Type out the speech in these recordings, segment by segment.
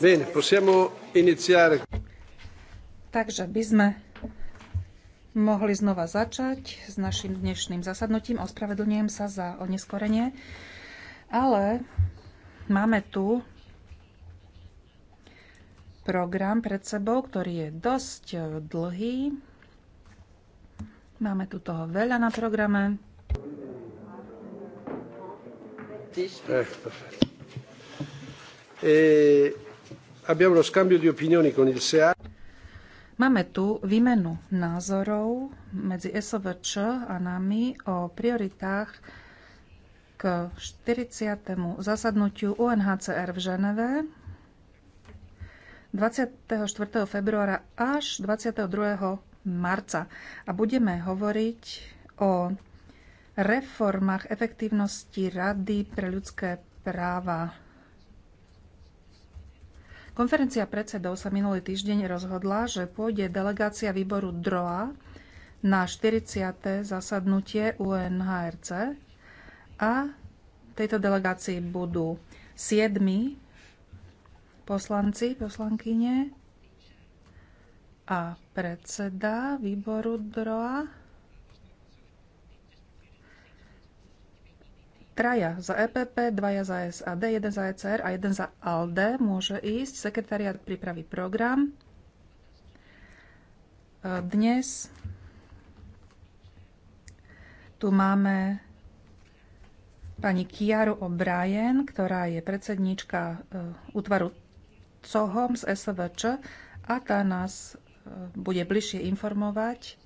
Bene, possiamo iniziare. Takže by sme mohli znova začať s našim dnešným zasadnutím. Ospravedlňujem sa za oneskorenie, ale máme tu program pred sebou, ktorý je dosť dlhý. Máme tu toho veľa na programe. Eh, perfect. E abbiamo lo scambio di opinioni con il SEA. Máme tu výmenu názorov medzi SOVČ a nami o prioritách k 40. zasadnutiu UNHCR v Ženeve 24. februára až 22. marca. A budeme hovoriť o reformách efektívnosti Rady pre ľudské práva Konferencia predsedov sa minulý týždeň rozhodla, že pôjde delegácia výboru DROA na 40. zasadnutie UNHRC a tejto delegácii budú 7 poslanci, poslankyne a predseda výboru DROA traja za EPP, dvaja za SAD, jeden za ECR a jeden za ALDE môže ísť. Sekretariat pripraví program. E, dnes tu máme pani Kiaru O'Brien, ktorá je predsedníčka e, útvaru COHOM z SVČ a tá nás e, bude bližšie informovať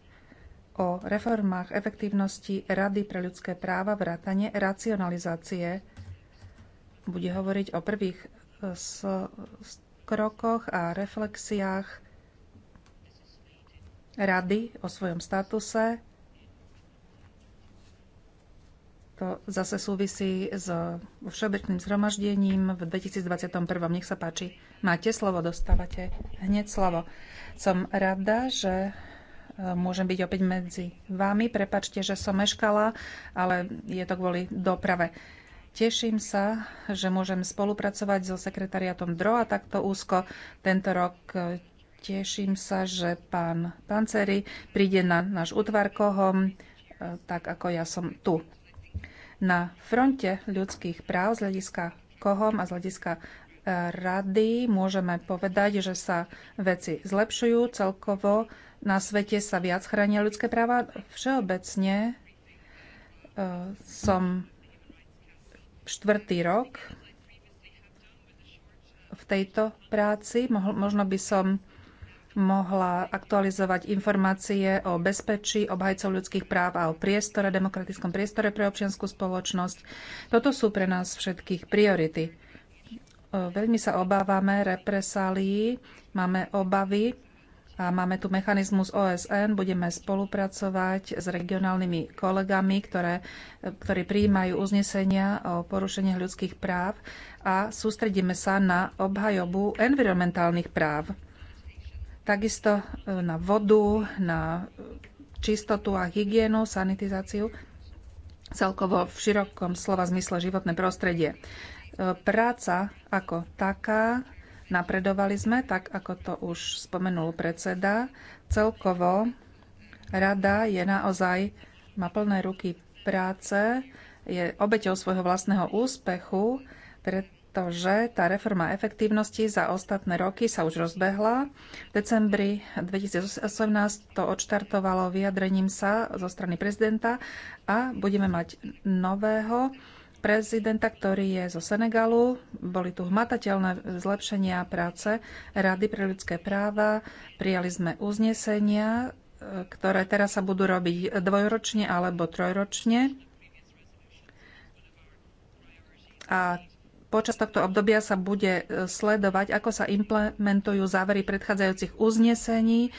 o reformách efektívnosti Rady pre ľudské práva vrátane racionalizácie. Bude hovoriť o prvých e, s, s krokoch a reflexiách Rady o svojom statuse. To zase súvisí s všeobecným zhromaždením v 2021. Nech sa páči. Máte slovo, dostávate hneď slovo. Som rada, že môžem byť opäť medzi vami. Prepačte, že som meškala, ale je to kvôli doprave. Teším sa, že môžem spolupracovať so sekretariatom DRO a takto úzko tento rok. Teším sa, že pán Panceri príde na náš útvar kohom, e, tak ako ja som tu. Na fronte ľudských práv z hľadiska kohom a z hľadiska e, rady môžeme povedať, že sa veci zlepšujú celkovo na svete sa viac chránia ľudské práva. Všeobecne e, som štvrtý rok v tejto práci. Možno by som mohla aktualizovať informácie o bezpečí, obhajcov ľudských práv a o priestore, demokratickom priestore pre občianskú spoločnosť. Toto sú pre nás všetkých priority. E, veľmi sa obávame represálií, máme obavy a máme tu mechanizmus OSN, budeme spolupracovať s regionálnymi kolegami, ktoré, ktorí prijímajú uznesenia o porušeniach ľudských práv a sústredíme sa na obhajobu environmentálnych práv. Takisto e, na vodu, na čistotu a hygienu, sanitizáciu, celkovo v širokom slova zmysle životné prostredie. E, práca ako taká Napredovali sme, tak ako to už spomenul predseda. Celkovo rada je naozaj, má plné ruky práce, je obeťou svojho vlastného úspechu, pretože tá reforma efektívnosti za ostatné roky sa už rozbehla. V decembri 2018 to odštartovalo vyjadrením sa zo strany prezidenta a budeme mať nového prezidenta, ktorý je zo Senegalu. Boli tu hmatateľné zlepšenia práce Rady pre ľudské práva. Prijali sme uznesenia, e, ktoré teraz sa budú robiť dvojročne alebo trojročne. A počas tohto obdobia sa bude e, sledovať, ako sa implementujú závery predchádzajúcich uznesení,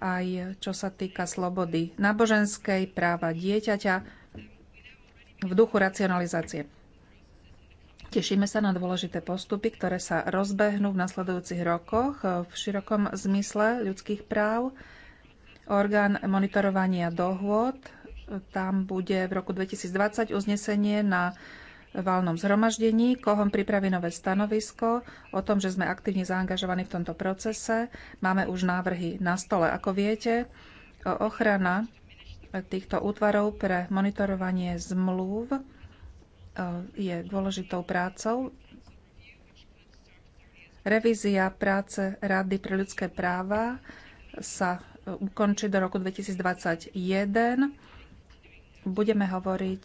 aj čo sa týka slobody náboženskej, práva dieťaťa, v duchu racionalizácie. Tešíme sa na dôležité postupy, ktoré sa rozbehnú v nasledujúcich rokoch v širokom zmysle ľudských práv. Orgán monitorovania dohôd, tam bude v roku 2020 uznesenie na valnom zhromaždení. Kohom pripraví nové stanovisko o tom, že sme aktívne zaangažovaní v tomto procese. Máme už návrhy na stole. Ako viete, ochrana týchto útvarov pre monitorovanie zmluv e, je dôležitou prácou. Revízia práce Rady pre ľudské práva sa e, ukončí do roku 2021. Budeme hovoriť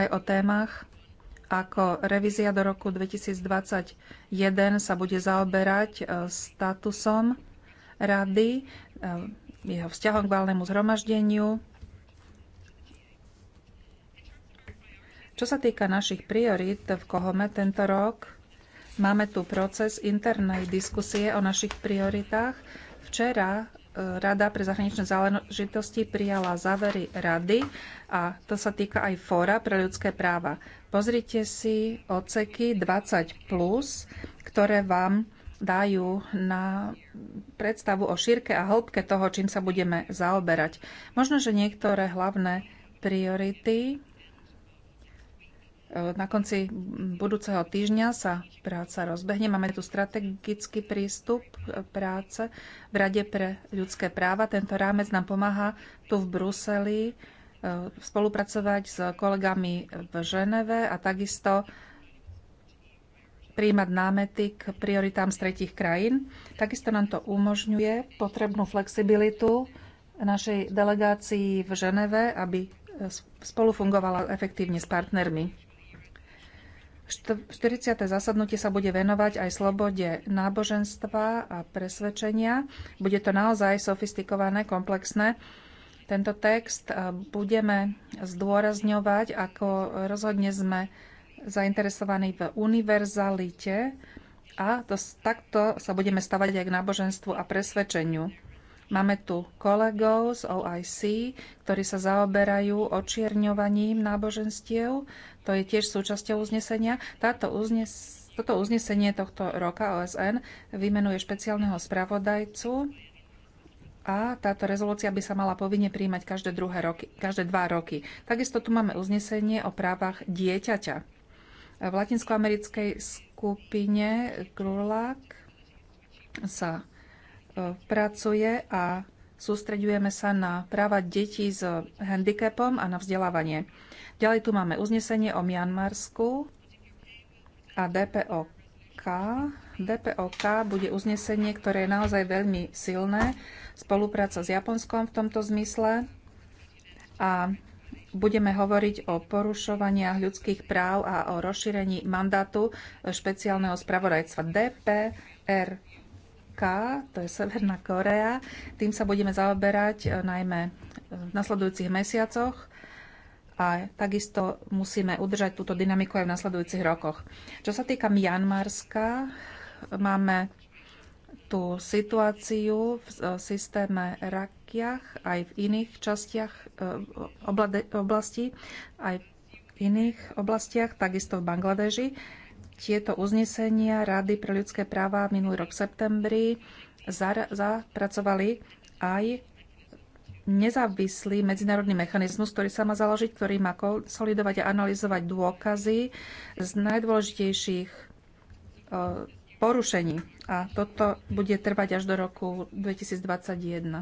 aj o témach, ako revízia do roku 2021 sa bude zaoberať e, statusom rady, e, jeho vzťahom k valnému zhromaždeniu. Čo sa týka našich priorít v Kohome tento rok, máme tu proces internej diskusie o našich prioritách. Včera e, Rada pre zahraničné záležitosti prijala závery rady a to sa týka aj Fóra pre ľudské práva. Pozrite si oceky 20+, plus, ktoré vám dajú na predstavu o šírke a hĺbke toho, čím sa budeme zaoberať. Možno, že niektoré hlavné priority e, na konci budúceho týždňa sa práca rozbehne. Máme tu strategický prístup práce v Rade pre ľudské práva. Tento rámec nám pomáha tu v Bruseli e, spolupracovať s kolegami v Ženeve a takisto príjmať námety k prioritám z tretich krajín. Takisto nám to umožňuje potrebnú flexibilitu našej delegácii v Ženeve, aby e, spolufungovala efektívne s partnermi. 40. zasadnutie sa bude venovať aj slobode náboženstva a presvedčenia. Bude to naozaj sofistikované, komplexné. Tento text e, budeme zdôrazňovať, ako rozhodne sme zainteresovaní v univerzalite a to, takto sa budeme stavať aj k náboženstvu a presvedčeniu. Máme tu kolegov z OIC, ktorí sa zaoberajú očierňovaním náboženstiev. To je tiež súčasťou uznesenia. Táto uznes- toto uznesenie tohto roka OSN vymenuje špeciálneho spravodajcu a táto rezolúcia by sa mala povinne príjmať každé, druhé roky, každé dva roky. Takisto tu máme uznesenie o právach dieťaťa. V latinskoamerickej skupine Grulak sa e, pracuje a sústreďujeme sa na práva detí s handicapom a na vzdelávanie. Ďalej tu máme uznesenie o Mianmarsku a DPOK. DPOK bude uznesenie, ktoré je naozaj veľmi silné. Spolupráca s Japonskom v tomto zmysle. A budeme hovoriť o porušovaniach ľudských práv a o rozšírení mandátu špeciálneho spravodajstva DPRK, to je Severná Korea. Tým sa budeme zaoberať e, najmä v nasledujúcich mesiacoch a takisto musíme udržať túto dynamiku aj v nasledujúcich rokoch. Čo sa týka Mianmarska, máme tú situáciu v systéme RAK Slovakiach, aj v iných častiach eh, oblasti, aj v iných oblastiach, takisto v Bangladeži. Tieto uznesenia Rady pre ľudské práva minulý rok v septembri zapracovali aj nezávislý medzinárodný mechanizmus, ktorý sa má založiť, ktorý má konsolidovať a analyzovať dôkazy z najdôležitejších eh, porušení. A toto bude trvať až do roku 2021.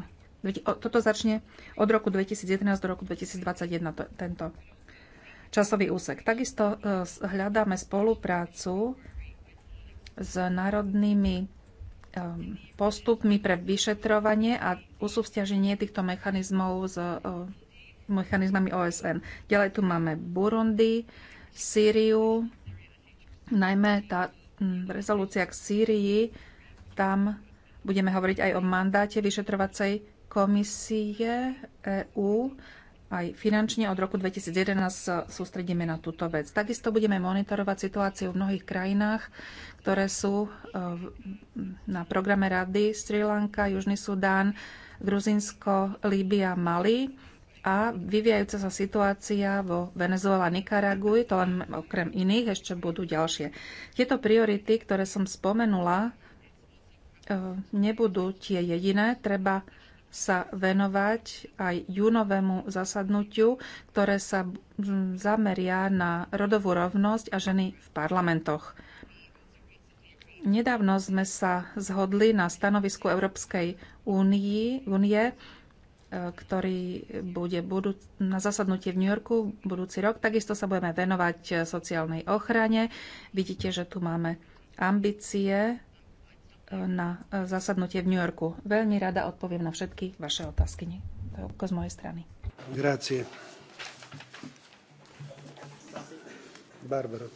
Toto začne od roku 2011 do roku 2021, tento časový úsek. Takisto e, hľadáme spoluprácu s národnými postupmi pre vyšetrovanie a usúvzťaženie týchto mechanizmov s e, mechanizmami OSN. Ďalej tu máme Burundi, Sýriu, najmä tá rezolúcia k Sýrii, tam budeme hovoriť aj o mandáte vyšetrovacej komisie EÚ aj finančne od roku 2011 sústredíme na túto vec. Takisto budeme monitorovať situáciu v mnohých krajinách, ktoré sú e, na programe Rady Sri Lanka, Južný Sudán, Gruzinsko, Líbia, Mali a vyvíjajúca sa situácia vo Venezuela, Nikaraguj, to len okrem iných ešte budú ďalšie. Tieto priority, ktoré som spomenula, e, nebudú tie jediné. Treba sa venovať aj júnovému zasadnutiu, ktoré sa zameria na rodovú rovnosť a ženy v parlamentoch. Nedávno sme sa zhodli na stanovisku Európskej únii, únie, e, ktorý bude budú, na zasadnutie v New Yorku budúci rok. Takisto sa budeme venovať sociálnej ochrane. Vidíte, že tu máme ambície na e, zasadnutie v New Yorku. Veľmi rada odpoviem na všetky vaše otázky. Toľko z mojej strany. Grácie. Barbara.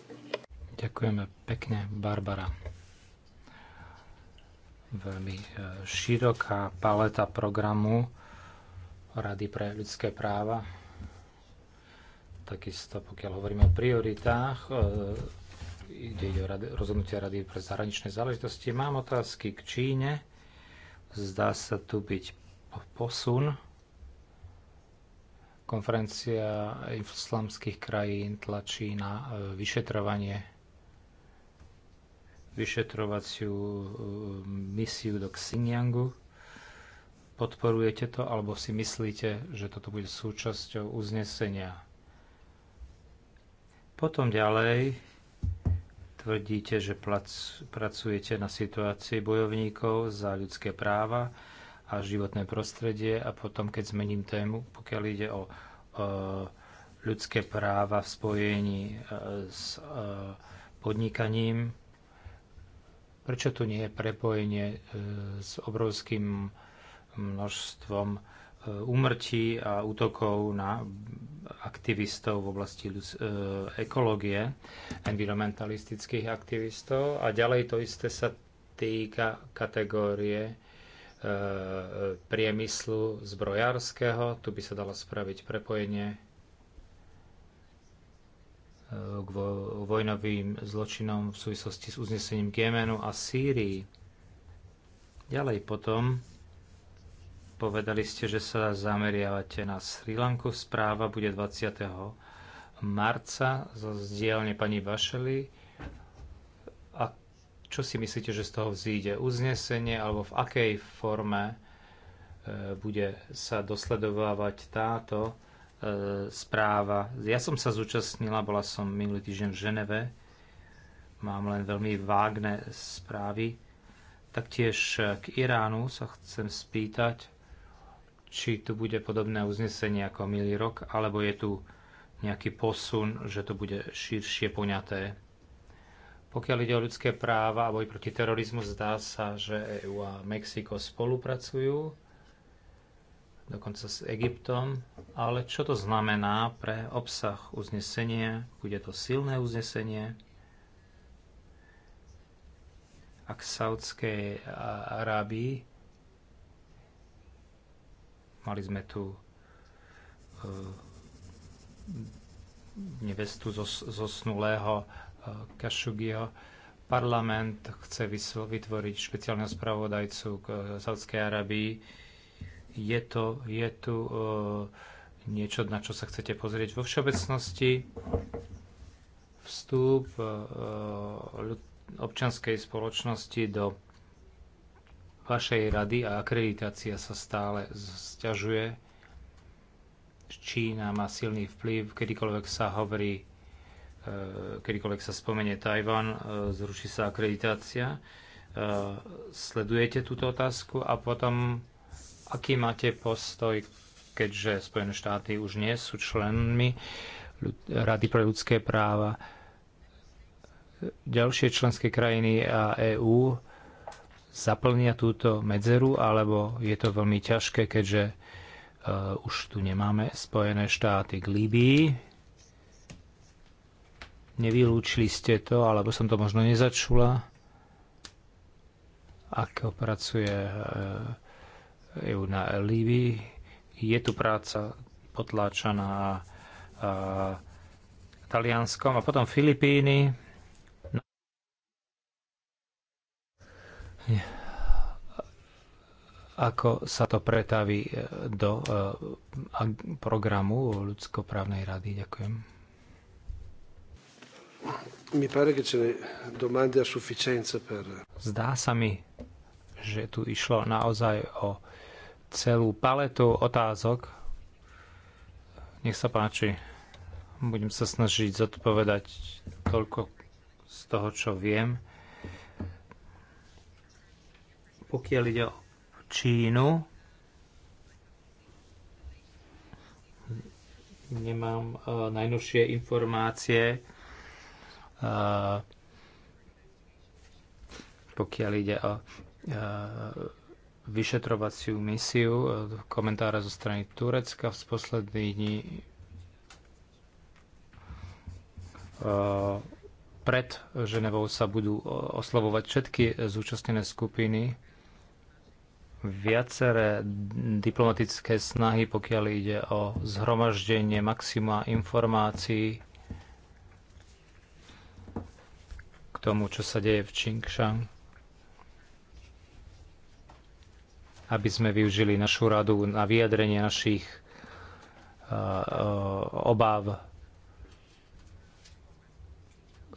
Ďakujeme pekne, Barbara. Veľmi e, široká paleta programu Rady pre ľudské práva. Takisto, pokiaľ hovoríme o prioritách, e, ide o rozhodnutia Rady pre zahraničné záležitosti. Mám otázky k Číne. Zdá sa tu byť posun. Konferencia islamských krajín tlačí na e, vyšetrovanie vyšetrovaciu e, misiu do Xinjiangu. Podporujete to, alebo si myslíte, že toto bude súčasťou uznesenia? Potom ďalej Tvrdíte, že pracujete na situácii bojovníkov za ľudské práva a životné prostredie a potom, keď zmením tému, pokiaľ ide o, o e, ľudské práva v spojení e, s e, podnikaním, prečo tu nie je prepojenie s obrovským množstvom E, úmrtí a útokov na aktivistov v oblasti e, ekológie, environmentalistických aktivistov. A ďalej to isté sa týka kategórie e, priemyslu zbrojárskeho. Tu by sa dalo spraviť prepojenie k vojnovým zločinom v súvislosti s uznesením Gemenu a Sýrii. Ďalej potom Povedali ste, že sa zameriavate na Sri Lanku. Správa bude 20. marca zo zdielne pani Vašely. A čo si myslíte, že z toho vzíde? Uznesenie alebo v akej forme e, bude sa dosledovávať táto e, správa? Ja som sa zúčastnila, bola som minulý týždeň v Ženeve. Mám len veľmi vágne správy. Taktiež e, k Iránu sa chcem spýtať či tu bude podobné uznesenie ako minulý rok, alebo je tu nejaký posun, že to bude širšie poňaté. Pokiaľ ide o ľudské práva a boj proti terorizmu, zdá sa, že EU a Mexiko spolupracujú, dokonca s Egyptom, ale čo to znamená pre obsah uznesenia? Bude to silné uznesenie? Ak Saudskej Arábii Mali sme tu e, nevestu zosnulého e, Kašugio. Parlament chce vytvoriť špeciálneho spravodajcu k e, Saudskej Arabii. Je, to, je tu e, niečo, na čo sa chcete pozrieť vo všeobecnosti? Vstup e, občanskej spoločnosti do vašej rady a akreditácia sa stále sťažuje. Čína má silný vplyv, kedykoľvek sa hovorí, e, kedykoľvek sa spomenie Tajvan, e, zruší sa akreditácia. E, sledujete túto otázku a potom, aký máte postoj, keďže Spojené štáty už nie sú členmi Rady pre ľudské práva, ďalšie členské krajiny a EÚ zaplnia túto medzeru, alebo je to veľmi ťažké, keďže uh, už tu nemáme Spojené štáty k Líbii. Nevylúčili ste to, alebo som to možno nezačula, ako pracuje uh, e, EU na Líbii. Je tu práca potláčaná uh, Talianskom a potom Filipíny ako sa to pretaví e, do e, programu ľudskoprávnej rady. Ďakujem. Mi pare che ce ne domande a sufficienza per... Zdá sa mi, že tu išlo naozaj o celú paletu otázok. Nech sa páči. Budem sa snažiť zodpovedať toľko z toho, čo viem. Pokiaľ ide o Čínu, nemám uh, najnovšie informácie. Uh, pokiaľ ide o uh, vyšetrovaciu misiu, uh, komentára zo strany Turecka z posledných dní uh, pred Ženevou sa budú oslovovať všetky zúčastnené skupiny viaceré diplomatické snahy, pokiaľ ide o zhromaždenie maxima informácií k tomu, čo sa deje v Čingšang, aby sme využili našu radu na vyjadrenie našich eh, eh, obáv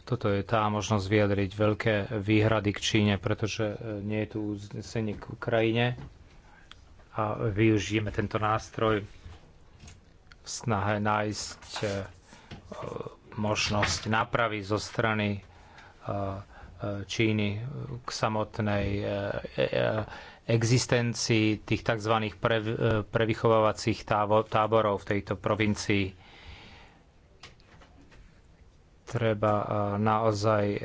toto je tá možnosť vyjadriť veľké výhrady k Číne, pretože e, nie je tu uznesenie k Ukrajine a využijeme tento nástroj v snahe nájsť e, možnosť napravy zo strany e, Číny k samotnej existencii tých tzv. prevychovávacích táborov v tejto provincii treba eh, naozaj eh, eh,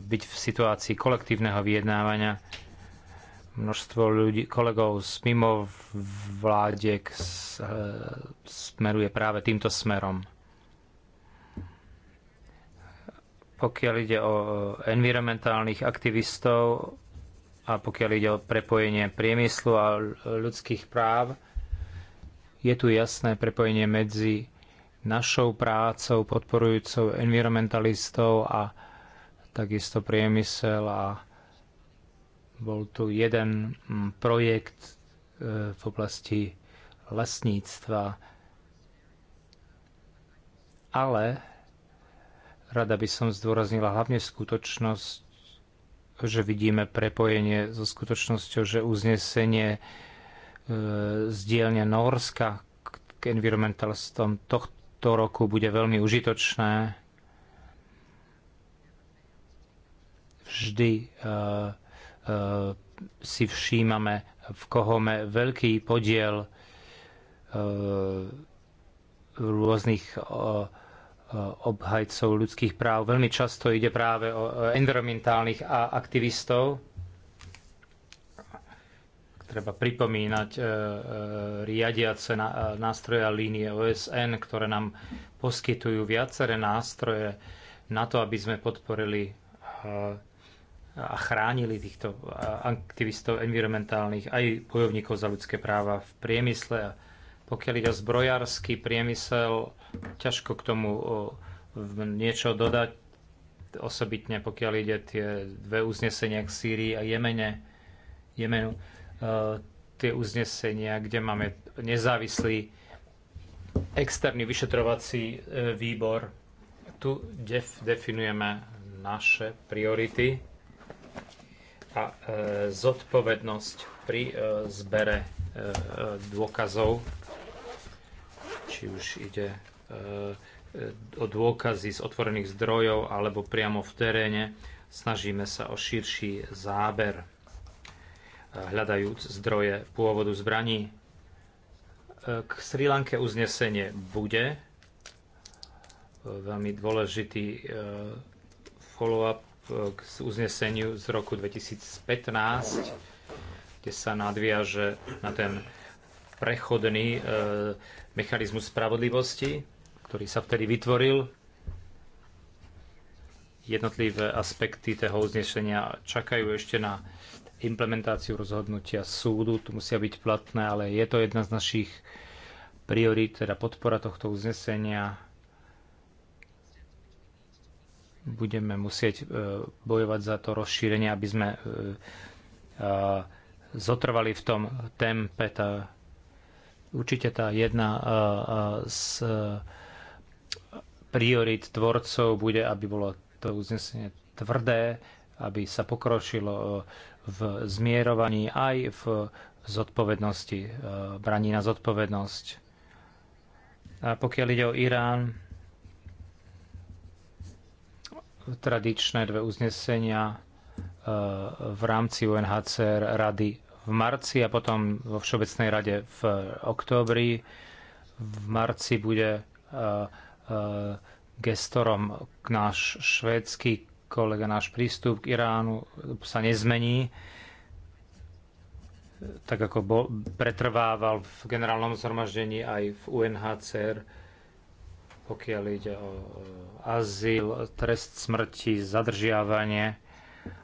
byť v situácii kolektívneho vyjednávania. Množstvo ľudí, kolegov z mimo vládek smeruje práve týmto smerom. Pokiaľ ide o environmentálnych aktivistov a pokiaľ ide o prepojenie priemyslu a ľudských práv, je tu jasné prepojenie medzi našou prácou podporujúcou environmentalistov a takisto priemysel a bol tu jeden mm, projekt e, v oblasti lesníctva. Ale rada by som zdôraznila hlavne skutočnosť, že vidíme prepojenie so skutočnosťou, že uznesenie e, z dielne Norska k environmentalistom tohto tohto roku bude veľmi užitočné. Vždy uh, uh, si všímame, v kohome veľký podiel uh, rôznych uh, obhajcov ľudských práv. Veľmi často ide práve o environmentálnych aktivistov treba pripomínať e, e, riadiace na, e, nástroje a línie OSN, ktoré nám poskytujú viaceré nástroje na to, aby sme podporili e, a chránili týchto e, aktivistov environmentálnych aj bojovníkov za ľudské práva v priemysle. Pokiaľ ide o zbrojársky priemysel, ťažko k tomu o, niečo dodať, osobitne pokiaľ ide tie dve uznesenia k Sýrii a Jemene, Jemenu tie uznesenia, kde máme nezávislý externý vyšetrovací e, výbor. Tu def- definujeme naše priority a e, zodpovednosť pri e, zbere dôkazov, či už ide o dôkazy z otvorených zdrojov alebo priamo v teréne, snažíme sa o širší záber hľadajúc zdroje pôvodu zbraní. E, k Sri Lanke uznesenie bude e, veľmi dôležitý e, follow-up k uzneseniu z roku 2015, kde sa nadviaže na ten prechodný mechanizmus spravodlivosti, ktorý sa vtedy vytvoril. Jednotlivé aspekty toho uznesenia čakajú ešte na implementáciu rozhodnutia súdu. Tu musia byť platné, ale je to jedna z našich priorít, teda podpora tohto uznesenia. Budeme musieť e, bojovať za to rozšírenie, aby sme e, zotrvali v tom tempe. Tá, určite tá jedna e, z priorit tvorcov bude, aby bolo to uznesenie tvrdé, aby sa pokročilo v zmierovaní, aj v zodpovednosti, e, braní na zodpovednosť. A pokiaľ ide o Irán, tradičné dve uznesenia e, v rámci UNHCR rady v marci a potom vo Všeobecnej rade v októbri. V marci bude e, gestorom náš švédsky kolega, náš prístup k Iránu sa nezmení tak ako bol, pretrvával v generálnom zhromaždení aj v UNHCR, pokiaľ ide o azyl, trest smrti, zadržiavanie,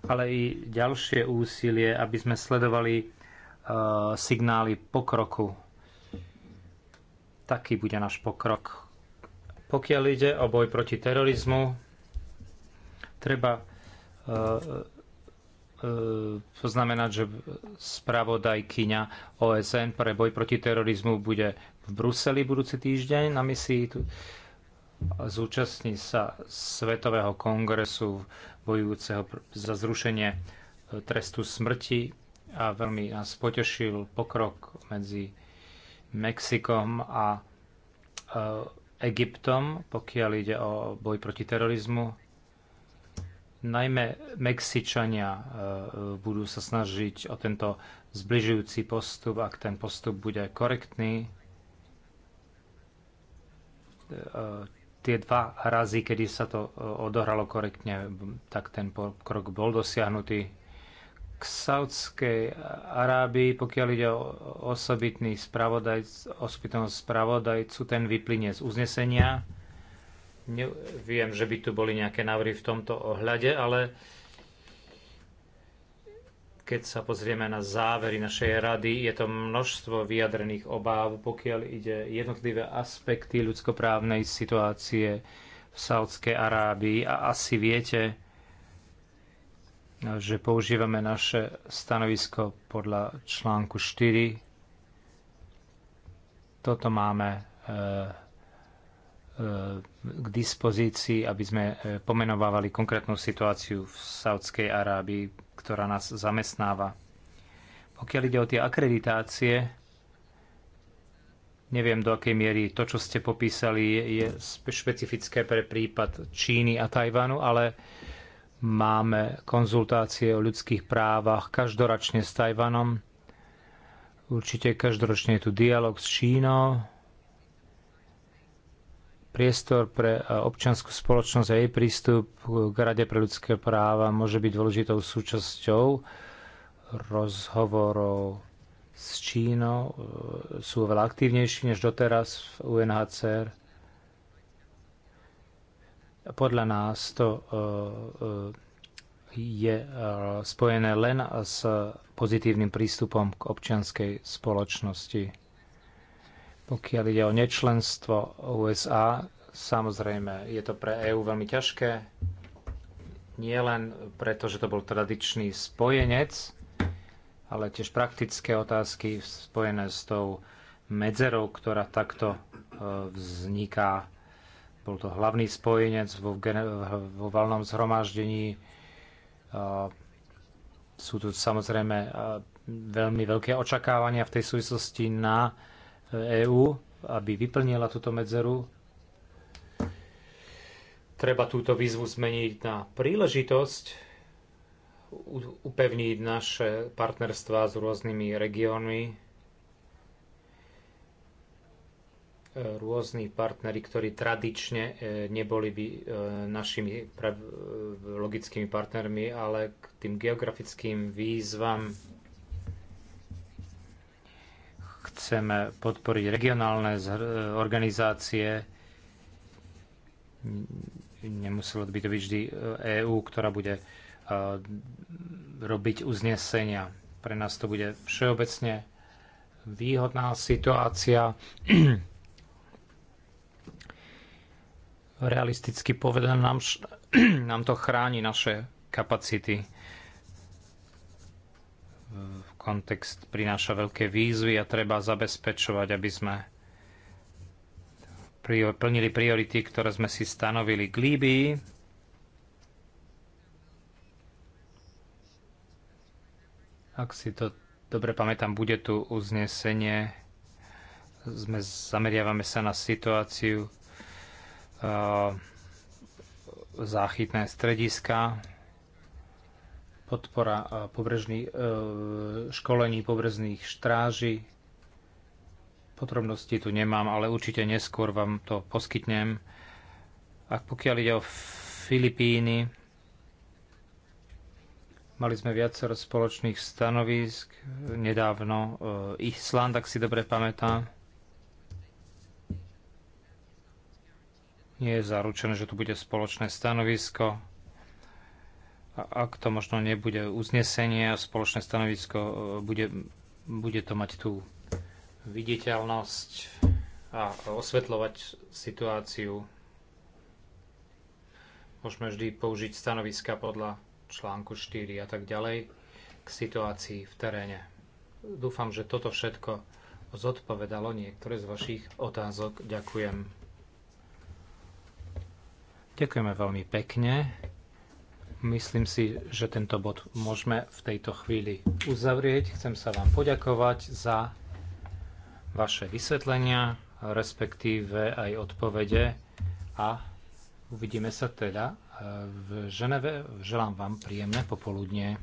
ale i ďalšie úsilie, aby sme sledovali uh, signály pokroku. Taký bude náš pokrok. Pokiaľ ide o boj proti terorizmu, Treba poznamenať, e, e, e, že spravodajkyňa OSN pre boj proti terorizmu bude v Bruseli budúci týždeň na misii. Zúčastní sa Svetového kongresu bojujúceho za zrušenie trestu smrti a veľmi nás potešil pokrok medzi Mexikom a Egyptom, pokiaľ ide o boj proti terorizmu Najmä Mexičania e, budú sa snažiť o tento zbližujúci postup, ak ten postup bude korektný. E, tie dva razy, kedy sa to e, odohralo korektne, tak ten krok bol dosiahnutý. K Saudskej Arábii, pokiaľ ide o osobitný spravodajc, osobitného spravodajcu, ten vyplynie z uznesenia Neviem, že by tu boli nejaké návrhy v tomto ohľade, ale keď sa pozrieme na závery našej rady, je to množstvo vyjadrených obáv, pokiaľ ide jednotlivé aspekty ľudskoprávnej situácie v Saudskej Arábii. A asi viete, že používame naše stanovisko podľa článku 4. Toto máme eh, E, k dispozícii, aby sme e, pomenovávali konkrétnu situáciu v Saudskej Arábii, ktorá nás zamestnáva. Pokiaľ ide o tie akreditácie, neviem do akej miery to, čo ste popísali, je špecifické pre prípad Číny a Tajvanu, ale máme konzultácie o ľudských právach každoročne s Tajvanom. Určite každoročne je tu dialog s Čínou priestor pre občianskú spoločnosť a jej prístup k Rade pre ľudské práva môže byť dôležitou súčasťou rozhovorov s Čínou. E, sú oveľa aktívnejší než doteraz v UNHCR. Podľa nás to e, e, je spojené len s pozitívnym prístupom k občianskej spoločnosti. Pokiaľ ide o nečlenstvo USA, samozrejme, je to pre EÚ veľmi ťažké. Nie len preto, že to bol tradičný spojenec, ale tiež praktické otázky spojené s tou medzerou, ktorá takto e, vzniká. Bol to hlavný spojenec vo, vo valnom zhromaždení. E, sú tu samozrejme e, veľmi veľké očakávania v tej súvislosti na EÚ, aby vyplnila túto medzeru. Treba túto výzvu zmeniť na príležitosť, upevniť naše partnerstva s rôznymi regiónmi, e, rôzni partnery, ktorí tradične e, neboli by e, našimi logickými partnermi, ale k tým geografickým výzvam Chceme podporiť regionálne organizácie. Nemuselo by to byť vždy EÚ, e ktorá bude e, robiť uznesenia. Pre nás to bude všeobecne výhodná situácia. Realisticky povedané nám, nám to chráni naše kapacity Kontext prináša veľké výzvy a treba zabezpečovať, aby sme plnili priority, ktoré sme si stanovili k Líbii. Ak si to dobre pamätám, bude tu uznesenie. Sme, zameriavame sa na situáciu uh, záchytné strediska podpora e, pobrežných e, školení pobrežných stráží. Podrobnosti tu nemám, ale určite neskôr vám to poskytnem. A pokiaľ ide o Filipíny, mali sme viacero spoločných stanovisk nedávno. E, Island, ak si dobre pamätám. Nie je zaručené, že tu bude spoločné stanovisko ak to možno nebude uznesenie a spoločné stanovisko, e, bude, bude to mať tú viditeľnosť a osvetľovať situáciu. Môžeme vždy použiť stanoviska podľa článku 4 a tak ďalej k situácii v teréne. Dúfam, že toto všetko zodpovedalo niektoré z vašich otázok. Ďakujem. Ďakujeme veľmi pekne. Myslím si, že tento bod môžeme v tejto chvíli uzavrieť. Chcem sa vám poďakovať za vaše vysvetlenia, respektíve aj odpovede a uvidíme sa teda eh, v Ženeve. Želám vám príjemné popoludnie.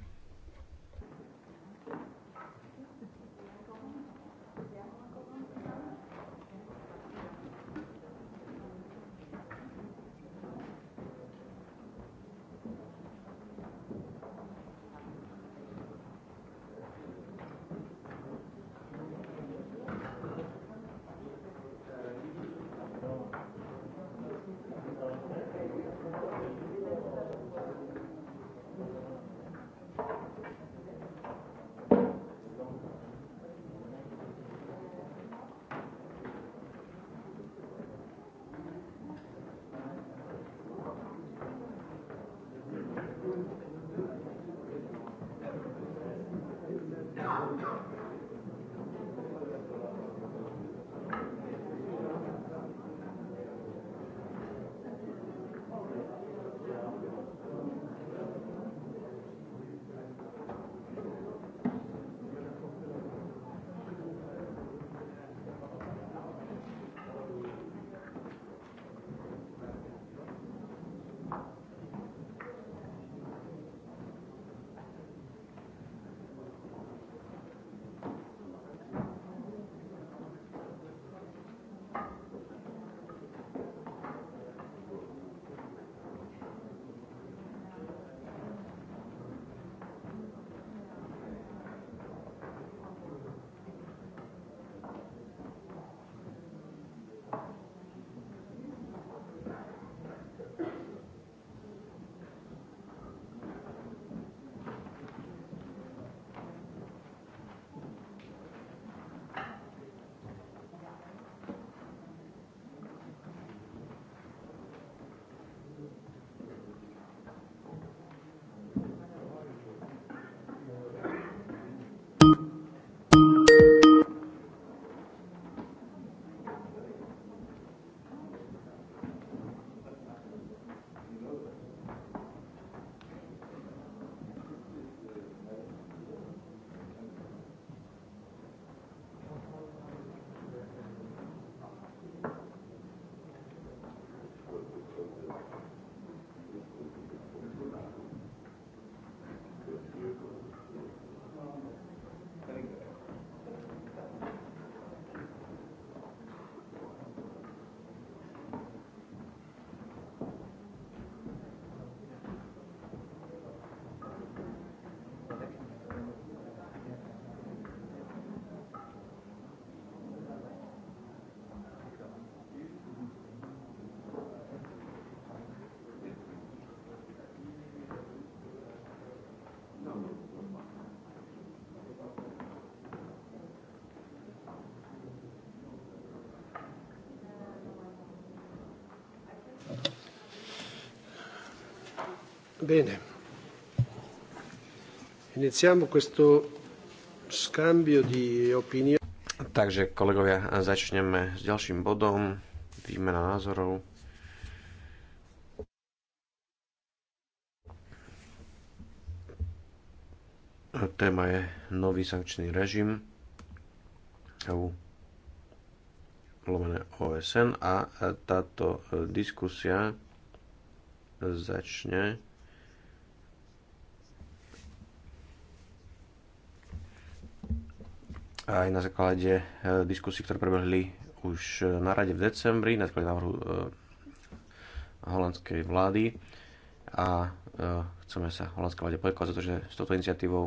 Bene. Iniziamo questo scambio di opinioni. Takže kolegovia, začneme s ďalším bodom, výmena názorov. Téma je nový sankčný režim EU lomené OSN a táto diskusia začne aj na základe e, diskusí, ktoré prebehli už e, na rade v decembri, na základe návrhu e, holandskej vlády a chceme sa holandské vláde poďakovať za to, že s touto iniciatívou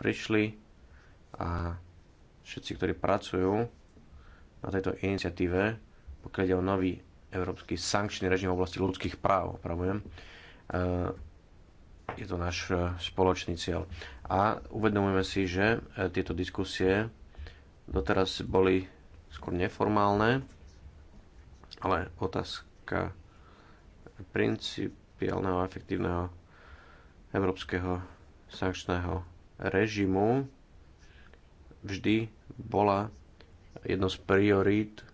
prišli a všetci, ktorí pracujú na tejto iniciatíve, pokiaľ ide o nový európsky sankčný režim v oblasti ľudských práv, opravujem, je to náš spoločný cieľ. A uvedomujeme si, že tieto diskusie doteraz boli skôr neformálne, ale otázka principiálneho a efektívneho európskeho sankčného režimu vždy bola jedno z priorít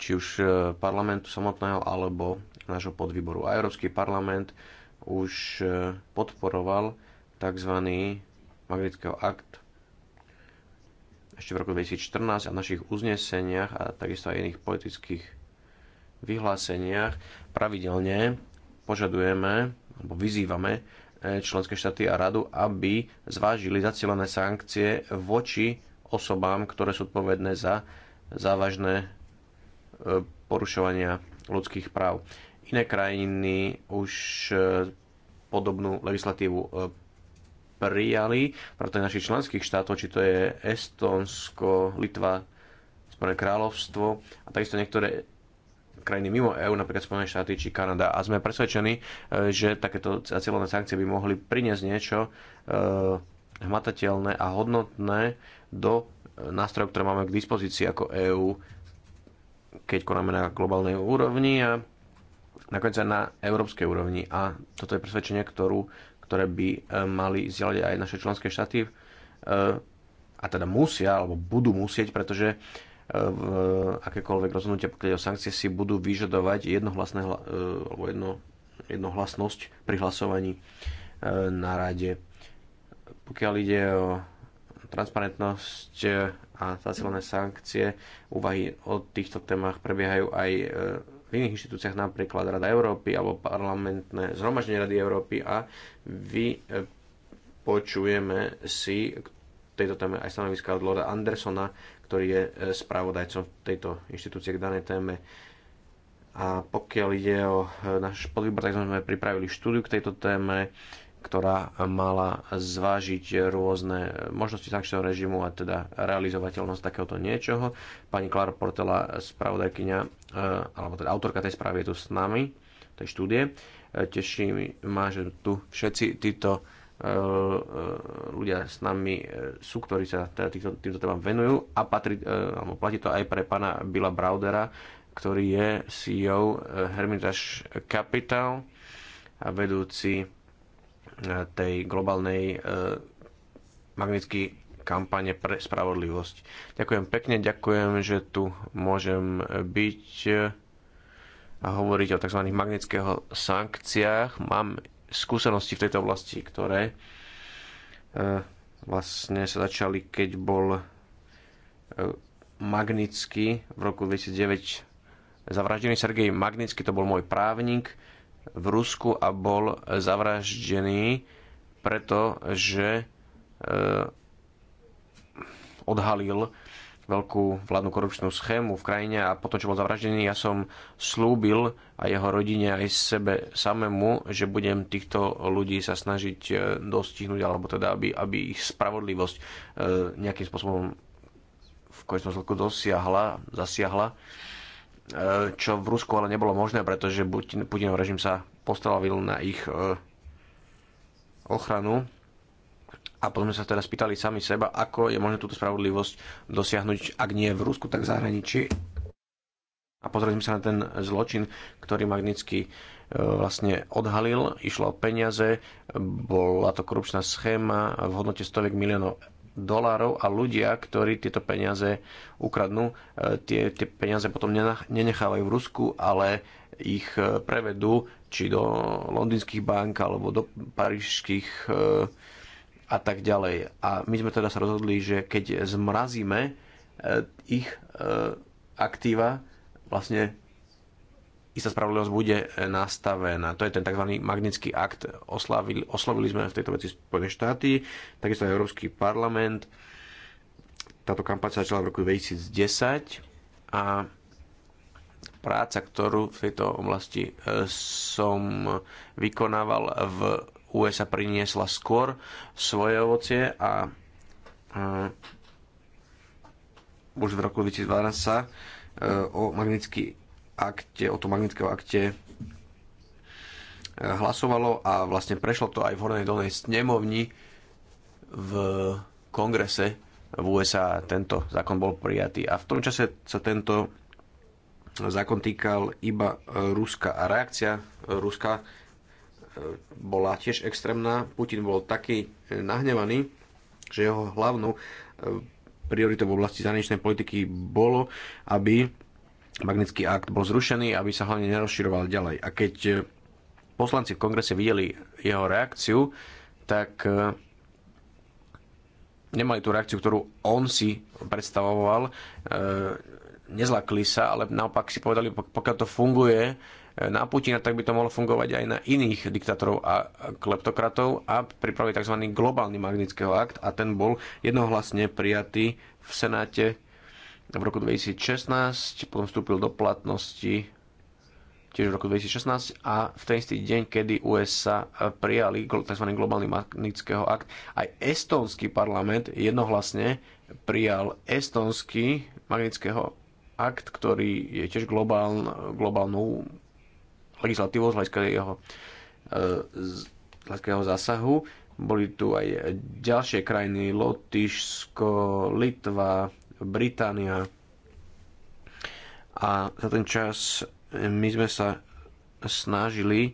či už e, parlamentu samotného alebo nášho podvýboru. A Európsky parlament už e, podporoval tzv. Magnitského akt ešte v roku 2014 a v našich uzneseniach a takisto aj iných politických vyhláseniach pravidelne požadujeme alebo vyzývame eh, členské štáty a radu, aby zvážili zacielené sankcie voči osobám, ktoré sú odpovedné za závažné eh, porušovania ľudských práv. Iné krajiny už eh, podobnú legislatívu prijali vrátane našich členských štátov, či to je Estonsko, Litva, Spojené kráľovstvo a takisto niektoré krajiny mimo EÚ, napríklad Spojené štáty či Kanada. A sme presvedčení, e, že takéto cieľové sankcie by mohli priniesť niečo e, hmatateľné a hodnotné do e, nástrojov, ktoré máme k dispozícii ako EÚ, keď konáme na globálnej úrovni a nakoniec aj na európskej úrovni. A toto je presvedčenie, ktorú ktoré by e, mali zdieľať aj naše členské štáty e, a teda musia, alebo budú musieť, pretože e, v akékoľvek rozhodnutia, pokiaľ o sankcie, si budú vyžadovať jednohlasné, alebo jedno, jednohlasnosť pri hlasovaní na rade. Pokiaľ ide o transparentnosť a zacielené sankcie, úvahy o týchto témach prebiehajú aj v iných inštitúciách, napríklad Rada Európy alebo parlamentné zhromaždenie Rady Európy a vy e, počujeme si k tejto téme aj stanoviska od Lorda Andersona, ktorý je e, spravodajcom tejto inštitúcie k danej téme. A pokiaľ ide o e, náš podvýbor, tak sme pripravili štúdiu k tejto téme, ktorá mala zvážiť rôzne možnosti sankčného režimu a teda realizovateľnosť takéhoto niečoho. Pani Klara Portela, spravodajkyňa, E, alebo teda autorka tej správy je tu s nami, tej štúdie. E, teší ma, že tu všetci títo e, ľudia s nami sú, ktorí sa teda týmto, týmto témam venujú a patrí, alebo platí to aj pre pána Billa Browdera, ktorý je CEO Hermitage Capital a vedúci tej globálnej magnetickej kampane pre spravodlivosť. Ďakujem pekne, ďakujem, že tu môžem byť eh, a hovoriť o tzv. magnického sankciách. Mám skúsenosti v tejto oblasti, ktoré eh, vlastne sa začali, keď bol eh, Magnický v roku 2009 zavraždený Sergej Magnický, to bol môj právnik v Rusku a bol zavraždený preto, že odhalil veľkú vládnu korupčnú schému v krajine a potom, čo bol zavraždený, ja som slúbil aj jeho rodine aj sebe samému, že budem týchto ľudí sa snažiť e, dostihnúť, alebo teda, aby, aby ich spravodlivosť e, nejakým spôsobom v konečnom zlku dosiahla, zasiahla, e, čo v Rusku ale nebolo možné, pretože Putinov režim sa postavil na ich e, ochranu a potom sme sa teraz pýtali sami seba, ako je možné túto spravodlivosť dosiahnuť, ak nie v Rusku, tak v zahraničí. A pozreli sme sa na ten zločin, ktorý Magnický e, vlastne odhalil. Išlo o peniaze, bola to korupčná schéma v hodnote stoviek miliónov dolárov a ľudia, ktorí tieto peniaze ukradnú, e, tie, tie peniaze potom nenechávajú v Rusku, ale ich e, prevedú či do londýnskych bank alebo do parížských e, a tak ďalej. A my sme teda sa rozhodli, že keď zmrazíme e, ich e, aktíva, vlastne istá spravodlivosť bude e, nastavená. To je ten tzv. magnický akt. Oslavili, oslavili sme v tejto veci Spojené štáty, takisto aj Európsky parlament. Táto kampaň sa začala v roku 2010 a práca, ktorú v tejto oblasti som vykonával v USA priniesla skôr svoje ovocie a e, už v roku 2012 sa e, o magnický akte, o tom magnetickom akte e, hlasovalo a vlastne prešlo to aj v hornej dolnej snemovni v kongrese v USA tento zákon bol prijatý a v tom čase sa tento zákon týkal iba Ruska a reakcia Ruska bola tiež extrémna. Putin bol taký e, nahnevaný, že jeho hlavnou e, prioritou v oblasti zahraničnej politiky bolo, aby magnetický akt bol zrušený, aby sa hlavne nerozširoval ďalej. A keď e, poslanci v kongrese videli jeho reakciu, tak nemali tú reakciu, ktorú on si predstavoval, nezlakli sa, ale naopak si povedali, pokiaľ to funguje, na Putina, tak by to mohlo fungovať aj na iných diktátorov a kleptokratov a pripraviť tzv. globálny magnického akt a ten bol jednohlasne prijatý v Senáte v roku 2016, potom vstúpil do platnosti tiež v roku 2016 a v ten istý deň, kedy USA prijali tzv. globálny magnického akt, aj estónsky parlament jednohlasne prijal estónsky magnického akt, ktorý je tiež globál, globálnou legislatívou, z hľadiska jeho, e, z hľadiska jeho zásahu. Boli tu aj ďalšie krajiny, Lotyšsko, Litva, Británia. A za ten čas my sme sa snažili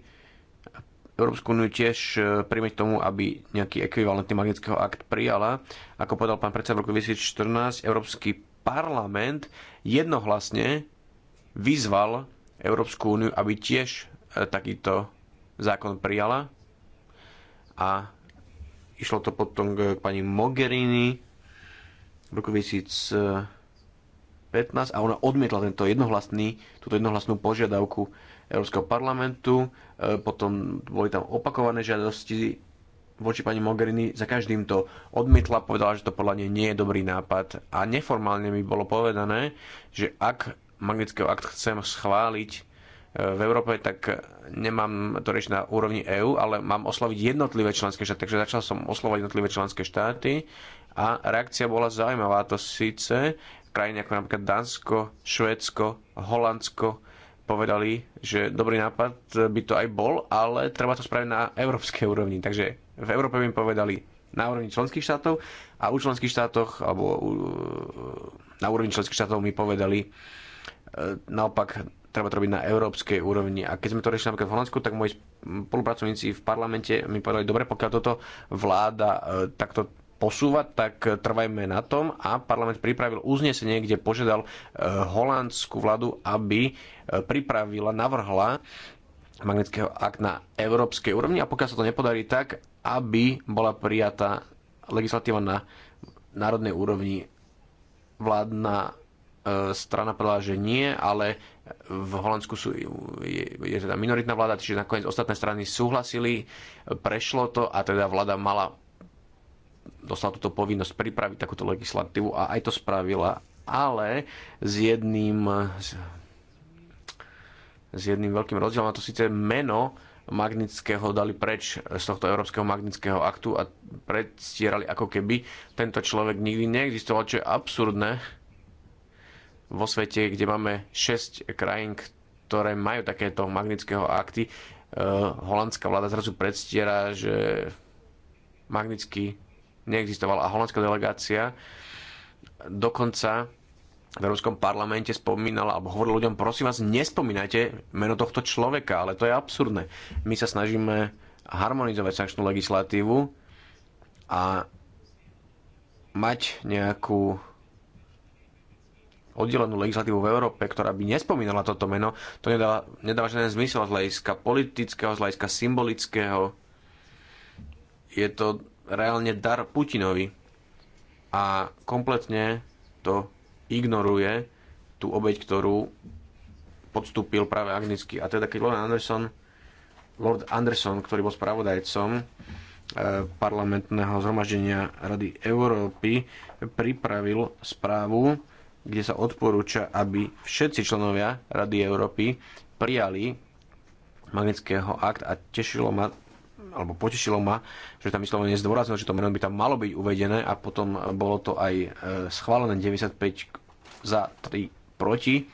Európsku úniu tiež e, príjmeť tomu, aby nejaký ekvivalentný magnetického akt prijala. Ako povedal pán predseda v roku 2014, Európsky parlament jednohlasne vyzval Európsku úniu, aby tiež e, takýto zákon prijala. A išlo to potom k pani Mogherini v roku 2015 a ona odmietla tento jednohlasný, túto jednohlasnú požiadavku Európskeho parlamentu. E, potom boli tam opakované žiadosti voči pani Mogherini za každým to odmietla, povedala, že to podľa nej nie je dobrý nápad a neformálne mi bolo povedané, že ak Magnického akt chcem schváliť e, v Európe, tak nemám to riešiť na úrovni EÚ, ale mám osloviť jednotlivé členské štáty. Takže začal som oslovať jednotlivé členské štáty a reakcia bola zaujímavá. To síce krajiny ako napríklad Dánsko, Švédsko, Holandsko povedali, že dobrý nápad by to aj bol, ale treba to spraviť na európskej úrovni. Takže v Európe by im povedali na úrovni členských štátov a u členských štátoch, alebo na úrovni členských štátov mi povedali, E, naopak, treba to robiť na európskej úrovni. A keď sme to riešili napríklad v Holandsku, tak moji spolupracovníci v parlamente mi povedali, dobre, pokiaľ toto vláda e, takto posúva, tak trvajme na tom a parlament pripravil uznesenie, kde požiadal e, holandskú vládu, aby pripravila, navrhla magnetického akt na európskej úrovni a pokiaľ sa to nepodarí tak, aby bola prijatá legislatíva na národnej úrovni vládna E, strana povedala, že nie, ale v Holandsku sú, je, je teda minoritná vláda, čiže nakoniec ostatné strany súhlasili, prešlo to a teda vláda mala dostala túto povinnosť pripraviť takúto legislatívu a aj to spravila, ale s jedným s, jedným veľkým rozdielom a to síce meno Magnického dali preč z tohto Európskeho Magnického aktu a predstierali ako keby tento človek nikdy neexistoval, čo je absurdné, vo svete, kde máme 6 krajín, ktoré majú takéto magnického akty. E, holandská vláda zrazu predstiera, že magnický neexistoval a holandská delegácia dokonca v Európskom parlamente spomínala alebo hovorila ľuďom, prosím vás, nespomínajte meno tohto človeka, ale to je absurdné. My sa snažíme harmonizovať sankčnú legislatívu a mať nejakú oddelenú legislatívu v Európe, ktorá by nespomínala toto meno, to nedáva, nedáva žiaden zmysel z hľadiska politického, z hľadiska symbolického. Je to reálne dar Putinovi a kompletne to ignoruje tú obeď, ktorú podstúpil práve Agnický. A teda keď Lord Anderson, Lord Anderson, ktorý bol spravodajcom, eh, parlamentného zhromaždenia Rady Európy pripravil správu kde sa odporúča, aby všetci členovia Rady Európy prijali Magnitského akt a tešilo ma, alebo potešilo ma, že tam vyslovene zdôraznil, že to meno by tam malo byť uvedené a potom bolo to aj e, schválené 95 za 3 proti.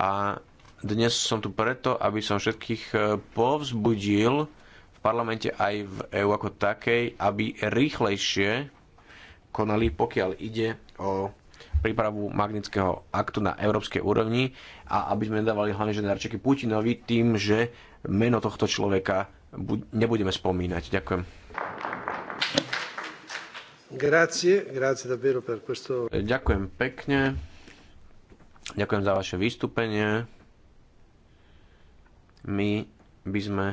A dnes som tu preto, aby som všetkých e, povzbudil v parlamente aj v EU ako takej, aby rýchlejšie konali, pokiaľ ide o prípravu magnického aktu na európskej úrovni a aby sme nedávali hlavne že darčeky Putinovi tým, že meno tohto človeka nebudeme spomínať. Ďakujem. Grazie, grazie davvero per questo... Ďakujem pekne. Ďakujem za vaše vystúpenie. My by sme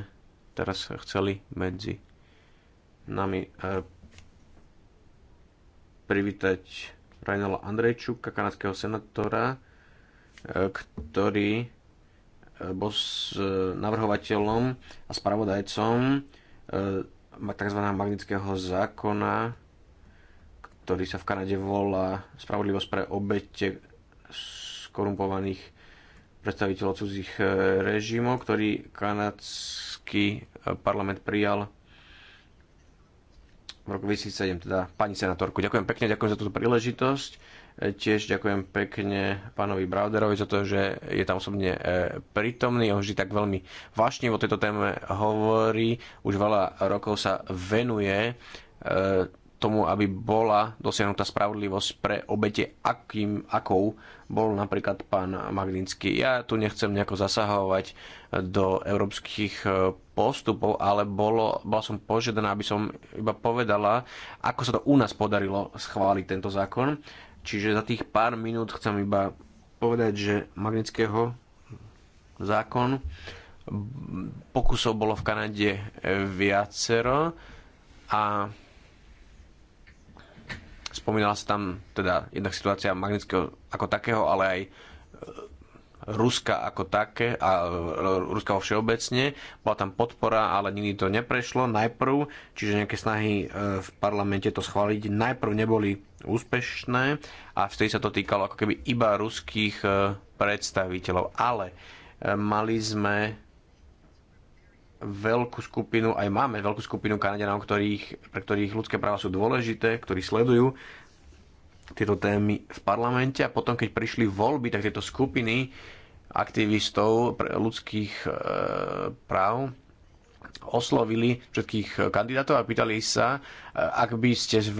teraz chceli medzi nami eh, privítať Rajnala Andrejčuka, kanadského senátora, e, ktorý e, bol s e, navrhovateľom a spravodajcom tzv. magnického zákona, ktorý sa v Kanade volá Spravodlivosť pre obete skorumpovaných predstaviteľov cudzích režimov, ktorý kanadský parlament prijal v roku 2007, teda pani senátorku. Ďakujem pekne, ďakujem za túto príležitosť. E, tiež ďakujem pekne pánovi Browderovi za to, že je tam osobne e, prítomný. On vždy tak veľmi vášne o tejto téme hovorí. Už veľa rokov sa venuje e, tomu, aby bola dosiahnutá spravodlivosť pre obete, akým, akou bol napríklad pán Magnický. Ja tu nechcem nejako zasahovať do európskych e, postupov, ale bolo, bola som požiadaná, aby som iba povedala, ako sa to u nás podarilo schváliť tento zákon. Čiže za tých pár minút chcem iba povedať, že Magnického zákon pokusov bolo v Kanade viacero a Spomínala sa tam teda jednak situácia Magnického ako takého, ale aj e, Ruska ako také a e, Ruska vo všeobecne. Bola tam podpora, ale nikdy to neprešlo najprv, čiže nejaké snahy e, v parlamente to schváliť najprv neboli úspešné a vtedy sa to týkalo ako keby iba ruských predstaviteľov. Ale mali sme veľkú skupinu, aj máme veľkú skupinu Kanadianov, ktorých, pre ktorých ľudské práva sú dôležité, ktorí sledujú tieto témy v parlamente a potom, keď prišli voľby, tak tieto skupiny aktivistov ľudských e, práv oslovili všetkých kandidátov a pýtali sa, e, ak by ste e,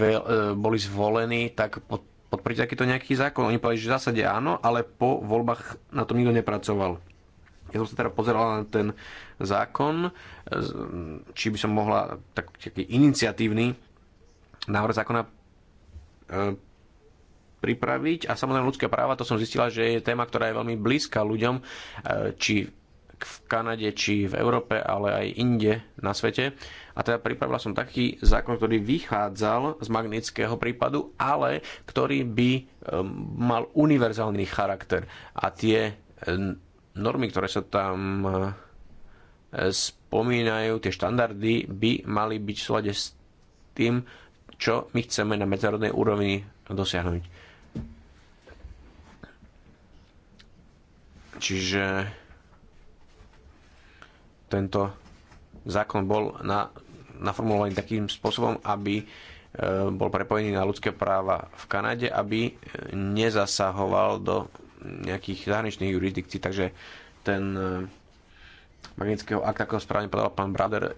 boli zvolení, tak podporíte takýto nejaký zákon. Oni povedali, že v zásade áno, ale po voľbách na tom nikto nepracoval. Ja som sa teda pozerala na ten zákon, e, či by som mohla tak, taký iniciatívny návrh zákona e, pripraviť. A samozrejme ľudské práva, to som zistila, že je téma, ktorá je veľmi blízka ľuďom, e, či v Kanade, či v Európe, ale aj inde na svete. A teda pripravila som taký zákon, ktorý vychádzal z magnického prípadu, ale ktorý by mal univerzálny charakter. A tie normy, ktoré sa tam eh, spomínajú, tie štandardy by mali byť v slade s tým, čo my chceme na medzinárodnej úrovni dosiahnuť. Čiže tento zákon bol na, naformulovaný takým spôsobom, aby eh, bol prepojený na ľudské práva v Kanade, aby eh, nezasahoval do nejakých zahraničných jurisdikcií, takže ten e, magnetického akt, ako správne povedal pán Brader, e,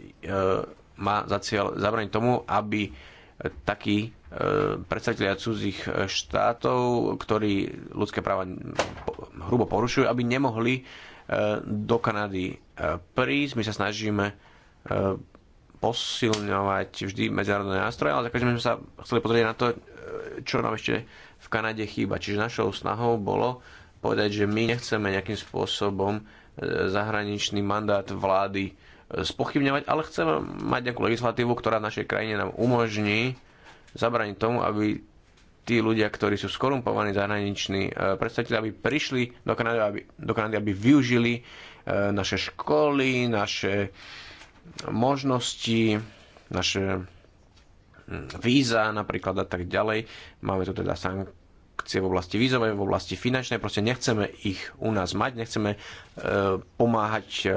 má za cieľ zabraniť tomu, aby takí e, predstaviteľia cudzích štátov, ktorí ľudské práva hrubo porušujú, aby nemohli do Kanady prísť. My sa snažíme posilňovať vždy medzinárodné nástroje, ale tak sme sa chceli pozrieť na to, čo nám ešte v Kanade chýba. Čiže našou snahou bolo povedať, že my nechceme nejakým spôsobom e, zahraničný mandát vlády e, spochybňovať, ale chceme mať nejakú legislatívu, ktorá v našej krajine nám umožní zabraniť tomu, aby tí ľudia, ktorí sú skorumpovaní zahraniční e, predstaviteľi, aby prišli do Kanady, aby, do Kanady, aby využili naše školy, naše možnosti, naše hm, víza napríklad a tak ďalej. Máme tu teda sankcie v oblasti vízovej, v oblasti finančnej, proste nechceme ich u nás mať, nechceme e, pomáhať e,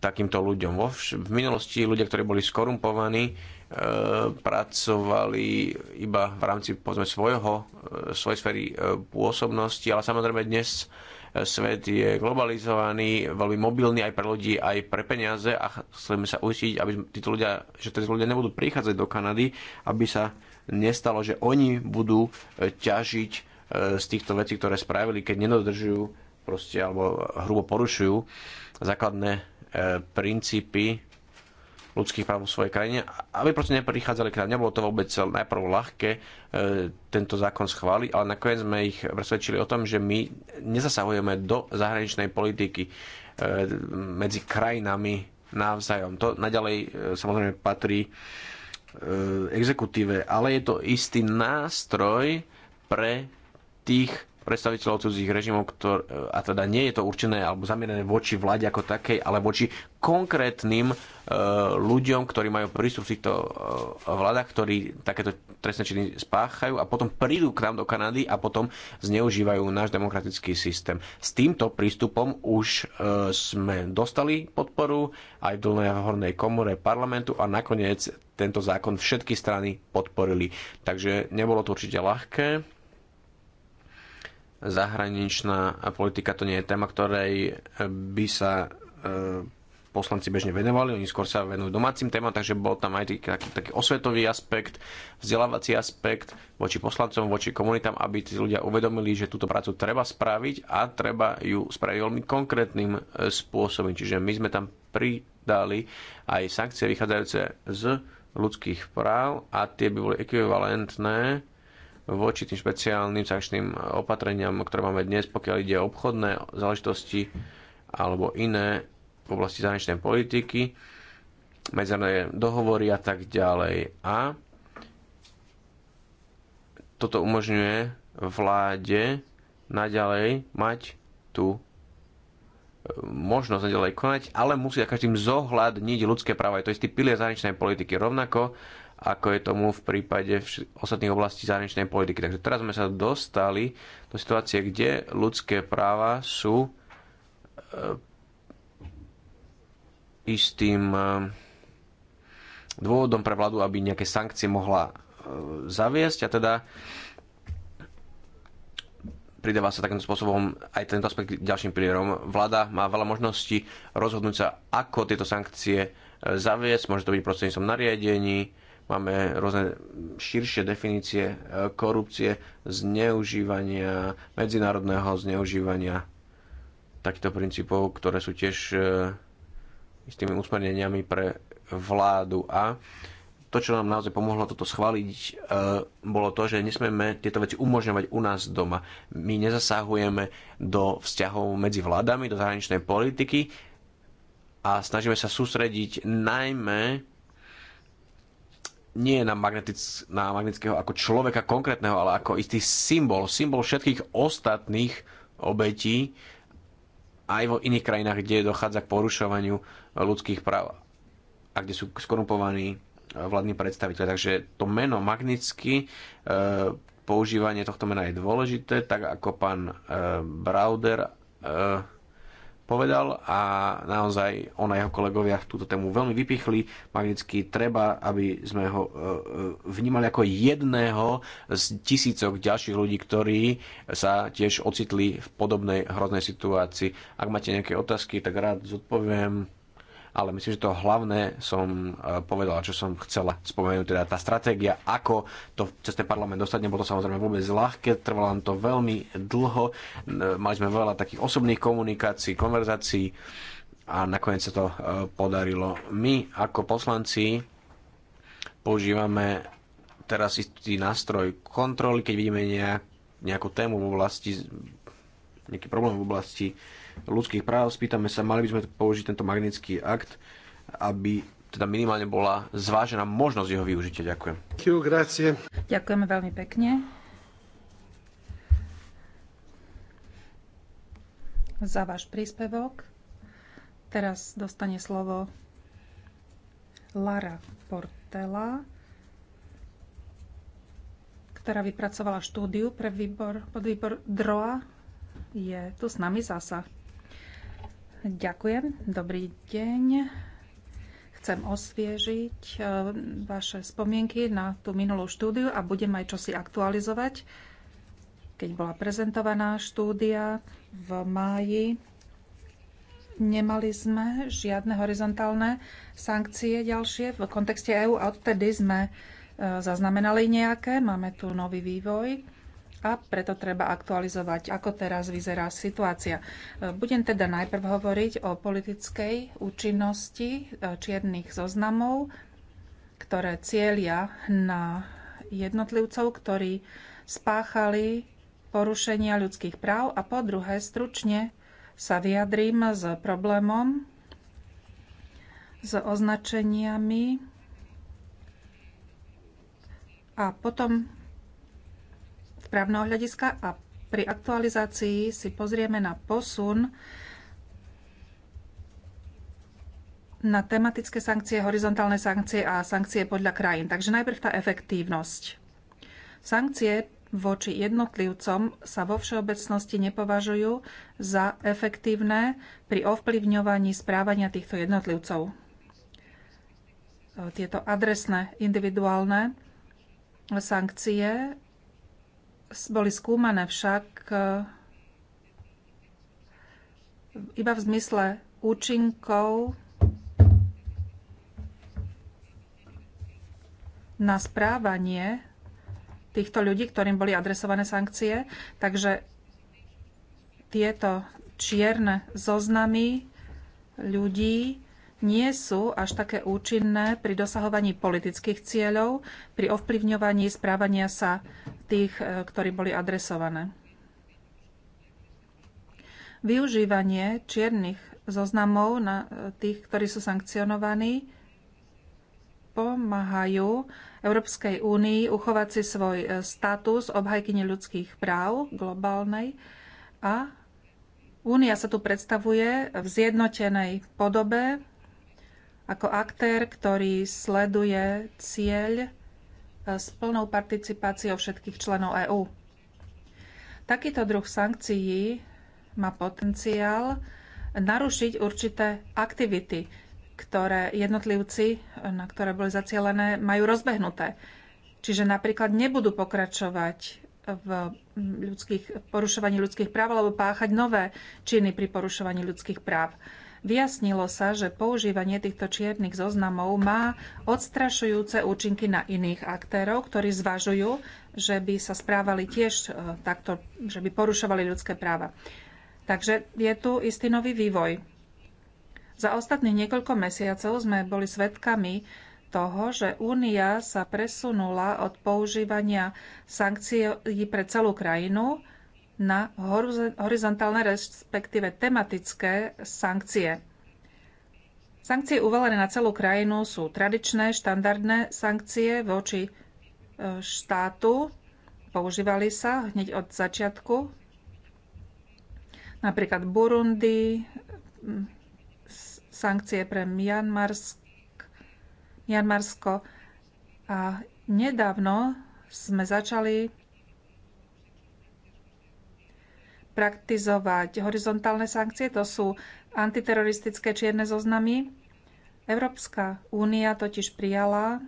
takýmto ľuďom. Vo, v minulosti ľudia, ktorí boli skorumpovaní, e, pracovali iba v rámci povedzme, svojho, e, svojej sféry e, pôsobnosti, ale samozrejme dnes e, Svet je globalizovaný, veľmi mobilný aj pre ľudí, aj pre peniaze a chceme sa uistiť, aby títo ľudia, že títo ľudia nebudú prichádzať do Kanady, aby sa nestalo, že oni budú e, ťažiť e, z týchto vecí, ktoré spravili, keď nedodržujú proste, alebo hrubo porušujú základné e, princípy ľudských práv v svojej krajine, aby proste neprichádzali k nám. Nebolo to vôbec najprv ľahké e, tento zákon schváliť, ale nakoniec sme ich presvedčili o tom, že my nezasahujeme do zahraničnej politiky e, medzi krajinami navzájom. To naďalej e, samozrejme patrí e, exekutíve, ale je to istý nástroj pre tých predstaviteľov cudzích režimov, ktor- e, a teda nie je to určené alebo zamierené voči vláde ako takej, ale voči konkrétnym Eh, ľuďom, ktorí majú prístup v týchto eh, vládach, ktorí takéto trestné činy spáchajú a potom prídu k nám do Kanady a potom zneužívajú náš demokratický systém. S týmto prístupom už eh, sme dostali podporu aj v dolnej a hornej komore parlamentu a nakoniec tento zákon všetky strany podporili. Takže nebolo to určite ľahké. Zahraničná politika to nie je téma, ktorej by sa poslanci bežne venovali, oni skôr sa venujú domácim témam, takže bol tam aj taký, taký osvetový aspekt, vzdelávací aspekt voči poslancom, voči komunitám, aby tí ľudia uvedomili, že túto prácu treba spraviť a treba ju spraviť veľmi konkrétnym e, spôsobom. Čiže my sme tam pridali aj sankcie vychádzajúce z ľudských práv a tie by boli ekvivalentné voči tým špeciálnym sankčným opatreniam, ktoré máme dnes, pokiaľ ide o obchodné záležitosti alebo iné v oblasti zahraničnej politiky, medzinárodné dohovory a tak ďalej. A toto umožňuje vláde naďalej mať tú e, možnosť naďalej konať, ale musí každým zohľadniť ľudské práva. Je to istý pilier zahraničnej politiky, rovnako ako je tomu v prípade ostatných oblastí zahraničnej politiky. Takže teraz sme sa dostali do situácie, kde ľudské práva sú e, istým eh, dôvodom pre vládu, aby nejaké sankcie mohla eh, zaviesť a teda pridáva sa takýmto spôsobom aj tento aspekt ďalším pilierom. Vláda má veľa možností rozhodnúť sa, ako tieto sankcie eh, zaviesť. Môže to byť prostredníctvom nariadení, máme rôzne širšie definície korupcie, zneužívania, medzinárodného zneužívania takýchto princípov, ktoré sú tiež istými usmerneniami pre vládu. A to, čo nám naozaj pomohlo toto schváliť, e, bolo to, že nesmieme tieto veci umožňovať u nás doma. My nezasahujeme do vzťahov medzi vládami, do zahraničnej politiky a snažíme sa sústrediť najmä nie na, magnetic, na magnetického ako človeka konkrétneho, ale ako istý symbol, symbol všetkých ostatných obetí aj vo iných krajinách, kde dochádza k porušovaniu ľudských práv a kde sú skorumpovaní e, vládni predstaviteľ. Takže to meno Magnitsky, e, používanie tohto mena je dôležité, tak ako pán e, Browder povedal a naozaj on a jeho kolegovia túto tému veľmi vypichli. Magnitsky treba, aby sme ho vnímali ako jedného z tisícok ďalších ľudí, ktorí sa tiež ocitli v podobnej hroznej situácii. Ak máte nejaké otázky, tak rád zodpoviem ale myslím, že to hlavné som e, povedala, čo som chcela spomenúť, teda tá stratégia, ako to cez ten parlament dostať, nebolo to samozrejme vôbec ľahké, trvalo nám to veľmi dlho, e, mali sme veľa takých osobných komunikácií, konverzácií a nakoniec sa to e, podarilo. My ako poslanci používame teraz istý nástroj kontroly, keď vidíme nejakú tému v oblasti, nejaký problém v oblasti ľudských práv. Spýtame sa, mali by sme použiť tento magnický akt, aby teda minimálne bola zvážená možnosť jeho využitia. Ďakujem. Ďakujeme veľmi pekne. za váš príspevok. Teraz dostane slovo Lara Portela, ktorá vypracovala štúdiu pre výbor, podvýbor DROA. Je tu s nami zasa. Ďakujem. Dobrý deň. Chcem osviežiť e, vaše spomienky na tú minulú štúdiu a budem aj čosi aktualizovať. Keď bola prezentovaná štúdia v máji, nemali sme žiadne horizontálne sankcie ďalšie v kontexte EÚ a odtedy sme e, zaznamenali nejaké. Máme tu nový vývoj a preto treba aktualizovať, ako teraz vyzerá situácia. E, budem teda najprv hovoriť o politickej účinnosti e, čiernych zoznamov, ktoré cieľia na jednotlivcov, ktorí spáchali porušenia ľudských práv a po druhé stručne sa vyjadrím s problémom, s označeniami a potom právneho hľadiska a pri aktualizácii si pozrieme na posun na tematické sankcie, horizontálne sankcie a sankcie podľa krajín. Takže najprv tá efektívnosť. Sankcie voči jednotlivcom sa vo všeobecnosti nepovažujú za efektívne pri ovplyvňovaní správania týchto jednotlivcov. Tieto adresné, individuálne sankcie boli skúmané však e, iba v zmysle účinkov na správanie týchto ľudí, ktorým boli adresované sankcie. Takže tieto čierne zoznamy ľudí nie sú až také účinné pri dosahovaní politických cieľov, pri ovplyvňovaní správania sa tých, e, ktorí boli adresované. Využívanie čiernych zoznamov na e, tých, ktorí sú sankcionovaní, pomáhajú Európskej únii uchovať si svoj e, status obhajkyne ľudských práv globálnej a Únia sa tu predstavuje v zjednotenej podobe, ako aktér, ktorý sleduje cieľ e, s plnou participáciou všetkých členov EÚ. Takýto druh sankcií má potenciál narušiť určité aktivity, ktoré jednotlivci, na ktoré boli zacielené, majú rozbehnuté. Čiže napríklad nebudú pokračovať v ľudských, porušovaní ľudských práv alebo páchať nové činy pri porušovaní ľudských práv. Vyjasnilo sa, že používanie týchto čiernych zoznamov má odstrašujúce účinky na iných aktérov, ktorí zvažujú, že by sa správali tiež e, takto, že by porušovali ľudské práva. Takže je tu istý nový vývoj. Za ostatných niekoľko mesiacov sme boli svedkami toho, že Únia sa presunula od používania sankcií pre celú krajinu na horizontálne, respektíve tematické sankcie. Sankcie uvalené na celú krajinu sú tradičné, štandardné sankcie voči e, štátu. Používali sa hneď od začiatku. Napríklad Burundi, sankcie pre Mianmarsk, Mianmarsko. A nedávno sme začali praktizovať. Horizontálne sankcie to sú antiteroristické čierne zoznamy. Európska únia totiž prijala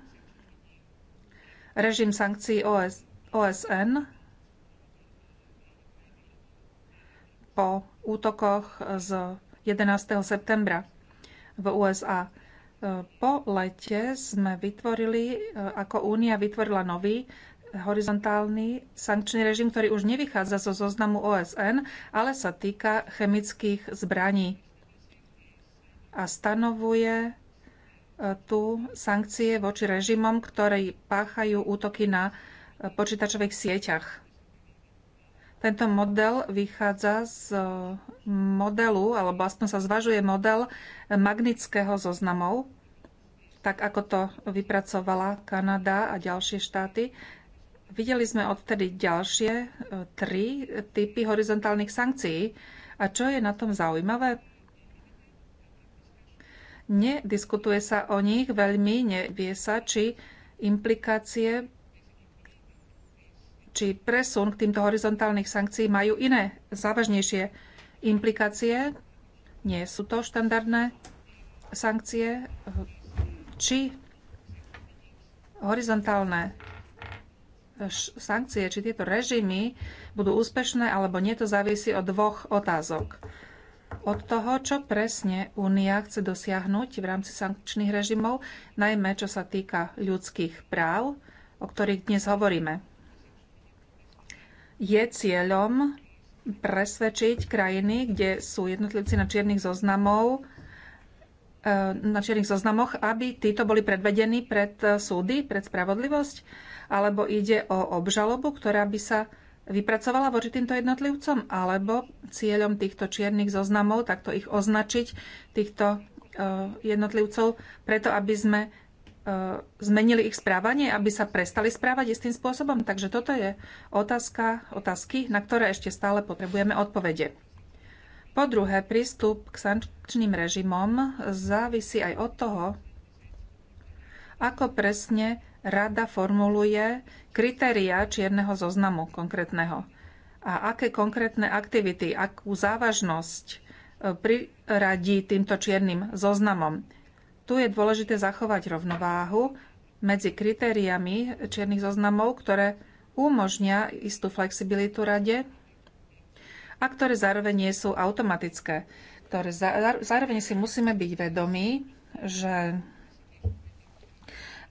režim sankcií OS, OSN po útokoch z 11. septembra v USA. Po lete sme vytvorili, ako únia vytvorila nový horizontálny sankčný režim, ktorý už nevychádza zo zoznamu OSN, ale sa týka chemických zbraní a stanovuje e, tu sankcie voči režimom, ktoré páchajú útoky na e, počítačových sieťach. Tento model vychádza z e, modelu, alebo aspoň sa zvažuje model magnického zoznamov, tak ako to vypracovala Kanada a ďalšie štáty. Videli sme odtedy ďalšie e, tri typy horizontálnych sankcií. A čo je na tom zaujímavé? Nediskutuje sa o nich veľmi, nevie sa, či implikácie či presun k týmto horizontálnych sankcií majú iné, závažnejšie implikácie. Nie sú to štandardné sankcie. Či horizontálne sankcie, či tieto režimy budú úspešné alebo nie, to závisí od dvoch otázok. Od toho, čo presne Únia chce dosiahnuť v rámci sankčných režimov, najmä čo sa týka ľudských práv, o ktorých dnes hovoríme. Je cieľom presvedčiť krajiny, kde sú jednotlivci na čiernych zoznamov, e, na čiernych zoznamoch, aby títo boli predvedení pred súdy, pred spravodlivosť alebo ide o obžalobu, ktorá by sa vypracovala voči týmto jednotlivcom, alebo cieľom týchto čiernych zoznamov, takto ich označiť, týchto e, jednotlivcov, preto aby sme e, zmenili ich správanie, aby sa prestali správať istým spôsobom. Takže toto je otázka, otázky, na ktoré ešte stále potrebujeme odpovede. Po druhé, prístup k sankčným režimom závisí aj od toho, ako presne rada formuluje kritériá čierneho zoznamu konkrétneho a aké konkrétne aktivity, akú závažnosť e, priradí týmto čiernym zoznamom. Tu je dôležité zachovať rovnováhu medzi kritériami čiernych zoznamov, ktoré umožnia istú flexibilitu rade a ktoré zároveň nie sú automatické. Ktoré zároveň si musíme byť vedomí, že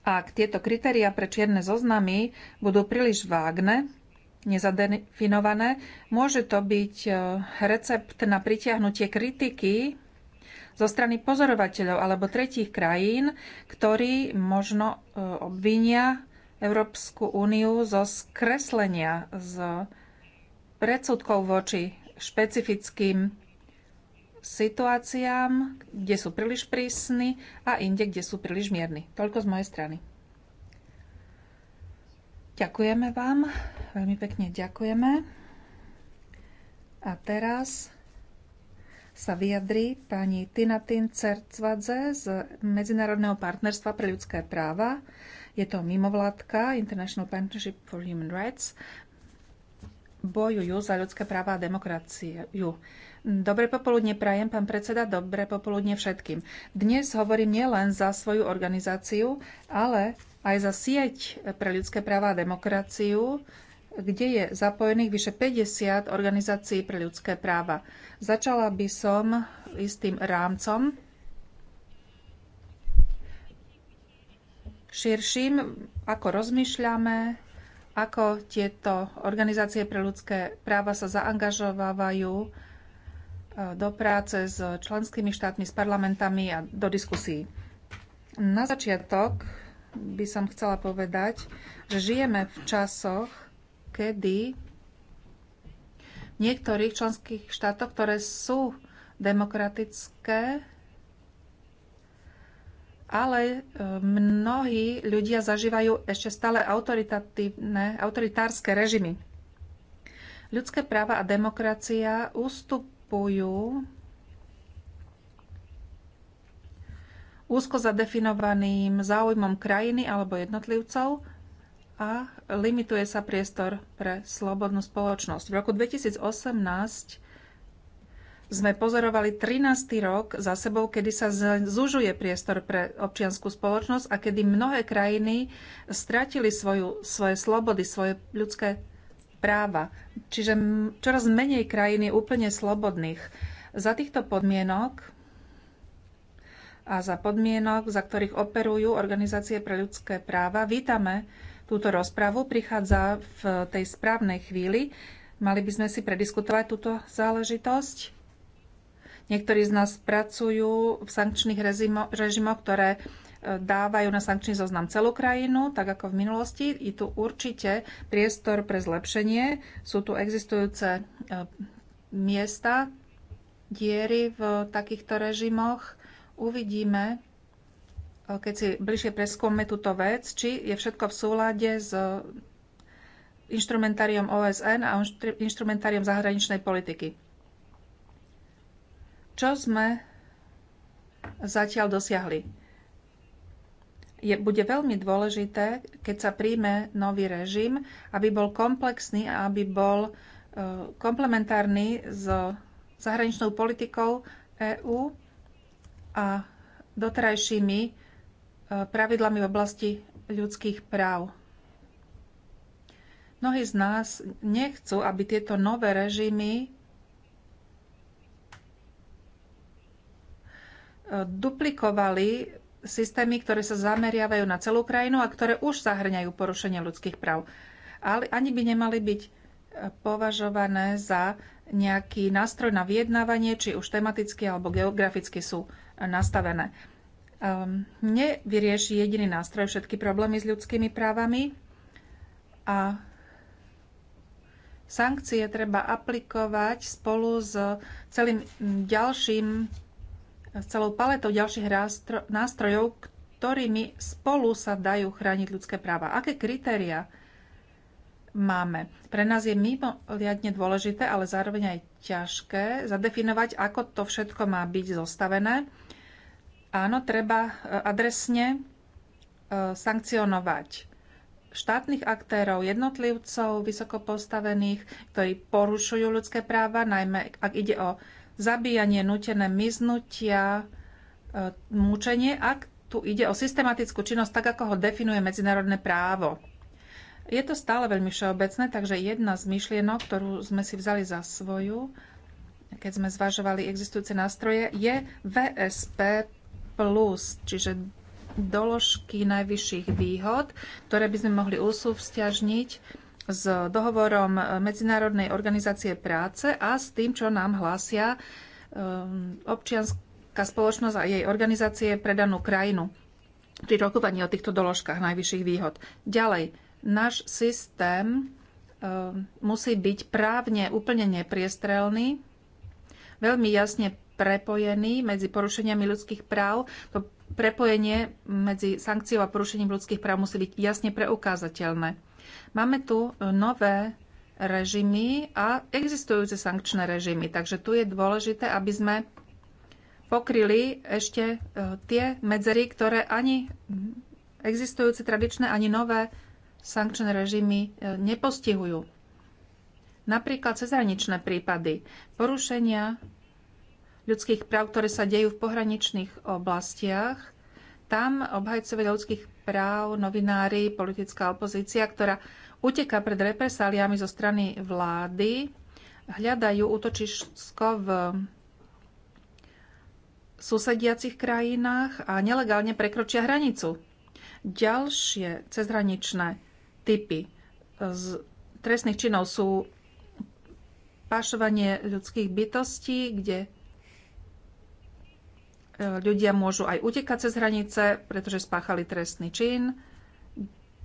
ak tieto kritéria pre čierne zoznamy budú príliš vágne, nezadefinované, môže to byť e, recept na pritiahnutie kritiky zo strany pozorovateľov alebo tretích krajín, ktorí možno e, obvinia Európsku úniu zo skreslenia, z predsudkov voči špecifickým situáciám, kde sú príliš prísni a inde, kde sú príliš mierni. Toľko z mojej strany. Ďakujeme vám, veľmi pekne ďakujeme. A teraz sa vyjadrí pani Tinatin Cercvadze z Medzinárodného partnerstva pre ľudské práva. Je to mimovládka International Partnership for Human Rights. Bojujú za ľudské práva a demokraciu. Dobré popoludne prajem, pán predseda, dobré popoludne všetkým. Dnes hovorím nielen za svoju organizáciu, ale aj za sieť pre ľudské práva a demokraciu, kde je zapojených vyše 50 organizácií pre ľudské práva. Začala by som istým rámcom, širším, ako rozmýšľame, ako tieto organizácie pre ľudské práva sa zaangažovávajú do práce s členskými štátmi, s parlamentami a do diskusí. Na začiatok by som chcela povedať, že žijeme v časoch, kedy v niektorých členských štátoch, ktoré sú demokratické, ale e, mnohí ľudia zažívajú ešte stále autoritárske režimy. Ľudské práva a demokracia ústup pristupujú úzko zadefinovaným záujmom krajiny alebo jednotlivcov a limituje sa priestor pre slobodnú spoločnosť. V roku 2018 sme pozorovali 13. rok za sebou, kedy sa zužuje priestor pre občianskú spoločnosť a kedy mnohé krajiny stratili svoju, svoje slobody, svoje ľudské práva. Čiže čoraz menej krajín je úplne slobodných. Za týchto podmienok a za podmienok, za ktorých operujú organizácie pre ľudské práva, vítame túto rozpravu. Prichádza v tej správnej chvíli. Mali by sme si prediskutovať túto záležitosť. Niektorí z nás pracujú v sankčných režimo, režimoch, ktoré dávajú na sankčný zoznam celú krajinu, tak ako v minulosti. Je tu určite priestor pre zlepšenie. Sú tu existujúce e, miesta, diery v takýchto režimoch. Uvidíme, e, keď si bližšie preskúme túto vec, či je všetko v súlade s inštrumentáriom OSN a inštrumentáriom zahraničnej politiky. Čo sme zatiaľ dosiahli? je, bude veľmi dôležité, keď sa príjme nový režim, aby bol komplexný a aby bol e, komplementárny s zahraničnou politikou EÚ a doterajšími e, pravidlami v oblasti ľudských práv. Mnohí z nás nechcú, aby tieto nové režimy e, duplikovali systémy, ktoré sa zameriavajú na celú krajinu a ktoré už zahrňajú porušenie ľudských práv. Ale ani by nemali byť eh, považované za nejaký nástroj na vyjednávanie, či už tematicky alebo geograficky sú eh, nastavené. Ehm, nevyrieši jediný nástroj všetky problémy s ľudskými právami a sankcie treba aplikovať spolu s celým ďalším s celou paletou ďalších nástrojov, ktorými spolu sa dajú chrániť ľudské práva. Aké kritéria máme. Pre nás je mimoriadne dôležité, ale zároveň aj ťažké zadefinovať, ako to všetko má byť zostavené. Áno, treba e, adresne e, sankcionovať štátnych aktérov, jednotlivcov, vysoko postavených, ktorí porušujú ľudské práva, najmä ak ide o zabíjanie, nutené miznutia, e, mučenie, ak tu ide o systematickú činnosť, tak ako ho definuje medzinárodné právo. Je to stále veľmi všeobecné, takže jedna z myšlienok, ktorú sme si vzali za svoju, keď sme zvažovali existujúce nástroje, je VSP+, čiže doložky najvyšších výhod, ktoré by sme mohli usúvzťažniť s dohovorom Medzinárodnej organizácie práce a s tým, čo nám hlásia ehm, občianská spoločnosť a jej organizácie pre danú krajinu pri rokovaní o týchto doložkách najvyšších výhod. Ďalej, náš systém ehm, musí byť právne úplne nepriestrelný, veľmi jasne prepojený medzi porušeniami ľudských práv. To prepojenie medzi sankciou a porušením ľudských práv musí byť jasne preukázateľné Máme tu e, nové režimy a existujúce sankčné režimy, takže tu je dôležité, aby sme pokryli ešte e, tie medzery, ktoré ani existujúce tradičné, ani nové sankčné režimy e, nepostihujú. Napríklad cezhraničné prípady porušenia ľudských práv, ktoré sa dejú v pohraničných oblastiach. Tam obhajcovia ľudských práv, novinári, politická opozícia, ktorá uteká pred represáliami zo strany vlády, hľadajú útočisko v susediacich krajinách a nelegálne prekročia hranicu. Ďalšie cezhraničné typy z trestných činov sú pašovanie ľudských bytostí, kde ľudia môžu aj utekať cez hranice, pretože spáchali trestný čin.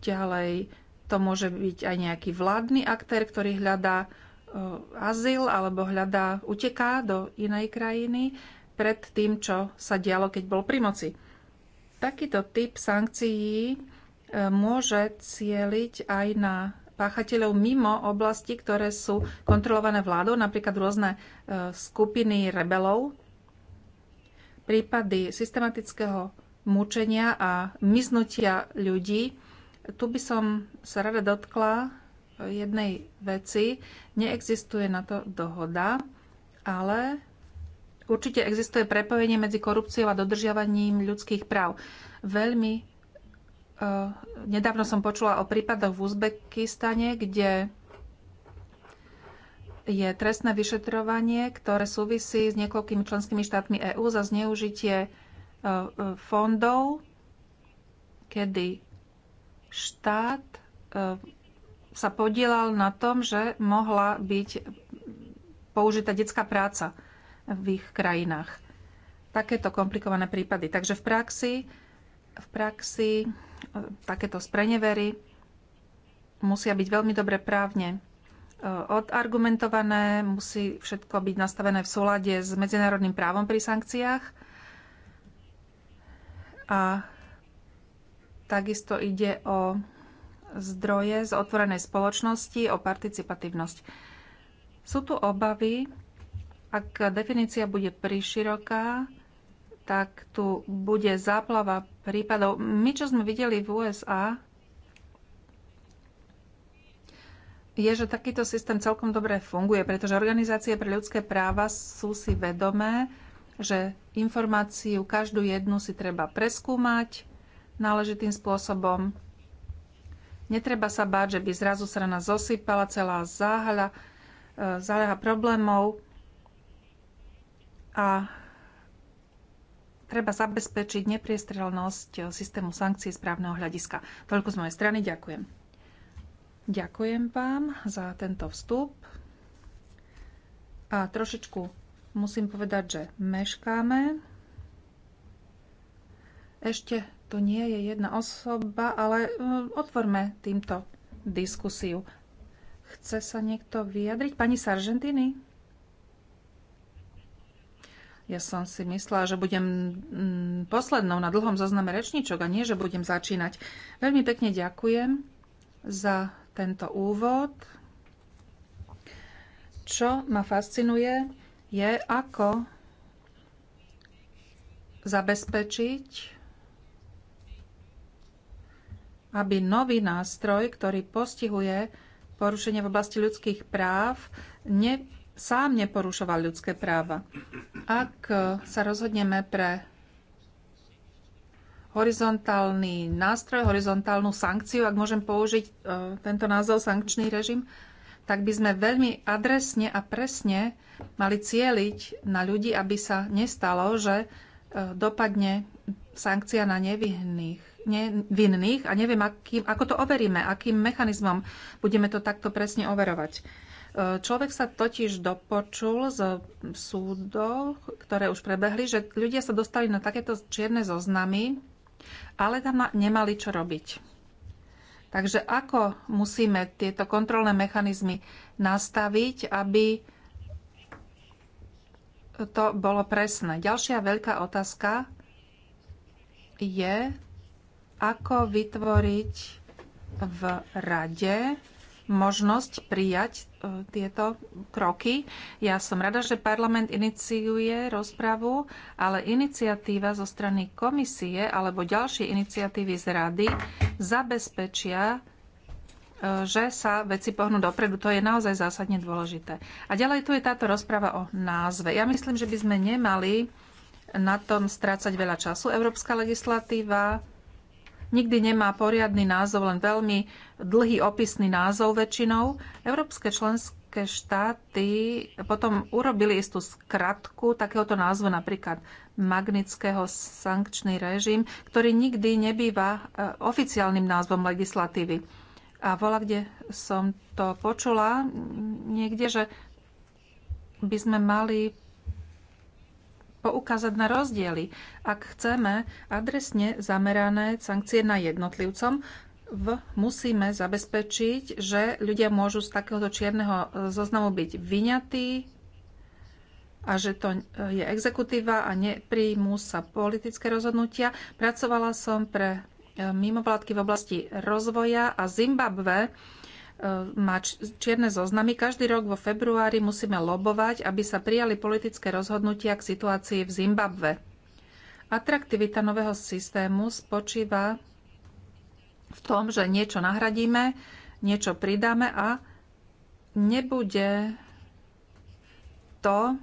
Ďalej to môže byť aj nejaký vládny aktér, ktorý hľadá e, azyl alebo hľadá, uteká do inej krajiny pred tým, čo sa dialo, keď bol pri moci. Takýto typ sankcií e, môže cieliť aj na páchateľov mimo oblasti, ktoré sú kontrolované vládou, napríklad rôzne e, skupiny rebelov, prípady systematického mučenia a miznutia ľudí. Tu by som sa rada dotkla jednej veci. Neexistuje na to dohoda, ale určite existuje prepojenie medzi korupciou a dodržiavaním ľudských práv. Veľmi eh, nedávno som počula o prípadoch v Uzbekistane, kde je trestné vyšetrovanie, ktoré súvisí s niekoľkými členskými štátmi EÚ za zneužitie e, e, fondov, kedy štát e, sa podielal na tom, že mohla byť použitá detská práca v ich krajinách. Takéto komplikované prípady. Takže v praxi, v praxi takéto sprenevery musia byť veľmi dobre právne E, odargumentované, musí všetko byť nastavené v súlade s medzinárodným právom pri sankciách. A takisto ide o zdroje z otvorenej spoločnosti, o participatívnosť. Sú tu obavy, ak definícia bude priširoká, tak tu bude záplava prípadov. My, čo sme videli v USA, je, že takýto systém celkom dobre funguje, pretože organizácie pre ľudské práva sú si vedomé, že informáciu každú jednu si treba preskúmať náležitým spôsobom. Netreba sa báť, že by zrazu sa na nás zosypala celá záhľa, e, záleha problémov a treba zabezpečiť nepriestrelnosť e, systému sankcií správneho hľadiska. Toľko z mojej strany, ďakujem. Ďakujem vám za tento vstup. A trošičku musím povedať, že meškáme. Ešte to nie je jedna osoba, ale e, otvorme týmto diskusiu. Chce sa niekto vyjadriť? Pani saržentiny. Ja som si myslela, že budem mm, poslednou na dlhom zozname rečníčok a nie, že budem začínať. Veľmi pekne ďakujem za tento úvod. Čo ma fascinuje, je, ako zabezpečiť, aby nový nástroj, ktorý postihuje porušenie v oblasti ľudských práv, ne, sám neporušoval ľudské práva. Ak sa rozhodneme pre horizontálny nástroj, horizontálnu sankciu, ak môžem použiť e, tento názov sankčný režim, tak by sme veľmi adresne a presne mali cieliť na ľudí, aby sa nestalo, že e, dopadne sankcia na nevinných, nevinných a neviem, akým, ako to overíme, akým mechanizmom budeme to takto presne overovať. E, človek sa totiž dopočul z súdov, ktoré už prebehli, že ľudia sa dostali na takéto čierne zoznamy, ale tam nemali čo robiť. Takže ako musíme tieto kontrolné mechanizmy nastaviť, aby to bolo presné. Ďalšia veľká otázka je, ako vytvoriť v rade možnosť prijať e, tieto kroky. Ja som rada, že parlament iniciuje rozpravu, ale iniciatíva zo strany komisie alebo ďalšie iniciatívy z rady zabezpečia e, že sa veci pohnú dopredu. To je naozaj zásadne dôležité. A ďalej tu je táto rozpráva o názve. Ja myslím, že by sme nemali na tom strácať veľa času. Európska legislatíva nikdy nemá poriadny názov, len veľmi dlhý opisný názov väčšinou. Európske členské štáty potom urobili istú skratku takéhoto názvu, napríklad magnického sankčný režim, ktorý nikdy nebýva e, oficiálnym názvom legislatívy. A vola, kde som to počula niekde, že by sme mali poukázať na rozdiely. Ak chceme adresne zamerané sankcie na jednotlivcom, v, musíme zabezpečiť, že ľudia môžu z takéhoto čierneho e, zoznamu byť vyňatí a že to e, je exekutíva a nepríjmú sa politické rozhodnutia. Pracovala som pre e, mimovládky v oblasti rozvoja a Zimbabve má čierne zoznamy. Každý rok vo februári musíme lobovať, aby sa prijali politické rozhodnutia k situácii v Zimbabve. Atraktivita nového systému spočíva v tom, že niečo nahradíme, niečo pridáme a nebude to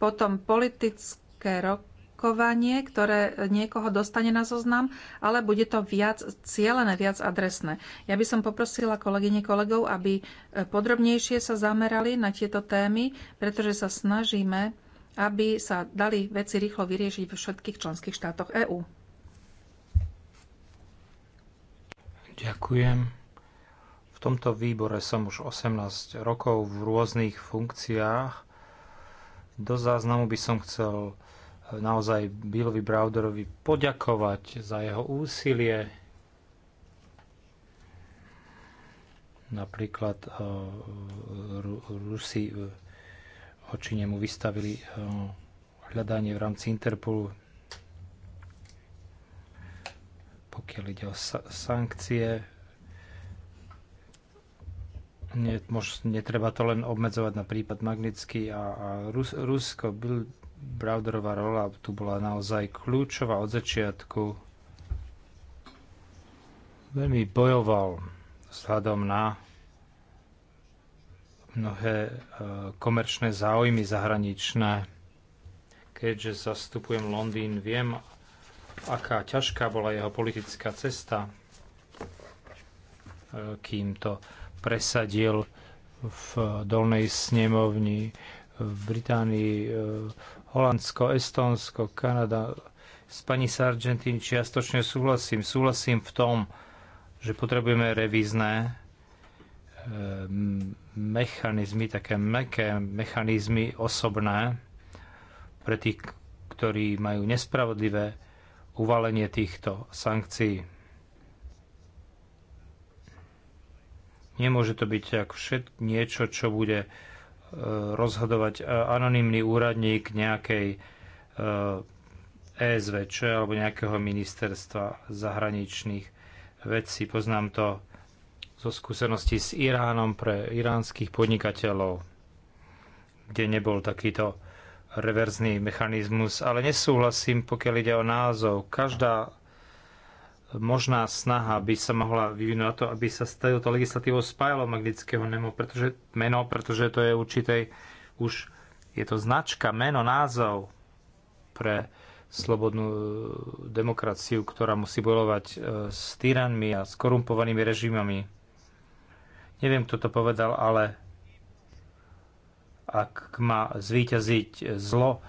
potom politické rokovanie, ktoré niekoho dostane na zoznam, ale bude to viac cieľené, viac adresné. Ja by som poprosila kolegyne kolegov, aby e, podrobnejšie sa zamerali na tieto témy, pretože sa snažíme, aby sa dali veci rýchlo vyriešiť vo všetkých členských štátoch EÚ. Ďakujem. V tomto výbore som už 18 rokov v rôznych funkciách. Do záznamu by som chcel e, naozaj Billovi Browderovi poďakovať za jeho úsilie. Napríklad e, Rusi e, oči nemu vystavili hľadanie v rámci Interpolu pokiaľ ide o sa- sankcie, nie, mož, netreba to len obmedzovať na prípad Magnitsky a, a Rus, Rusko. Bill Browderová rola tu bola naozaj kľúčová od začiatku. Veľmi bojoval vzhľadom na mnohé e, komerčné záujmy zahraničné. Keďže zastupujem Londýn, viem, aká ťažká bola jeho politická cesta, e, kým to presadil v dolnej snemovni v Británii, e, Holandsko, Estonsko, Kanada. S pani Sargentin čiastočne súhlasím. Súhlasím v tom, že potrebujeme revízne e, mechanizmy, také meké mechanizmy osobné pre tých, ktorí majú nespravodlivé uvalenie týchto sankcií. Nemôže to byť ak všet, niečo, čo bude e, rozhodovať e, anonimný úradník nejakej ESVČ e alebo nejakého ministerstva zahraničných vecí. Poznám to zo skúseností s Iránom pre iránskych podnikateľov, kde nebol takýto reverzný mechanizmus, ale nesúhlasím, pokiaľ ide o názov. Každá možná snaha by sa mohla vyvinúť na to, aby sa s touto legislatívou spájalo magnického nemo, pretože, meno, pretože to je určitej už je to značka, meno, názov pre slobodnú e, demokraciu, ktorá musí bojovať e, s tyranmi a s korumpovanými režimami. Neviem, kto to povedal, ale ak má zvíťaziť zlo,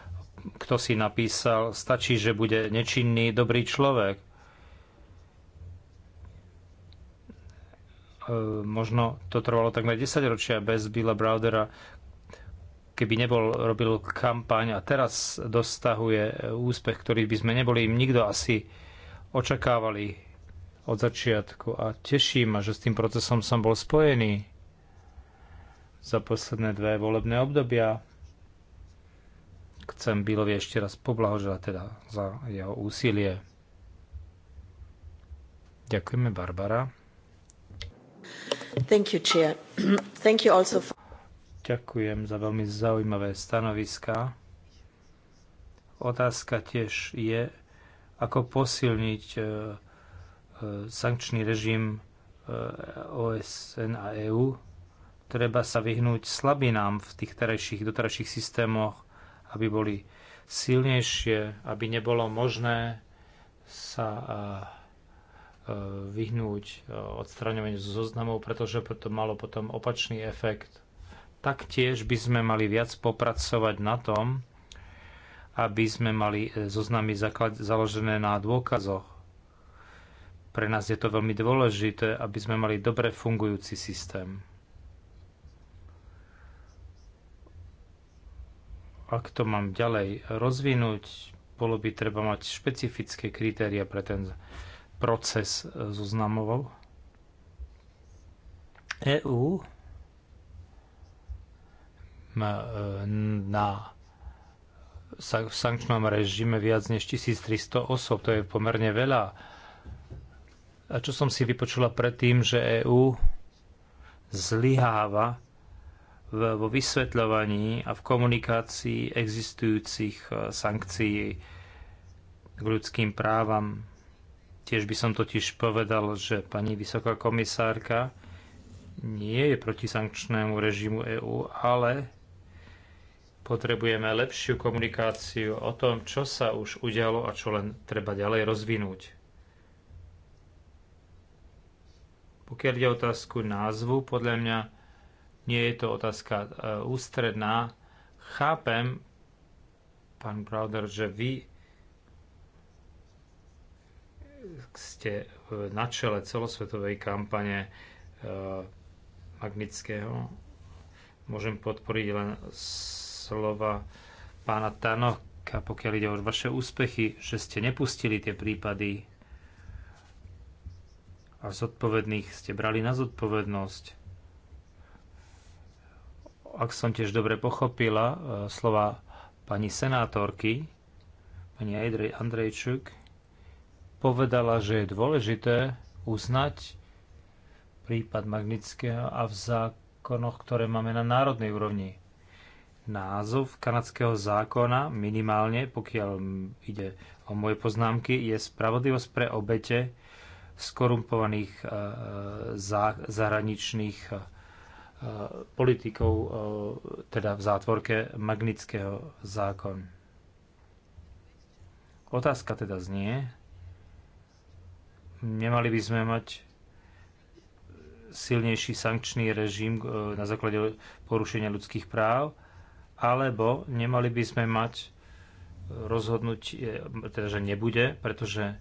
kto si napísal, stačí, že bude nečinný dobrý človek. E, možno to trvalo takmer 10 ročia bez Billa Browdera, keby nebol robil kampaň a teraz dostahuje úspech, ktorý by sme neboli im nikto asi očakávali od začiatku. A teším ma, že s tým procesom som bol spojený za posledné dve volebné obdobia. Chcem Bilovi ešte raz poblahoželať teda za jeho úsilie. Ďakujeme, Barbara. Thank you, Chair. Thank you also for... Ďakujem za veľmi zaujímavé stanoviská. Otázka tiež je, ako posilniť e, e, sankčný režim e, OSN a EÚ Treba sa vyhnúť slabinám v tých terajších, doterajších systémoch, aby boli silnejšie, aby nebolo možné sa vyhnúť odstraňovaniu zoznamov, pretože to malo potom opačný efekt. Taktiež by sme mali viac popracovať na tom, aby sme mali e, zoznamy založené na dôkazoch. Pre nás je to veľmi dôležité, aby sme mali dobre fungujúci systém. Ak to mám ďalej rozvinúť, bolo by treba mať špecifické kritéria pre ten proces e, zoznamoval. EU e, na v sankčnom režime viac než 1300 osob, to je pomerne veľa. A čo som si vypočula predtým, že EU zlyháva vo vysvetľovaní a v komunikácii existujúcich e, sankcií k ľudským právam. Tiež by som totiž povedal, že pani vysoká komisárka nie je proti sankčnému režimu EÚ, ale potrebujeme lepšiu komunikáciu o tom, čo sa už udialo a čo len treba ďalej rozvinúť. Pokiaľ ide otázku názvu, podľa mňa nie je to otázka e, ústredná. Chápem, pán Browder, že vy ste na čele celosvetovej kampane e, Magnického. Môžem podporiť len slova pána Tanoka, pokiaľ ide o vaše úspechy, že ste nepustili tie prípady a zodpovedných ste brali na zodpovednosť ak som tiež dobre pochopila e, slova pani senátorky, pani Andrejčuk, povedala, že je dôležité uznať prípad Magnického a v zákonoch, ktoré máme na národnej úrovni. Názov kanadského zákona minimálne, pokiaľ ide o moje poznámky, je spravodlivosť pre obete skorumpovaných e, e, zahraničných Eh, politikou, eh, teda v zátvorke Magnického zákon. Otázka teda znie, nemali by sme mať silnejší sankčný režim eh, na základe porušenia ľudských práv, alebo nemali by sme mať rozhodnúť, teda že nebude, pretože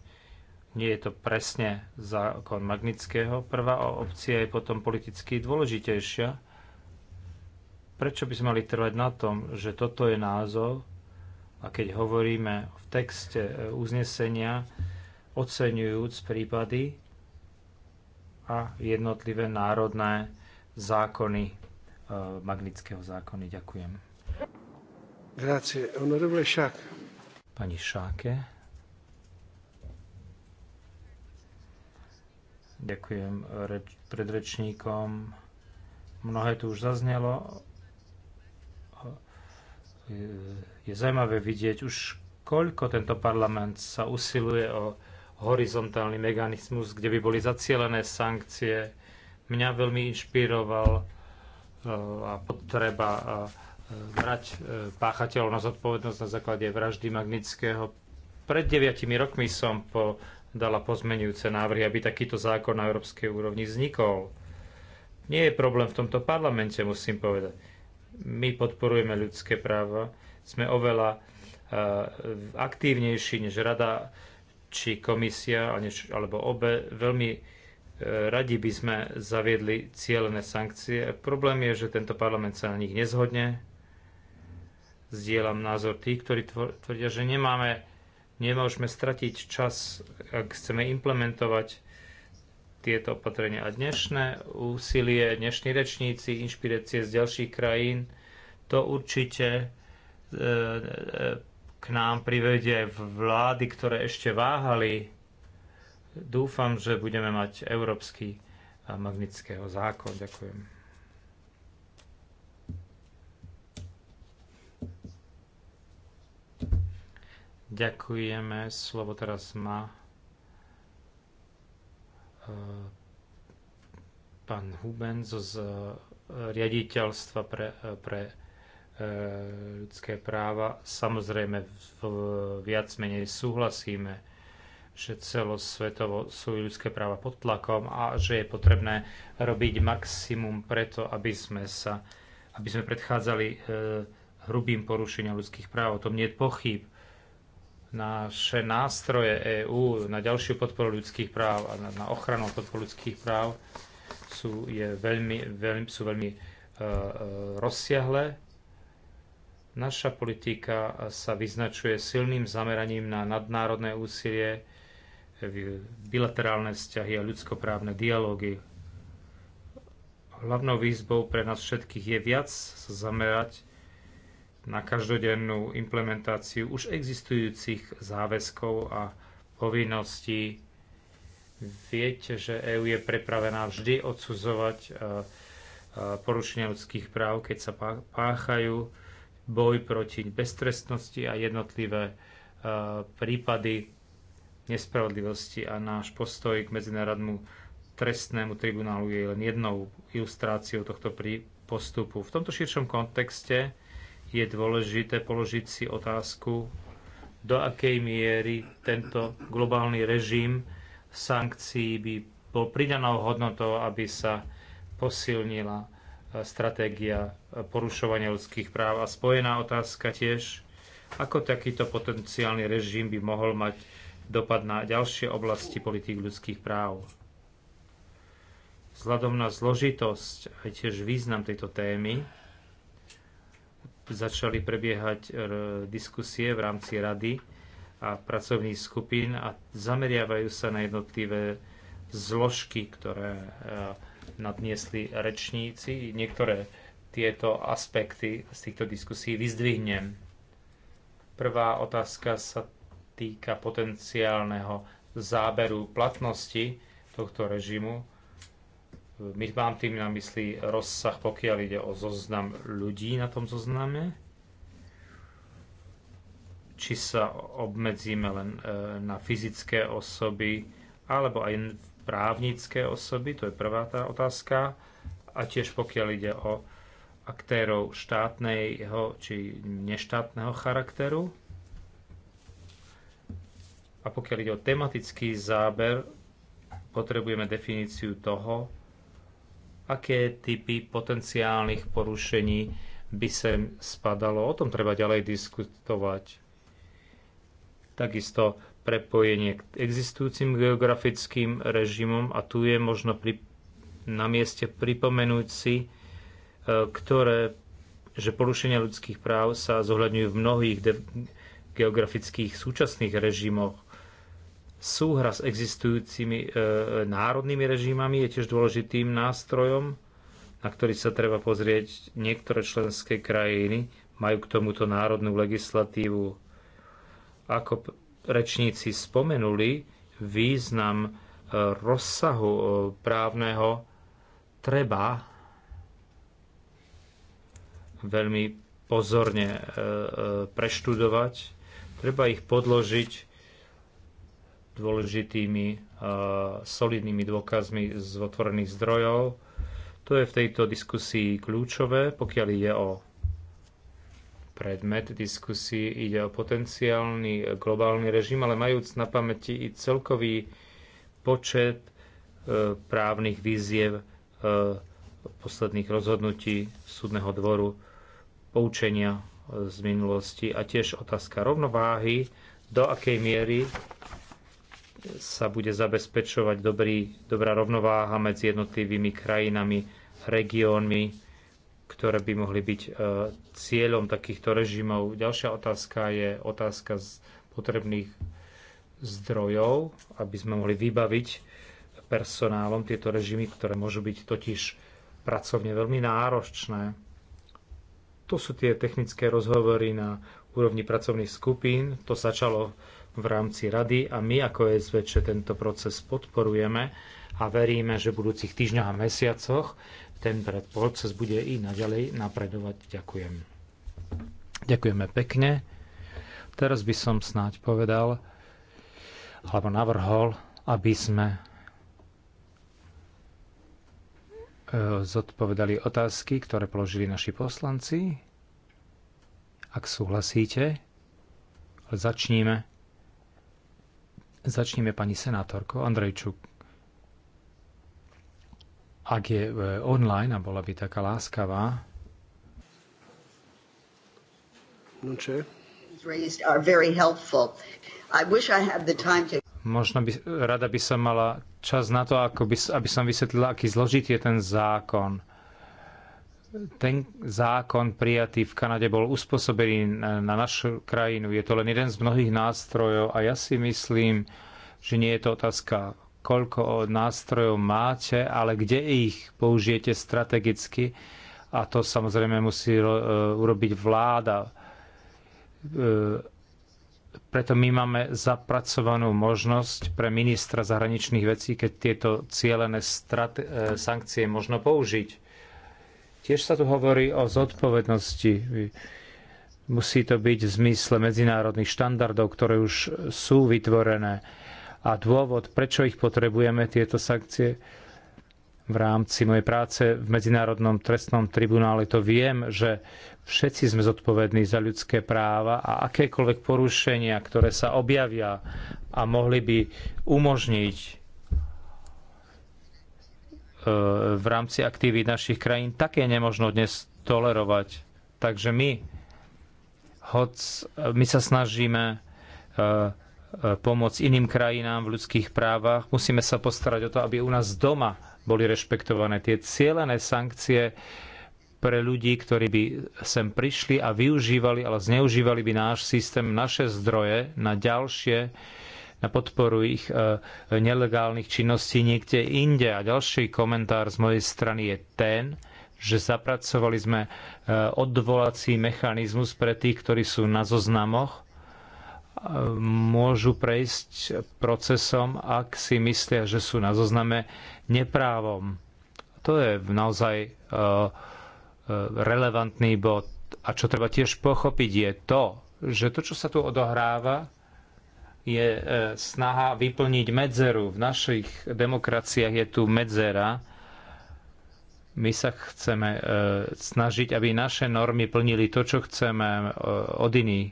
nie je to presne zákon Magnického. Prvá opcia je potom politicky dôležitejšia. Prečo by sme mali trvať na tom, že toto je názov a keď hovoríme v texte e, uznesenia, oceňujúc prípady a jednotlivé národné zákony e, Magnického zákony. Ďakujem. Grazie. Onorevole Šáke. Pani Šáke. Ďakujem reč- predrečníkom. Mnohé tu už zaznelo. Je zaujímavé vidieť už, koľko tento parlament sa usiluje o horizontálny mechanizmus, kde by boli zacielené sankcie. Mňa veľmi inšpiroval e, a potreba e, brať e, páchateľov na zodpovednosť na základe vraždy Magnického. Pred deviatimi rokmi som po dala pozmenujúce návrhy, aby takýto zákon na európskej úrovni vznikol. Nie je problém v tomto parlamente, musím povedať. My podporujeme ľudské práva, sme oveľa e, aktívnejší než rada či komisia alebo obe. Veľmi e, radi by sme zaviedli cieľené sankcie. Problém je, že tento parlament sa na nich nezhodne. Zdieľam názor tých, ktorí tvrdia, že nemáme Nemôžeme stratiť čas, ak chceme implementovať tieto opatrenia. A dnešné úsilie, dnešní rečníci, inšpirácie z ďalších krajín, to určite e, e, k nám privedie vlády, ktoré ešte váhali. Dúfam, že budeme mať európsky magnického zákon. Ďakujem. Ďakujeme. Slovo teraz má e, pán Huben z e, riaditeľstva pre, e, pre ľudské práva. Samozrejme, v, viac menej súhlasíme, že celosvetovo sú ľudské práva pod tlakom a že je potrebné robiť maximum preto, aby sme, sa, aby sme predchádzali hrubým porušeniam ľudských práv. O tom nie je pochyb naše nástroje EÚ na ďalšiu podporu ľudských práv a na, na ochranu podporu ľudských práv sú, je veľmi, veľmi, sú veľmi e, e, rozsiahle. Naša politika sa vyznačuje silným zameraním na nadnárodné úsilie, bilaterálne vzťahy a ľudskoprávne dialógy. Hlavnou výzbou pre nás všetkých je viac sa zamerať na každodennú implementáciu už existujúcich záväzkov a povinností. Viete, že EÚ je prepravená vždy odsudzovať e, e, porušenia ľudských práv, keď sa páchajú boj proti beztrestnosti a jednotlivé e, prípady nespravodlivosti a náš postoj k Medzinárodnému trestnému tribunálu je len jednou ilustráciou tohto postupu. V tomto širšom kontexte je dôležité položiť si otázku, do akej miery tento globálny režim sankcií by bol pridanou hodnotou, aby sa posilnila e, stratégia e, porušovania ľudských práv. A spojená otázka tiež, ako takýto potenciálny režim by mohol mať dopad na ďalšie oblasti politík ľudských práv. Vzhľadom na zložitosť a tiež význam tejto témy, začali prebiehať e, diskusie v rámci rady a pracovných skupín a zameriavajú sa na jednotlivé zložky, ktoré e, nadniesli rečníci. Niektoré tieto aspekty z týchto diskusí vyzdvihnem. Prvá otázka sa týka potenciálneho záberu platnosti tohto režimu my mám tým na mysli rozsah, pokiaľ ide o zoznam ľudí na tom zozname. Či sa obmedzíme len e, na fyzické osoby, alebo aj právnické osoby, to je prvá tá otázka. A tiež pokiaľ ide o aktérov štátneho či neštátneho charakteru. A pokiaľ ide o tematický záber, potrebujeme definíciu toho, aké typy potenciálnych porušení by sem spadalo. O tom treba ďalej diskutovať. Takisto prepojenie k existujúcim geografickým režimom a tu je možno pri, na mieste pripomenúť si, e, ktoré, že porušenia ľudských práv sa zohľadňujú v mnohých geografických súčasných režimoch Súhra s existujúcimi e, národnými režimami je tiež dôležitým nástrojom, na ktorý sa treba pozrieť. Niektoré členské krajiny majú k tomuto národnú legislatívu. Ako rečníci spomenuli, význam e, rozsahu e, právneho treba veľmi pozorne preštudovať, treba ich podložiť dôležitými eh, solidnými dôkazmi z otvorených zdrojov. To je v tejto diskusii kľúčové, pokiaľ ide o predmet diskusí ide o potenciálny globálny režim, ale majúc na pamäti i celkový počet eh, právnych výziev eh, posledných rozhodnutí súdneho dvoru, poučenia z minulosti a tiež otázka rovnováhy, do akej miery sa bude zabezpečovať dobrý, dobrá rovnováha medzi jednotlivými krajinami, regiónmi, ktoré by mohli byť e, cieľom takýchto režimov. Ďalšia otázka je otázka z potrebných zdrojov, aby sme mohli vybaviť personálom tieto režimy, ktoré môžu byť totiž pracovne veľmi náročné. To sú tie technické rozhovory na úrovni pracovných skupín. To začalo v rámci rady a my ako SVČ tento proces podporujeme a veríme, že v budúcich týždňoch a mesiacoch ten proces bude i naďalej napredovať. Ďakujem. Ďakujeme pekne. Teraz by som snáď povedal, alebo navrhol, aby sme e, zodpovedali otázky, ktoré položili naši poslanci. Ak súhlasíte, začníme Začneme pani senátorko Andrejčuk. Ak je e, online a bola by taká láskavá. No, čo? Možno by, rada by som mala čas na to, ako by, aby som vysvetlila, aký zložitý je ten zákon ten zákon prijatý v Kanade bol uspôsobený na našu krajinu. Je to len jeden z mnohých nástrojov a ja si myslím, že nie je to otázka, koľko nástrojov máte, ale kde ich použijete strategicky. A to samozrejme musí e, urobiť vláda. E, preto my máme zapracovanú možnosť pre ministra zahraničných vecí, keď tieto cieľené e, sankcie možno použiť Tiež sa tu hovorí o zodpovednosti. Musí to byť v zmysle medzinárodných štandardov, ktoré už sú vytvorené. A dôvod, prečo ich potrebujeme, tieto sankcie, v rámci mojej práce v Medzinárodnom trestnom tribunále to viem, že všetci sme zodpovední za ľudské práva a akékoľvek porušenia, ktoré sa objavia a mohli by umožniť v rámci aktivít našich krajín také nemožno dnes tolerovať. Takže my, hoc my sa snažíme eh, eh, pomôcť iným krajinám v ľudských právach, musíme sa postarať o to, aby u nás doma boli rešpektované tie cieľené sankcie pre ľudí, ktorí by sem prišli a využívali, ale zneužívali by náš systém, naše zdroje na ďalšie uh, na podporu ich e, nelegálnych činností niekde inde. A ďalší komentár z mojej strany je ten, že zapracovali sme e, odvolací mechanizmus pre tých, ktorí sú na zoznamoch, e, môžu prejsť procesom, ak si myslia, že sú na zozname neprávom. To je naozaj relevantný bod. A čo treba tiež pochopiť je to, že to, čo sa tu odohráva, je e, snaha vyplniť medzeru. V našich demokraciách je tu medzera. My sa chceme e, snažiť, aby naše normy plnili to, čo chceme e, od iných.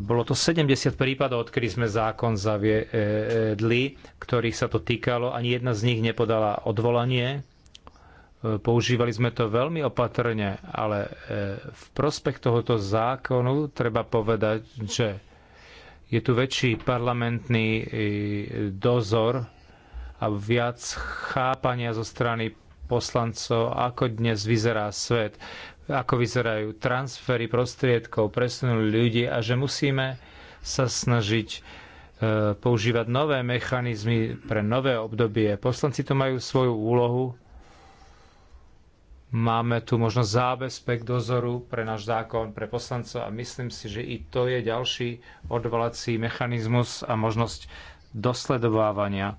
Bolo to 70 prípadov, odkedy sme zákon zaviedli, ktorých sa to týkalo. Ani jedna z nich nepodala odvolanie Používali sme to veľmi opatrne, ale e, v prospech tohoto zákonu treba povedať, že je tu väčší parlamentný e, dozor a viac chápania zo strany poslancov, ako dnes vyzerá svet, ako vyzerajú transfery prostriedkov, presunú ľudí a že musíme sa snažiť e, používať nové mechanizmy pre nové obdobie. Poslanci to majú svoju úlohu, Máme tu možnosť zábezpek dozoru pre náš zákon, pre poslancov a myslím si, že i to je ďalší odvolací mechanizmus a možnosť dosledovávania.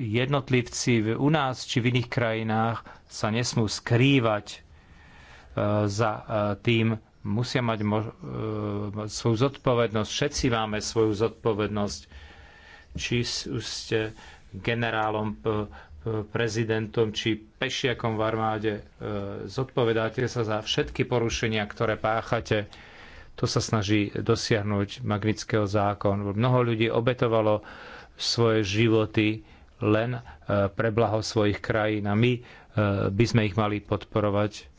Jednotlivci u nás či v iných krajinách sa nesmú skrývať e, za e, tým, musia mať e, svoju zodpovednosť. Všetci máme svoju zodpovednosť. Či ste generálom prezidentom či pešiakom v armáde. E, zodpovedáte sa za všetky porušenia, ktoré páchate. To sa snaží dosiahnuť magnického zákon. Mnoho ľudí obetovalo svoje životy len e, pre blaho svojich krajín a my e, by sme ich mali podporovať.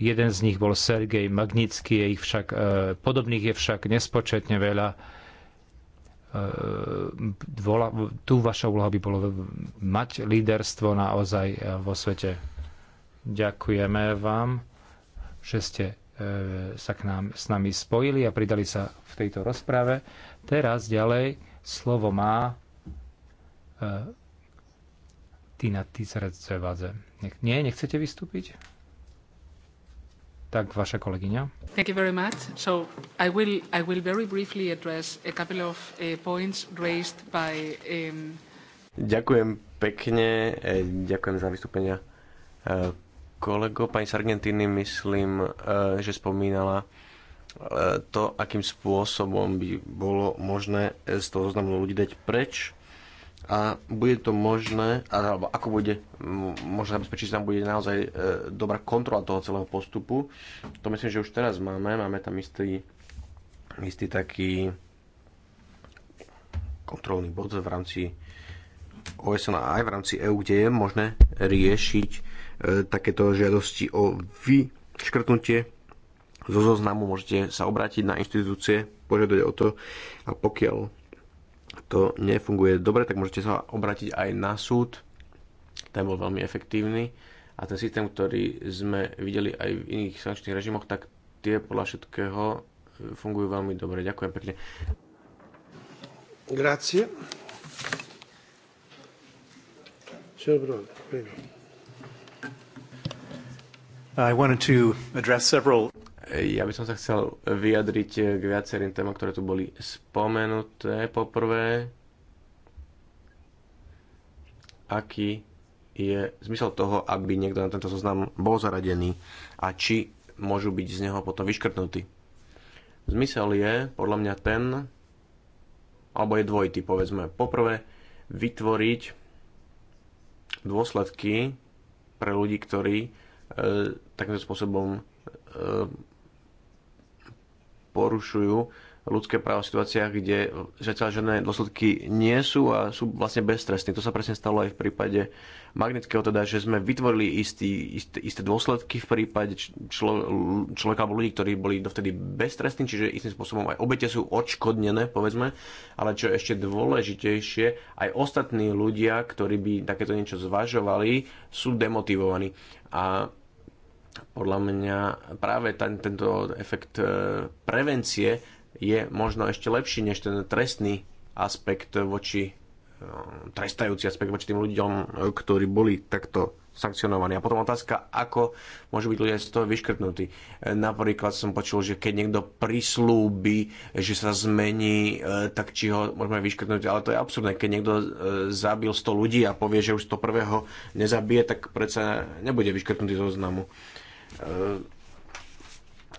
Jeden z nich bol Sergej Magnický, je ich však, podobných je však nespočetne veľa E, tu vaša úloha by bolo mať líderstvo naozaj e, vo svete. Ďakujeme vám, že ste e, sa k nám, s nami spojili a pridali sa v tejto rozprave. Teraz ďalej slovo má Tina Tisarecevadze. Nie, nechcete vystúpiť? tak vaša kolegyňa. Thank you very much. So I will, I will very briefly address a couple of uh, points raised by... Um... Ďakujem pekne, eh, ďakujem za vystúpenia eh, kolego. Pani z Argentíny, myslím, že spomínala to, akým spôsobom by bolo možné z toho zoznamu ľudí dať preč a bude to možné, alebo ako bude možné zabezpečiť, že tam bude naozaj e, dobrá kontrola toho celého postupu. To myslím, že už teraz máme. Máme tam istý, istý taký kontrolný bod v rámci OSN a aj v rámci EU, kde je možné riešiť e, takéto žiadosti o vyškrtnutie zo zoznamu. Môžete sa obrátiť na inštitúcie, požiadať o to a pokiaľ to nefunguje dobre, tak môžete sa obrátiť aj na súd. Ten bol veľmi efektívny a ten systém, ktorý sme videli aj v iných sankčných režimoch, tak tie podľa všetkého e, fungujú veľmi dobre. Ďakujem pekne. Grazie. I wanted to address several ja by som sa chcel vyjadriť k viacerým témam, ktoré tu boli spomenuté. Poprvé, aký je zmysel toho, aby niekto na tento zoznam bol zaradený a či môžu byť z neho potom vyškrtnutí. Zmysel je podľa mňa ten, alebo je dvojitý, povedzme. Poprvé, vytvoriť dôsledky pre ľudí, ktorí e, takýmto spôsobom e, porušujú ľudské práva v situáciách, kde zatiaľ žiadne dôsledky nie sú a sú vlastne beztrestné. To sa presne stalo aj v prípade magnetického, teda, že sme vytvorili istý, ist, isté dôsledky v prípade člo, človeka alebo ľudí, ktorí boli dovtedy beztrestní, čiže istým spôsobom aj obete sú odškodnené, povedzme, ale čo je ešte dôležitejšie, aj ostatní ľudia, ktorí by takéto niečo zvažovali, sú demotivovaní. A podľa mňa práve ten, tento efekt e, prevencie je možno ešte lepší než ten trestný aspekt voči e, trestajúci aspekt voči tým ľuďom, ktorí boli takto sankcionovaní. A potom otázka, ako môžu byť ľudia z toho vyškrtnutí. E, napríklad som počul, že keď niekto prislúbi, že sa zmení, tak či ho môžeme vyškrtnúť, ale to je absurdné. Keď niekto zabil 100 ľudí a povie, že už 101. nezabije, tak predsa nebude vyškrtnutý zo znamu. E,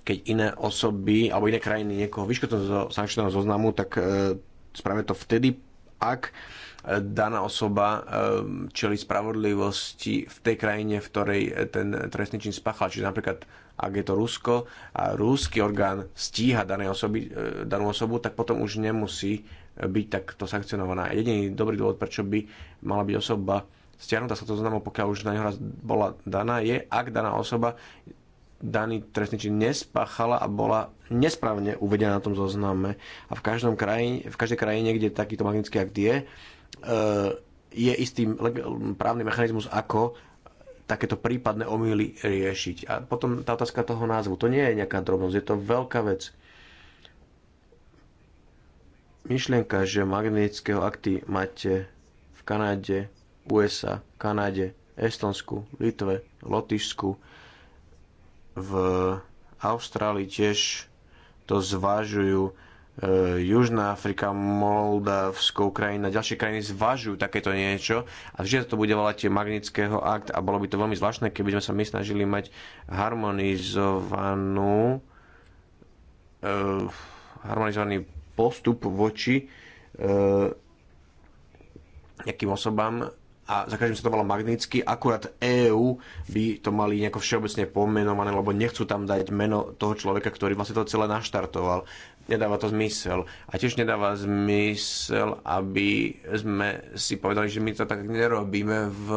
keď iné osoby alebo iné krajiny niekoho vyškrtnú zo sankčného zoznamu, tak e, spravia to vtedy, ak e, daná osoba čeli spravodlivosti v tej krajine, v ktorej ten trestný čin spáchal. Čiže napríklad, ak je to Rusko a rúsky orgán stíha danej osoby, danú osobu, tak potom už nemusí byť takto sankcionovaná. Jediný dobrý dôvod, prečo by mala byť osoba stiahnutá sa to zoznamu, pokiaľ už na neho raz bola daná, je, ak daná osoba daný trestný čin nespáchala a bola nesprávne uvedená na tom zozname. A v, každom krajine, v každej krajine, kde takýto magnetický akt je, eh, je istý právny mechanizmus, ako takéto prípadné omily riešiť. A potom tá otázka toho názvu. To nie je nejaká drobnosť, je to veľká vec. Myšlienka, že magnetického akty máte v Kanáde USA, Kanade, Estonsku, Litve, Lotyšsku, v Austrálii tiež to zvažujú E, Južná Afrika, Moldavsko, Ukrajina, ďalšie krajiny zvažujú takéto niečo a vždy to bude volať magnického akt a bolo by to veľmi zvláštne, keby sme sa my snažili mať harmonizovanú e, harmonizovaný postup voči e, nejakým osobám a za každým sa to volá magnicky, akurát EÚ by to mali nejako všeobecne pomenované, lebo nechcú tam dať meno toho človeka, ktorý vlastne to celé naštartoval. Nedáva to zmysel. A tiež nedáva zmysel, aby sme si povedali, že my to tak nerobíme v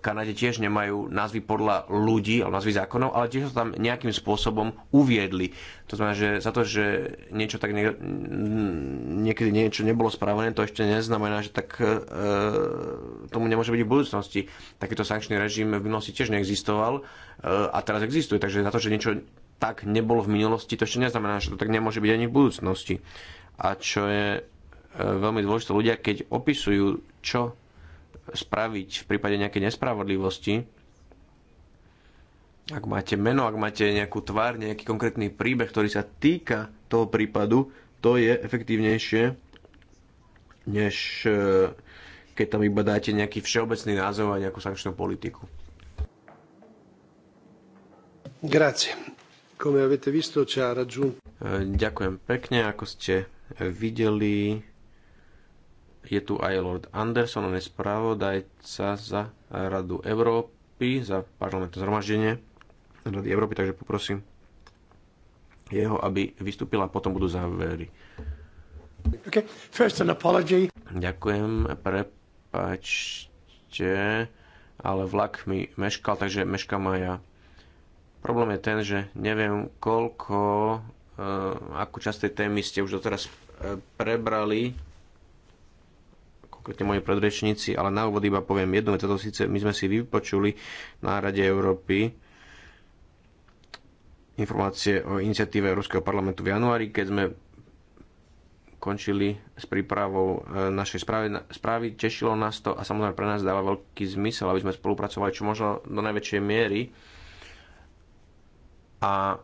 Kanade tiež nemajú názvy podľa ľudí, alebo názvy zákonov, ale tiež sa tam nejakým spôsobom uviedli. To znamená, že za to, že niečo tak ne, niekedy niečo nebolo spravené, to ešte neznamená, že tak e, tomu nemôže byť v budúcnosti. Takýto sankčný režim v minulosti tiež neexistoval e, a teraz existuje. Takže za to, že niečo tak nebolo v minulosti, to ešte neznamená, že to tak nemôže byť ani v budúcnosti. A čo je e, veľmi dôležité, ľudia, keď opisujú, čo spraviť v prípade nejakej nespravodlivosti. Ak máte meno, ak máte nejakú tvár, nejaký konkrétny príbeh, ktorý sa týka toho prípadu, to je efektívnejšie, než e, keď tam iba dáte nejaký všeobecný názov a nejakú sankčnú politiku. Grazie. Come avete visto, ci ha raggiunto. E, ďakujem pekne, ako ste videli, je tu aj Lord Anderson, on je spravodajca za Radu Európy, za parlamentné zhromaždenie Rady Európy, takže poprosím jeho, aby vystúpila a potom budú závery. Okay. First an apology. Ďakujem, prepačte, ale vlak mi meškal, takže meška maja. ja. Problém je ten, že neviem, koľko, uh, akú časť tej témy ste už doteraz eh, prebrali, konkrétne moji predrečníci, ale na úvod iba poviem jednu, toto síce my sme si vypočuli na Rade Európy informácie o iniciatíve Európskeho parlamentu v januári, keď sme končili s prípravou e, našej správy. správy. Tešilo nás to a samozrejme pre nás dáva veľký zmysel, aby sme spolupracovali čo možno do najväčšej miery. A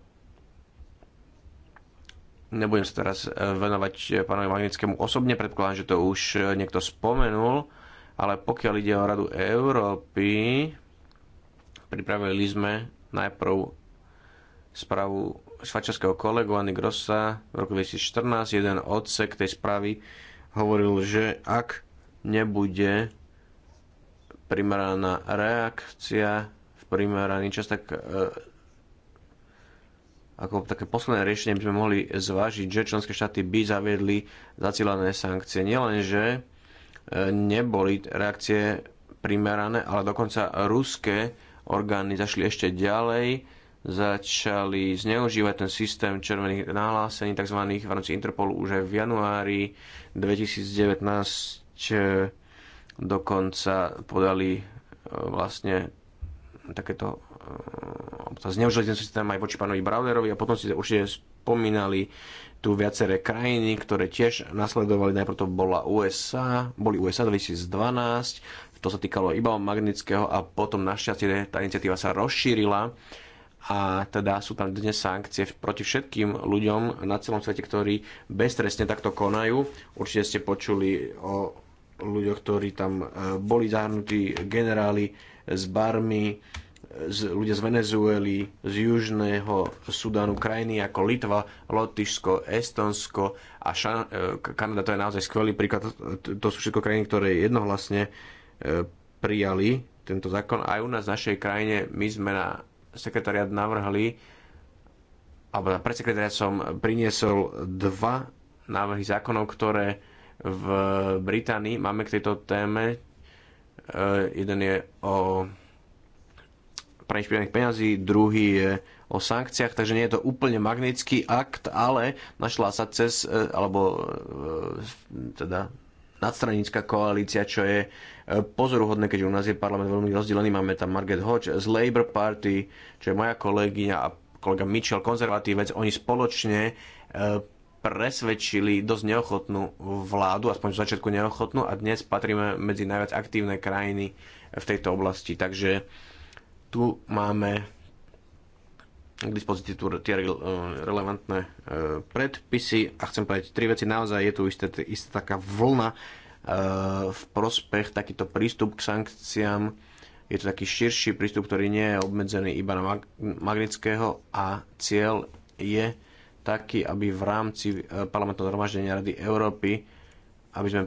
Nebudem sa teraz e, venovať e, pánovi Magnickému osobne, predpokladám, že to už e, niekto spomenul, ale pokiaľ ide o Radu Európy, pripravili sme najprv správu švačarského kolegu Anny Grossa v roku 2014. Jeden odsek tej správy hovoril, že ak nebude primeraná reakcia v primeraný čas, tak ako také posledné riešenie by sme mohli zvážiť, že členské štáty by zaviedli zacielené sankcie. nielenže e, neboli reakcie primerané, ale dokonca ruské orgány zašli ešte ďalej, začali zneužívať ten systém červených nahlásení, tzv. v rámci Interpolu už aj v januári 2019 e, dokonca podali e, vlastne takéto sa zneužili ten systém aj voči pánovi Brawlerovi a potom si určite spomínali tu viaceré krajiny, ktoré tiež nasledovali. Najprv to bola USA, boli USA 2012, to sa týkalo iba o Magnického a potom našťastie tá iniciatíva sa rozšírila a teda sú tam dnes sankcie proti všetkým ľuďom na celom svete, ktorí beztrestne takto konajú. Určite ste počuli o ľuďoch, ktorí tam eh, boli zahrnutí, generáli s barmi, z, ľudia z Venezuely, z Južného Sudánu, krajiny ako Litva, Lotyšsko, Estonsko a Šan- e, Kanada, to je naozaj skvelý príklad. To sú všetko krajiny, ktoré jednohlasne e, prijali tento zákon. Aj u nás v našej krajine my sme na sekretariat navrhli, alebo na predsekretariat som priniesol dva návrhy zákonov, ktoré v Británii máme k tejto téme. E, jeden je o pre špinavých peňazí, druhý je o sankciách, takže nie je to úplne magnický akt, ale našla sa cez, e, alebo e, teda nadstranická koalícia, čo je e, pozoruhodné, keďže u nás je parlament veľmi rozdelený. Máme tam Margaret Hodge z Labour Party, čo je moja kolegyňa a kolega Mitchell, konzervatívec. Oni spoločne presvedčili dosť neochotnú vládu, aspoň v začiatku neochotnú a dnes patríme medzi najviac aktívne krajiny v tejto oblasti. Takže tu máme k dispozícii tu tie eh, relevantné eh, predpisy a chcem povedať tri veci. Naozaj je tu istá, istá taká vlna eh, v prospech takýto prístup k sankciám. Je to taký širší prístup, ktorý nie je obmedzený iba na Mag- Magnického a cieľ je taký, aby v rámci parlamentného zhromaždenia Rady Európy, aby sme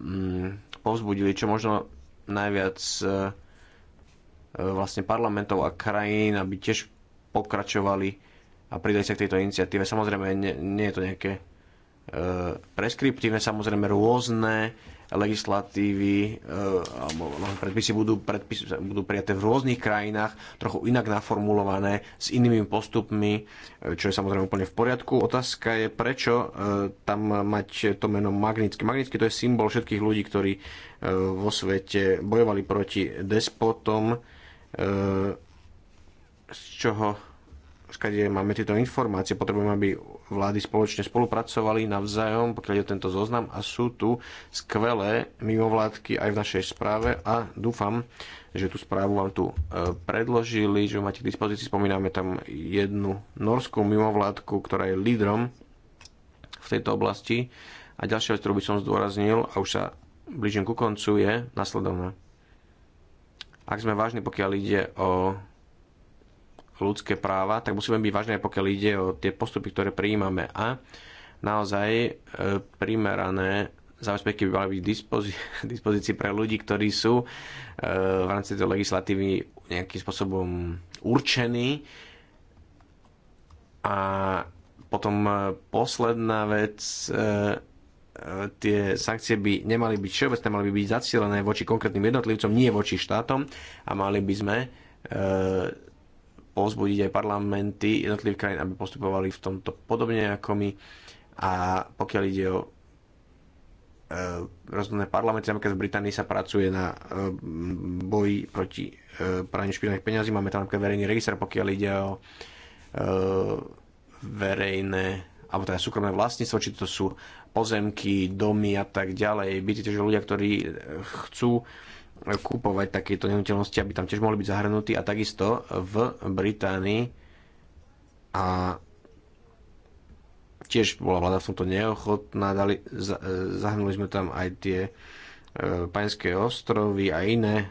mm, povzbudili čo možno najviac E, vlastne parlamentov a krajín, aby tiež pokračovali a pridali sa k tejto iniciatíve. Samozrejme, nie, nie je to nejaké e, preskriptívne, samozrejme rôzne legislatívy e, alebo predpisy budú, predpis, budú prijaté v rôznych krajinách, trochu inak naformulované, s inými postupmi, e, čo je samozrejme úplne v poriadku. Otázka je, prečo e, tam mať to meno Magnitsky. Magnitsky to je symbol všetkých ľudí, ktorí e, vo svete bojovali proti despotom, E, z čoho skade máme tieto informácie. Potrebujeme, aby vlády spoločne spolupracovali navzájom, pokiaľ je tento zoznam a sú tu skvelé mimovládky aj v našej správe a dúfam, že tú správu vám tu e, predložili, že máte k dispozícii. Spomíname tam jednu norskú mimovládku, ktorá je lídrom v tejto oblasti. A ďalšia vec, ktorú by som zdôraznil, a už sa blížim ku koncu, je nasledovná ak sme vážni, pokiaľ ide o ľudské práva, tak musíme byť vážni, pokiaľ ide o tie postupy, ktoré prijímame. A naozaj e, primerané zábezpeky by mali byť dispozí- dispozícii pre ľudí, ktorí sú e, v rámci tejto legislatívy nejakým spôsobom určení. A potom e, posledná vec, tie sankcie by nemali byť všeobecné, mali by byť zacielené voči konkrétnym jednotlivcom, nie voči štátom a mali by sme e, pozbudiť aj parlamenty jednotlivých krajín, aby postupovali v tomto podobne ako my. A pokiaľ ide o e, rozhodné parlamenty, napríklad v Británii sa pracuje na e, boji proti e, praniu špinavých peňazí, máme tam napríklad verejný register, pokiaľ ide o verejné alebo teda súkromné vlastníctvo, či to sú pozemky, domy a tak ďalej. Byť tiež ľudia, ktorí eh, chcú kúpovať takéto nehnuteľnosti, aby tam tiež mohli byť zahrnutí a takisto v Británii a tiež bola vláda v tomto neochotná, dali, eh, zahrnuli sme tam aj tie eh, Pánske ostrovy a iné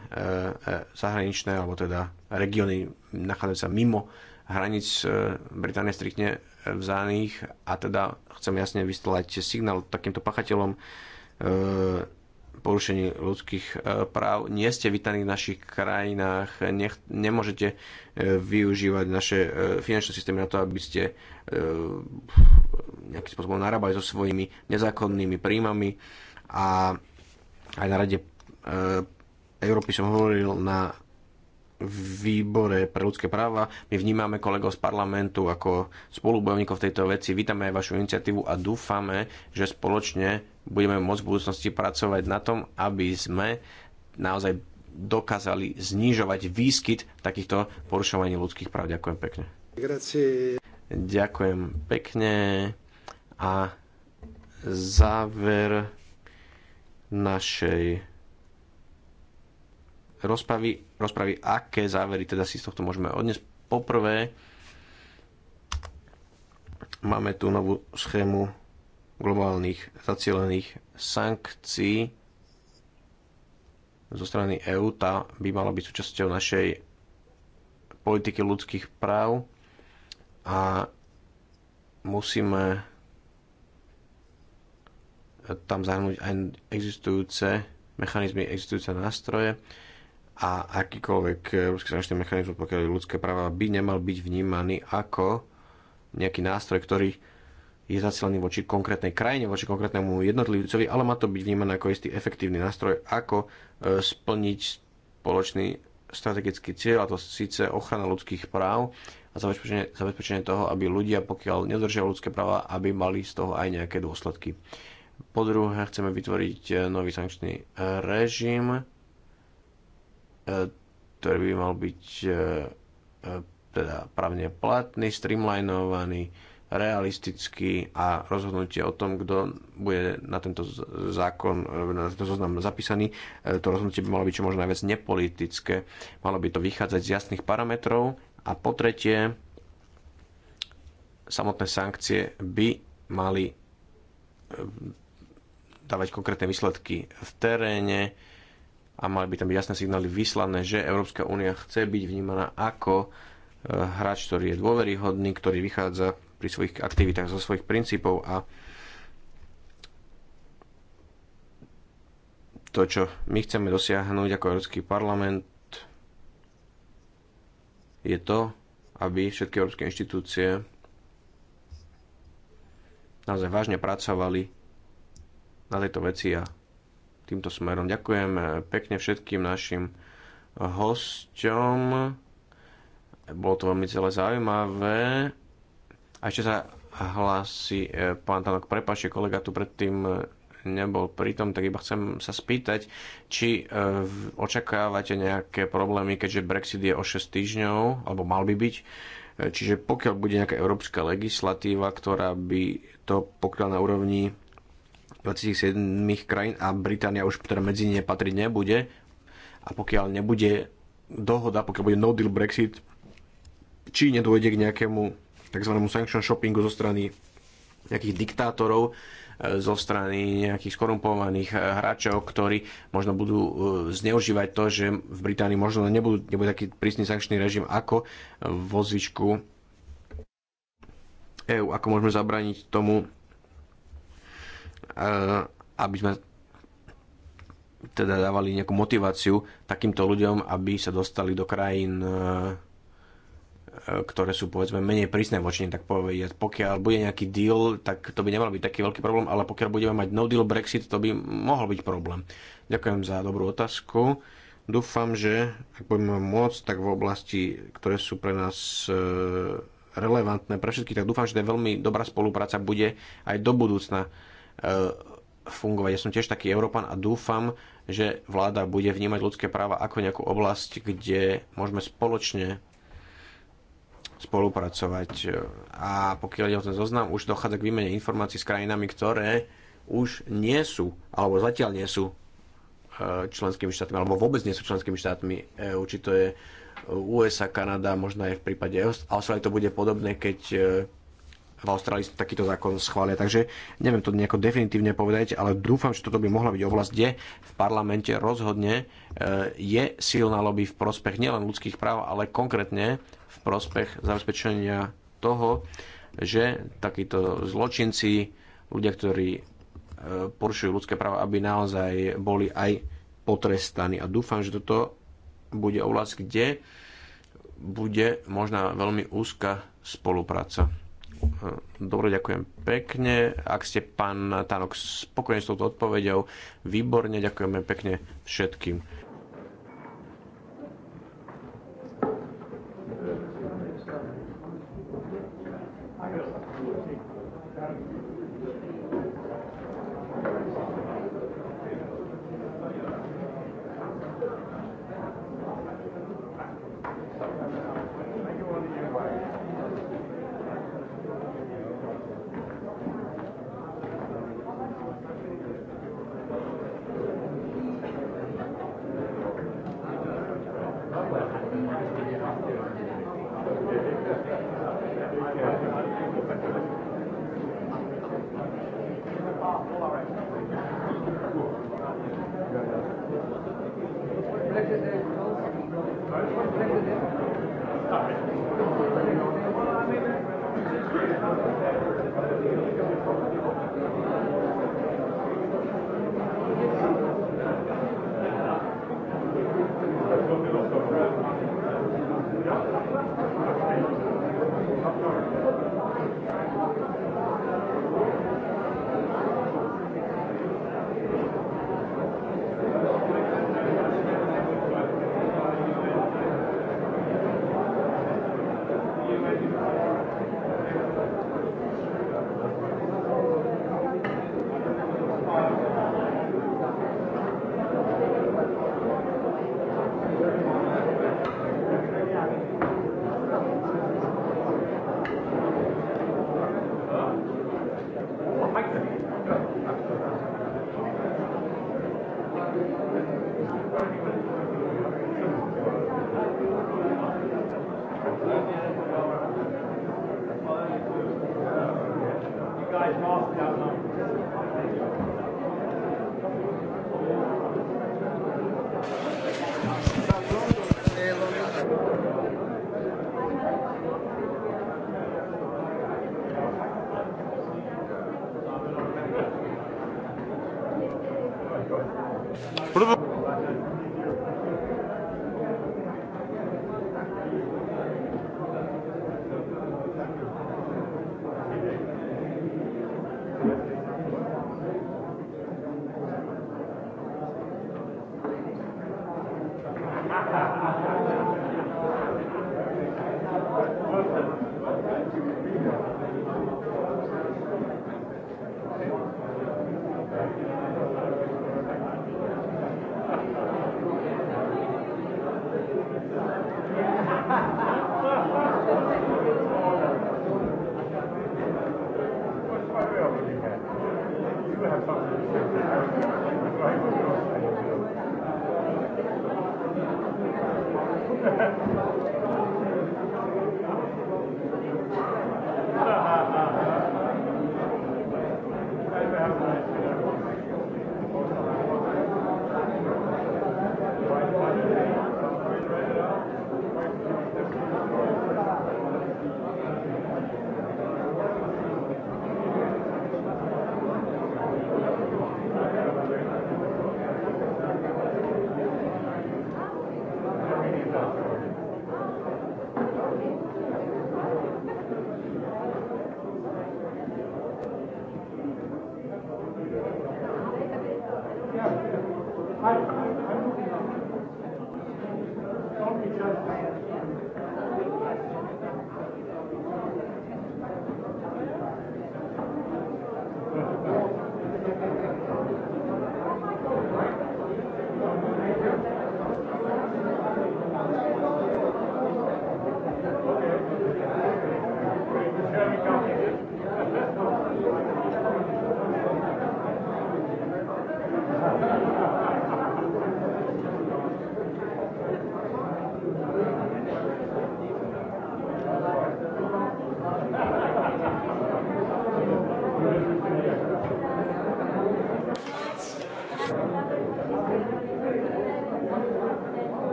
zahraničné, alebo teda regióny nachádzajú sa mimo hraníc e, Británie striktne vzaných a teda chcem jasne vyslať signál takýmto pachateľom e, porušení ľudských e, práv. Nie ste vítaní v našich krajinách, nech, nemôžete využívať naše finančné systémy na to, aby ste nejakým spôsobom narábali so svojimi nezákonnými príjmami a aj na rade Európy som hovoril na výbore pre ľudské práva. My vnímame kolegov z parlamentu ako spolubojovníkov v tejto veci. Vítame aj vašu iniciatívu a dúfame, že spoločne budeme môcť v budúcnosti pracovať na tom, aby sme naozaj dokázali znižovať výskyt takýchto porušovaní ľudských práv. Ďakujem pekne. Grazie. Ďakujem pekne a záver našej rozpravy, rozpravy, aké závery teda si z tohto môžeme odnesť. Poprvé, máme tu novú schému globálnych zacielených sankcií zo strany EÚ. Tá by mala byť súčasťou našej politiky ľudských práv a musíme tam zahrnúť aj existujúce mechanizmy, existujúce nástroje a akýkoľvek ruský sankčný mechanizmus, pokiaľ je ľudské práva, by nemal byť vnímaný ako nejaký nástroj, ktorý je zacielený voči konkrétnej krajine, voči konkrétnemu jednotlivcovi, ale má to byť vnímané ako istý efektívny nástroj, ako e, splniť spoločný strategický cieľ, a to síce ochrana ľudských práv a zabezpečenie, zabezpečenie toho, aby ľudia, pokiaľ nedržia ľudské práva, aby mali z toho aj nejaké dôsledky. Po druhé, chceme vytvoriť e, nový sankčný e, režim, E, ktorý by mal byť e, e, teda právne platný, streamlinovaný, realistický a rozhodnutie o tom, kto bude na tento zákon, na tento zoznam zapísaný, to rozhodnutie by malo byť čo možno najviac nepolitické. Malo by to vychádzať z jasných parametrov a po tretie, samotné sankcie by mali dávať konkrétne výsledky v teréne, a mali by tam byť jasné signály vyslané, že Európska únia chce byť vnímaná ako e, hráč, ktorý je dôveryhodný, ktorý vychádza pri svojich aktivitách zo svojich princípov a to, čo my chceme dosiahnuť ako Európsky parlament, je to, aby všetky európske inštitúcie naozaj vážne pracovali na tejto veci a týmto smerom. Ďakujem eh, pekne všetkým našim eh, hosťom. Bolo to veľmi celé zaujímavé. A ešte sa hlási eh, pán Tanok. Prepačte, kolega tu predtým nebol pritom, tak iba chcem sa spýtať, či očakávate nejaké problémy, keďže Brexit je o 6 týždňov, alebo mal by byť. Čiže pokiaľ bude nejaká európska legislatíva, ktorá by to pokiaľ na úrovni 27 krajín a Británia už teda medzi ne patriť nebude. A pokiaľ nebude dohoda, pokiaľ bude no deal Brexit, či nedôjde k nejakému tzv. sanction shoppingu zo strany nejakých diktátorov, e, zo strany nejakých skorumpovaných e, hráčov, ktorí možno budú e, zneužívať to, že v Británii možno nebudú, nebude taký prísny sankčný režim ako vo zvyšku ako môžeme zabrániť tomu, Eh, aby sme teda dávali nejakú motiváciu takýmto ľuďom, aby sa dostali do krajín, eh, eh, ktoré sú povedzme menej prísne vočne, tak povedať. Pokiaľ bude nejaký deal, tak to by nemal byť taký veľký problém, ale pokiaľ budeme mať no deal Brexit, to by mohol byť problém. Ďakujem za dobrú otázku. Dúfam, že ak budeme môcť, tak v oblasti, ktoré sú pre nás relevantné pre všetkých, tak dúfam, že je veľmi dobrá spolupráca bude aj do budúcna E, fungovať. Ja som tiež taký Európan a dúfam, že vláda bude vnímať ľudské práva ako nejakú oblasť, kde môžeme spoločne spolupracovať. A pokiaľ ide o ten zoznam, už dochádza k výmene informácií s krajinami, ktoré už nie sú, alebo zatiaľ nie sú e, členskými štátmi, alebo vôbec nie sú členskými štátmi EU, či to je USA, Kanada, možno aj v prípade Austrálie to bude podobné, keď e, v Austrálii takýto zákon schvália. Takže neviem to nejako definitívne povedať, ale dúfam, že toto by mohla byť oblasť, kde v parlamente rozhodne e, je silná lobby v prospech nielen ľudských práv, ale konkrétne v prospech zabezpečenia toho, že takíto zločinci, ľudia, ktorí e, porušujú ľudské práva, aby naozaj boli aj potrestaní. A dúfam, že toto bude oblasť, kde bude možná veľmi úzka spolupráca. Dobre, ďakujem pekne. Ak ste, pán Tánok, spokojne s touto odpoveďou, výborne, ďakujeme pekne všetkým.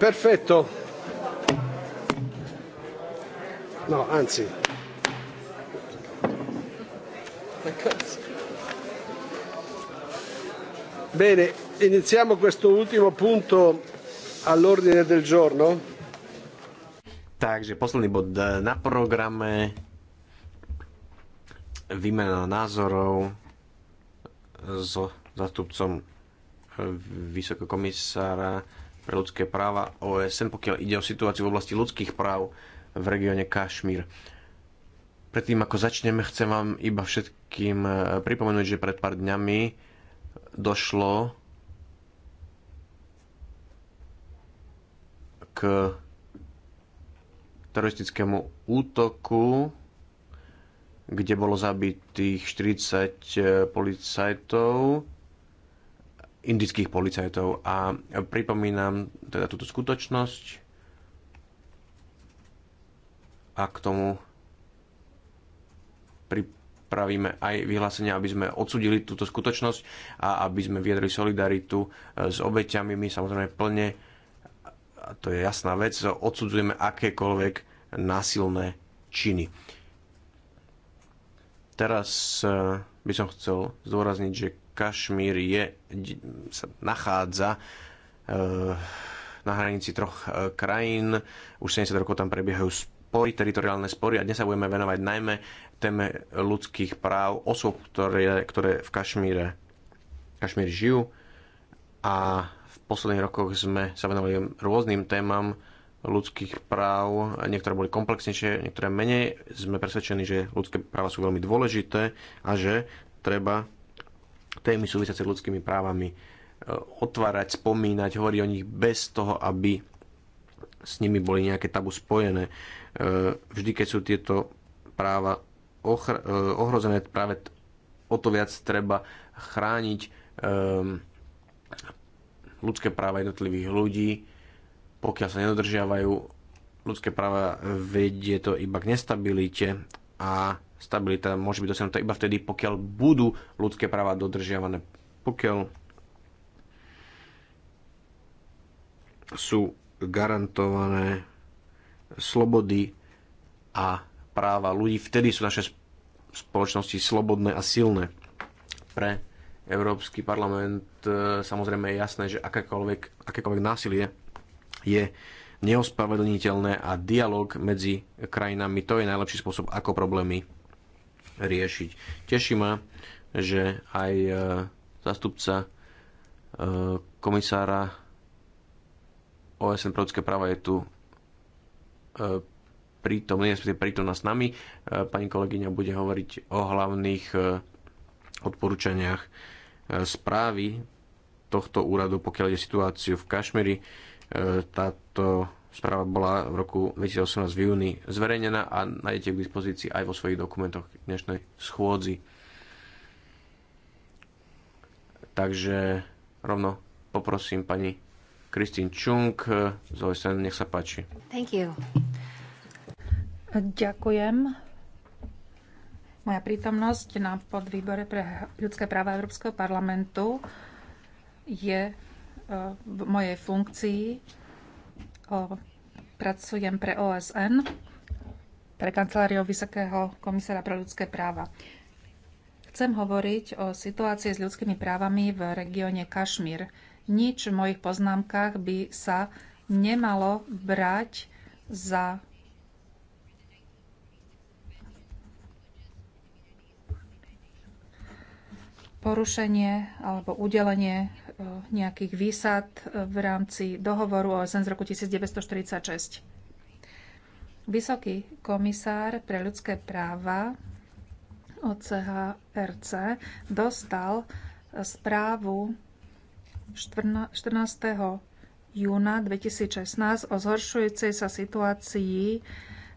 Perfetto. No, anzi. Bene, iniziamo questo ultimo punto all'ordine del giorno. Takže posledný bod eh, na programe výmena názorov s zastupcom vysokokomisára pre ľudské práva OSN, pokiaľ ide o situáciu v oblasti ľudských práv v regióne Kašmír. Predtým, ako začneme, chcem vám iba všetkým e, pripomenúť, že pred pár dňami došlo k teroristickému útoku, kde bolo zabitých 40 e, policajtov indických policajtov. A pripomínam teda túto skutočnosť a k tomu pripravíme aj vyhlásenia, aby sme odsudili túto skutočnosť a aby sme viedli solidaritu e, s obeťami. My samozrejme plne, a to je jasná vec, odsudzujeme akékoľvek násilné činy. Teraz e, by som chcel zdôrazniť, že Kašmír je, sa nachádza eh, na hranici troch eh, krajín. Už 70 rokov tam prebiehajú spory, teritoriálne spory a dnes sa budeme venovať najmä téme ľudských práv osôb, ktoré, ktoré v Kašmíre Kašmír žijú a v posledných rokoch sme sa venovali rôznym témam ľudských práv, niektoré boli komplexnejšie, niektoré menej. Sme presvedčení, že ľudské práva sú veľmi dôležité a že treba témy súvisiace s ľudskými právami, e, otvárať, spomínať, hovoriť o nich bez toho, aby s nimi boli nejaké tabu spojené. E, vždy, keď sú tieto práva e, ohrozené, práve o to viac treba chrániť ehm, ľudské práva jednotlivých ľudí, pokiaľ sa nedodržiavajú ľudské práva vedie to iba k nestabilite a stabilita môže byť dosiahnutá iba vtedy, pokiaľ budú ľudské práva dodržiavané, pokiaľ sú garantované slobody a práva ľudí, vtedy sú naše spoločnosti slobodné a silné. Pre Európsky parlament e, samozrejme je jasné, že akékoľvek, akékoľvek násilie je neospravedlniteľné a dialog medzi krajinami to je najlepší spôsob, ako problémy riešiť. Teší ma, že aj e, zastupca e, komisára OSN pre ľudské práva je tu e, prítomný, respektíve prítomná s nami. Pani kolegyňa bude hovoriť o hlavných odporúčaniach správy tohto úradu, pokiaľ je situáciu v Kašmiri. Táto správa bola v roku 2018 v júni zverejnená a nájdete k dispozícii aj vo svojich dokumentoch dnešnej schôdzi. Takže rovno poprosím pani Kristín Čung z OSN, nech sa páči. Thank you. Ďakujem. Moja prítomnosť na podvýbore pre ľudské práva Európskeho parlamentu je v mojej funkcii pracujem pre OSN, pre kanceláriu Vysokého komisára pre ľudské práva. Chcem hovoriť o situácii s ľudskými právami v regióne Kašmír. Nič v mojich poznámkach by sa nemalo brať za porušenie alebo udelenie nejakých výsad e, v rámci dohovoru OSN z roku 1946. Vysoký komisár pre ľudské práva OCHRC dostal e, správu 14. júna 2016 o zhoršujúcej sa situácii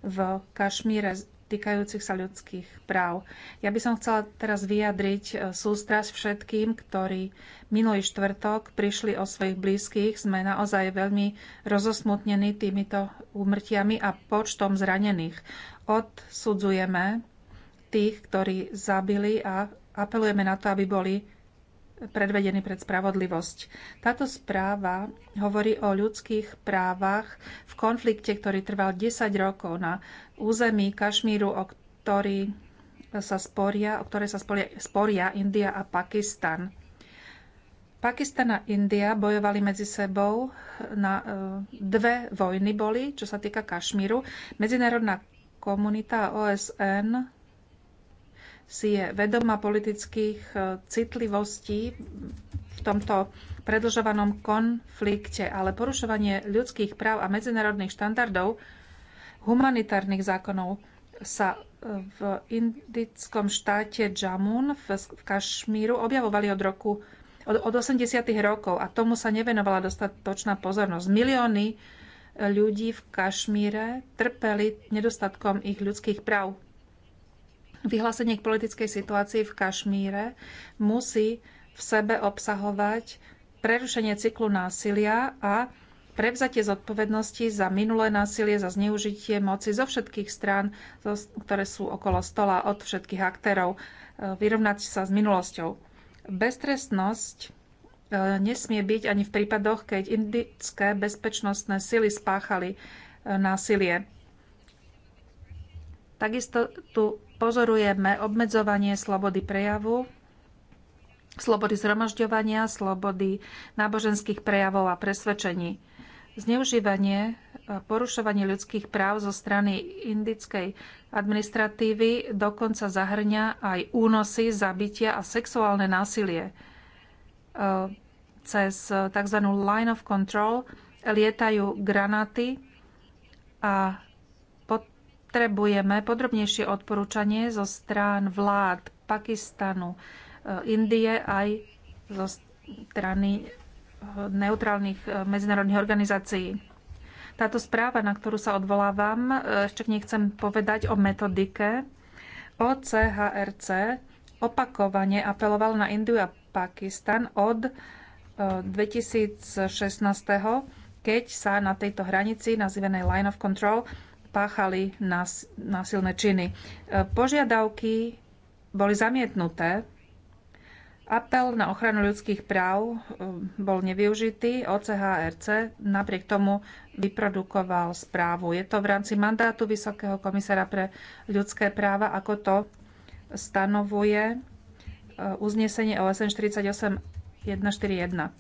v Kašmíre týkajúcich sa ľudských práv. Ja by som chcela teraz vyjadriť e, sústrasť všetkým, ktorí minulý štvrtok prišli o svojich blízkych. Sme naozaj veľmi rozosmutnení týmito úmrtiami a počtom zranených. Odsudzujeme tých, ktorí zabili a apelujeme na to, aby boli predvedený pred spravodlivosť. Táto správa hovorí o ľudských právach v konflikte, ktorý trval 10 rokov na území Kašmíru, o ktorý sa sporia, o ktoré sa sporia, sporia India a Pakistan. Pakistan a India bojovali medzi sebou na e, dve vojny boli, čo sa týka Kašmíru. Medzinárodná komunita OSN si je vedoma politických e, citlivostí v tomto predlžovanom konflikte, ale porušovanie ľudských práv a medzinárodných štandardov, humanitárnych zákonov sa e, v indickom štáte Jamun v, Kašmíru objavovali od roku od 80. rokov a tomu sa nevenovala dostatočná pozornosť. Milióny e, ľudí v Kašmíre trpeli nedostatkom ich ľudských práv. Vyhlásenie k politickej situácii v Kašmíre musí v sebe obsahovať prerušenie cyklu násilia a prevzatie zodpovednosti za minulé násilie, za zneužitie moci zo všetkých strán, ktoré sú okolo stola od všetkých aktérov, e, vyrovnať sa s minulosťou. Beztrestnosť e, nesmie byť ani v prípadoch, keď indické bezpečnostné sily spáchali e, násilie. Takisto tu pozorujeme obmedzovanie slobody prejavu, slobody zhromažďovania, slobody náboženských prejavov a presvedčení. Zneužívanie a e, porušovanie ľudských práv zo strany indickej administratívy dokonca zahrňa aj únosy, zabitia a sexuálne násilie. E, cez e, tzv. line of control lietajú granáty a potrebujeme podrobnejšie odporúčanie zo strán vlád Pakistanu, e, Indie aj zo strany e, neutrálnych e, medzinárodných organizácií. Táto správa, na ktorú sa odvolávam, ešte k nej chcem povedať o metodike. OCHRC opakovane apeloval na Indiu a Pakistan od 2016 keď sa na tejto hranici nazývanej line of control páchali nás, násilné činy. E, požiadavky boli zamietnuté. Apel na ochranu ľudských práv e, bol nevyužitý. OCHRC napriek tomu vyprodukoval správu. Je to v rámci mandátu Vysokého komisára pre ľudské práva, ako to stanovuje e, uznesenie OSN 48 141.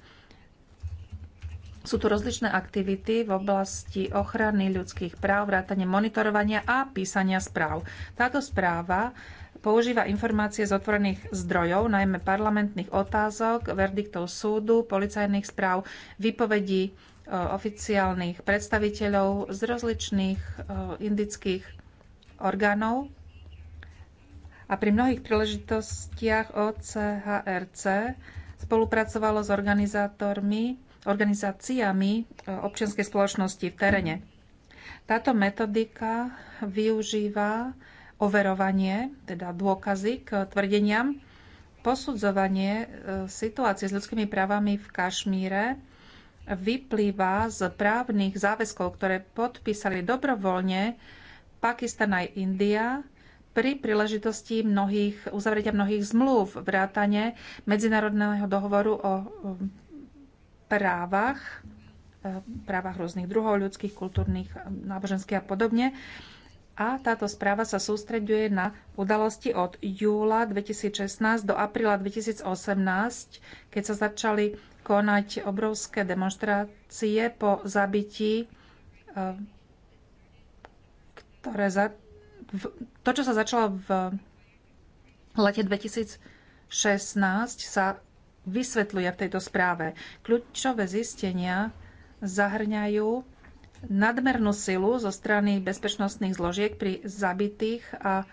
Sú tu rozličné aktivity v oblasti ochrany ľudských práv, vrátane monitorovania a písania správ. Táto správa používa informácie z otvorených zdrojov, najmä parlamentných otázok, verdiktov súdu, policajných správ, vypovedí e, oficiálnych predstaviteľov z rozličných e, indických orgánov. A pri mnohých príležitostiach OCHRC spolupracovalo s organizátormi organizáciami e, občianskej spoločnosti v teréne. Táto metodika využíva overovanie, teda dôkazy k tvrdeniam, posudzovanie e, situácie s ľudskými právami v Kašmíre vyplýva z právnych záväzkov, ktoré podpísali dobrovoľne Pakistan aj India pri príležitosti mnohých, uzavretia mnohých zmluv vrátane Medzinárodného dohovoru o právach, e, právach rôznych druhov, ľudských, kultúrnych, e, náboženských a podobne. A táto správa sa sústreďuje na udalosti od júla 2016 do apríla 2018, keď sa začali konať obrovské demonstrácie po zabití, e, ktoré za, to, čo sa začalo v lete 2016, sa vysvetľuje v tejto správe. Kľúčové zistenia zahrňajú nadmernú silu zo strany bezpečnostných zložiek pri zabitých a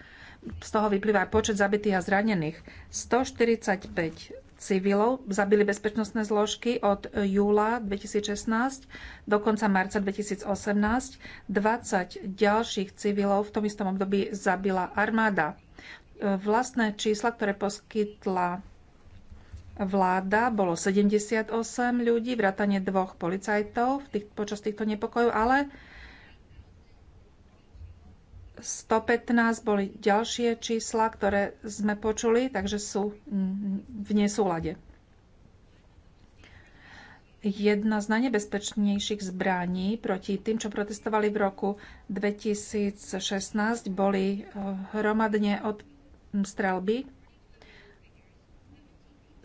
z toho vyplýva aj počet zabitých a zranených. 145 civilov zabili bezpečnostné zložky od júla 2016 do konca marca 2018. 20 ďalších civilov v tom istom období zabila armáda. Vlastné čísla, ktoré poskytla vláda, bolo 78 ľudí, vrátane dvoch policajtov v tých, počas týchto nepokojov, ale 115 boli ďalšie čísla, ktoré sme počuli, takže sú v nesúlade. Jedna z najnebezpečnejších zbraní proti tým, čo protestovali v roku 2016, boli eh, hromadne od strelby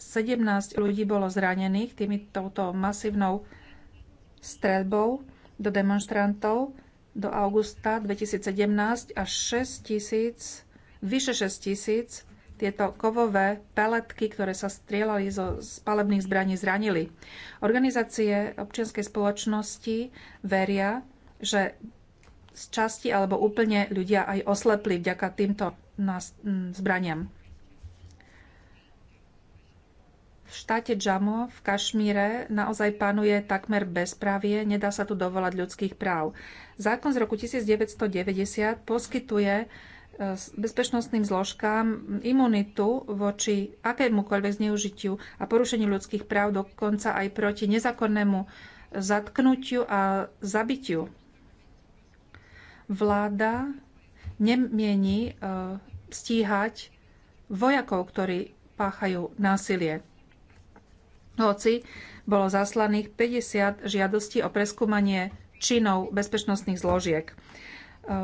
17 ľudí bolo zranených tými touto masívnou streľbou do demonstrantov do augusta 2017 až 6 tisíc, vyše 6 tisíc tieto kovové peletky, ktoré sa strieľali zo spalebných zbraní, zranili. Organizácie občianskej spoločnosti veria, že z časti alebo úplne ľudia aj oslepli vďaka týmto zbraniam. štáte Džamo v Kašmíre naozaj panuje takmer bezpravie, nedá sa tu dovolať ľudských práv. Zákon z roku 1990 poskytuje e, bezpečnostným zložkám imunitu voči akémukoľvek zneužitiu a porušeniu ľudských práv, dokonca aj proti nezákonnému zatknutiu a zabitiu. Vláda nemieni e, stíhať vojakov, ktorí páchajú násilie hoci bolo zaslaných 50 žiadostí o preskúmanie činov bezpečnostných zložiek. E,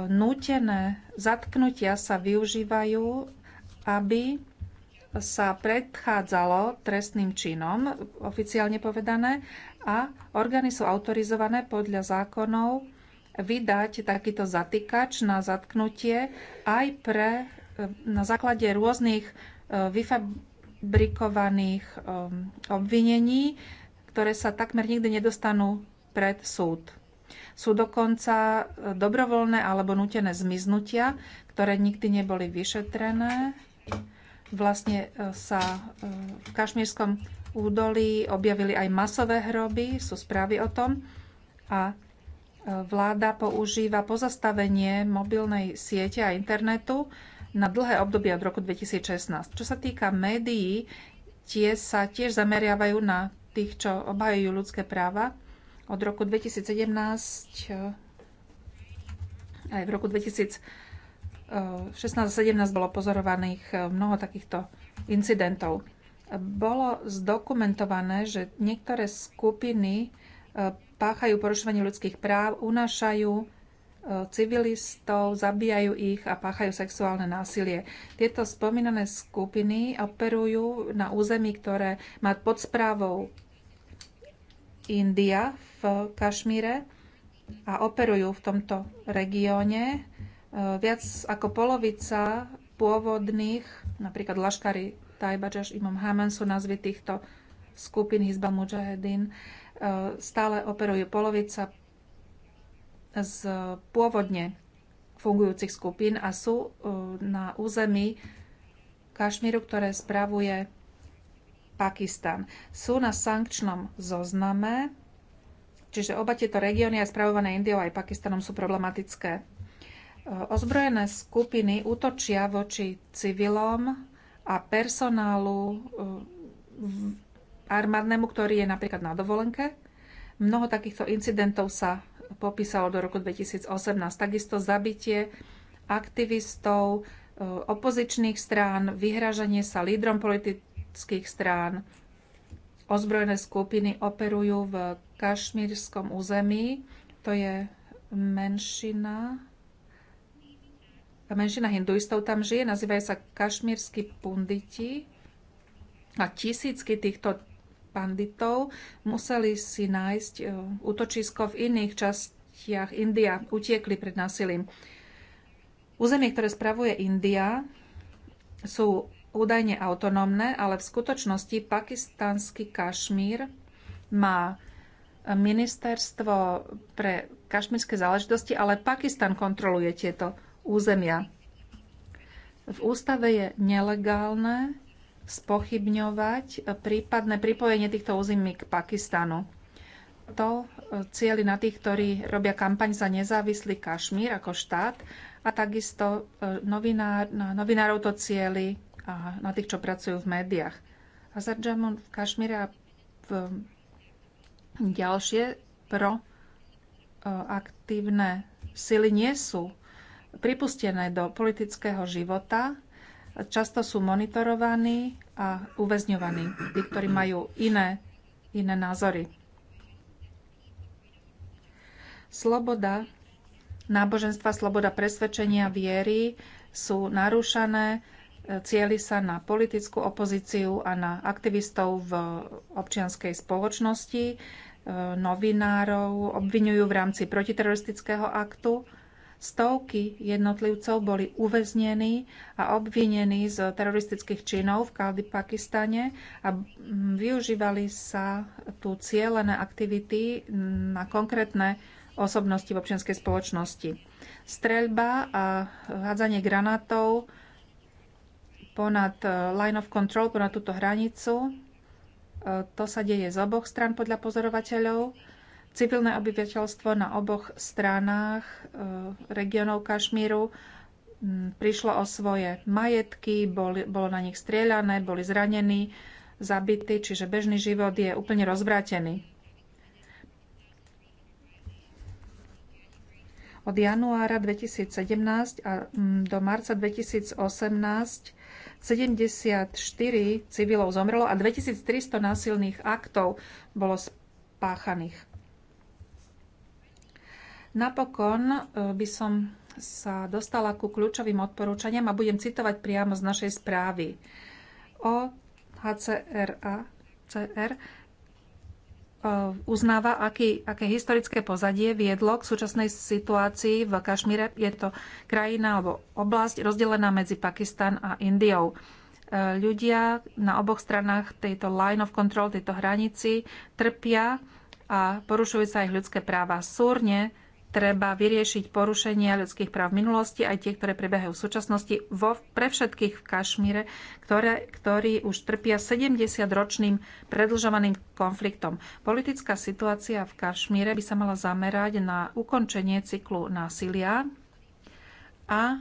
nútené zatknutia sa využívajú, aby sa predchádzalo trestným činom, oficiálne povedané, a orgány sú autorizované podľa zákonov vydať takýto zatýkač na zatknutie aj pre, e, na základe rôznych e, brikovaných um, obvinení, ktoré sa takmer nikdy nedostanú pred súd. Sú dokonca e, dobrovoľné alebo nutené zmiznutia, ktoré nikdy neboli vyšetrené. Vlastne e, sa e, v Kašmírskom údolí objavili aj masové hroby, sú správy o tom. A vláda používa pozastavenie mobilnej siete a internetu na dlhé obdobie od roku 2016. Čo sa týka médií, tie sa tiež zameriavajú na tých, čo obhajujú ľudské práva. Od roku 2017 eh, aj v roku 2016 a 17 bolo pozorovaných eh, mnoho takýchto incidentov. Bolo zdokumentované, že niektoré skupiny eh, páchajú porušovanie ľudských práv, unášajú Eh, civilistov, zabíjajú ich a páchajú sexuálne násilie. Tieto spomínané skupiny operujú na území, ktoré má pod správou India v Kašmíre a operujú v tomto regióne. Eh, viac ako polovica pôvodných, napríklad Laškari, Tajbačaš, Imam Haman sú názvy týchto skupín Hizba Mujahedin, eh, stále operujú polovica z pôvodne fungujúcich skupín a sú e, na území Kašmíru, ktoré spravuje Pakistan. Sú na sankčnom zozname, čiže oba tieto regióny, aj spravované Indiou, aj Pakistanom, sú problematické. E, ozbrojené skupiny útočia voči civilom a personálu e, armádnemu, ktorý je napríklad na dovolenke. Mnoho takýchto incidentov sa popísalo do roku 2018. Takisto zabitie aktivistov, e, opozičných strán, vyhražanie sa lídrom politických strán. Ozbrojené skupiny operujú v kašmírskom území. To je menšina. Menšina hinduistov tam žije, nazývajú sa kašmírsky punditi. A tisícky týchto banditov, museli si nájsť e, útočisko v iných častiach India, utiekli pred násilím. Územie, ktoré spravuje India, sú údajne autonómne, ale v skutočnosti pakistanský Kašmír má ministerstvo pre kašmírske záležitosti, ale Pakistan kontroluje tieto územia. V ústave je nelegálne spochybňovať prípadné pripojenie týchto území k Pakistanu. To e, cieli na tých, ktorí robia kampaň za nezávislý Kašmír ako štát a takisto e, novinár, na novinárov to cieli a na tých, čo pracujú v médiách. Azerbaidžan v Kašmíre a v ďalšie pro e, aktívne sily nie sú pripustené do politického života, často sú monitorovaní a uväzňovaní, tí, ktorí majú iné, iné názory. Sloboda náboženstva, sloboda presvedčenia viery sú narúšané, e, cieli sa na politickú opozíciu a na aktivistov v občianskej spoločnosti, e, novinárov, obvinujú v rámci protiteroristického aktu Stovky jednotlivcov boli uväznení a obvinení z teroristických činov v Kaldy Pakistane a využívali sa tu cieľené aktivity na konkrétne osobnosti v občianskej spoločnosti. Streľba a hádzanie granátov ponad e, line of control, ponad túto hranicu, e, to sa deje z oboch stran podľa pozorovateľov civilné obyvateľstvo na oboch stranách eh, regionov Kašmíru mm, prišlo o svoje majetky, boli, bolo na nich strieľané, boli zranení, zabití, čiže bežný život je úplne rozvrátený. Od januára 2017 a mm, do marca 2018 74 civilov zomrelo a 2300 násilných aktov bolo spáchaných. Napokon e, by som sa dostala ku kľúčovým odporúčaniam a budem citovať priamo z našej správy. O HCRA CR e, uznáva, aký, aké historické pozadie viedlo k súčasnej situácii v Kašmíre. Je to krajina alebo oblasť rozdelená medzi Pakistan a Indiou. E, ľudia na oboch stranách tejto line of control, tejto hranici, trpia a porušujú sa ich ľudské práva súrne treba vyriešiť porušenia ľudských práv v minulosti, aj tie, ktoré prebiehajú v súčasnosti, vo, pre všetkých v Kašmíre, ktoré, ktorí už trpia 70-ročným predlžovaným konfliktom. Politická situácia v Kašmíre by sa mala zamerať na ukončenie cyklu násilia a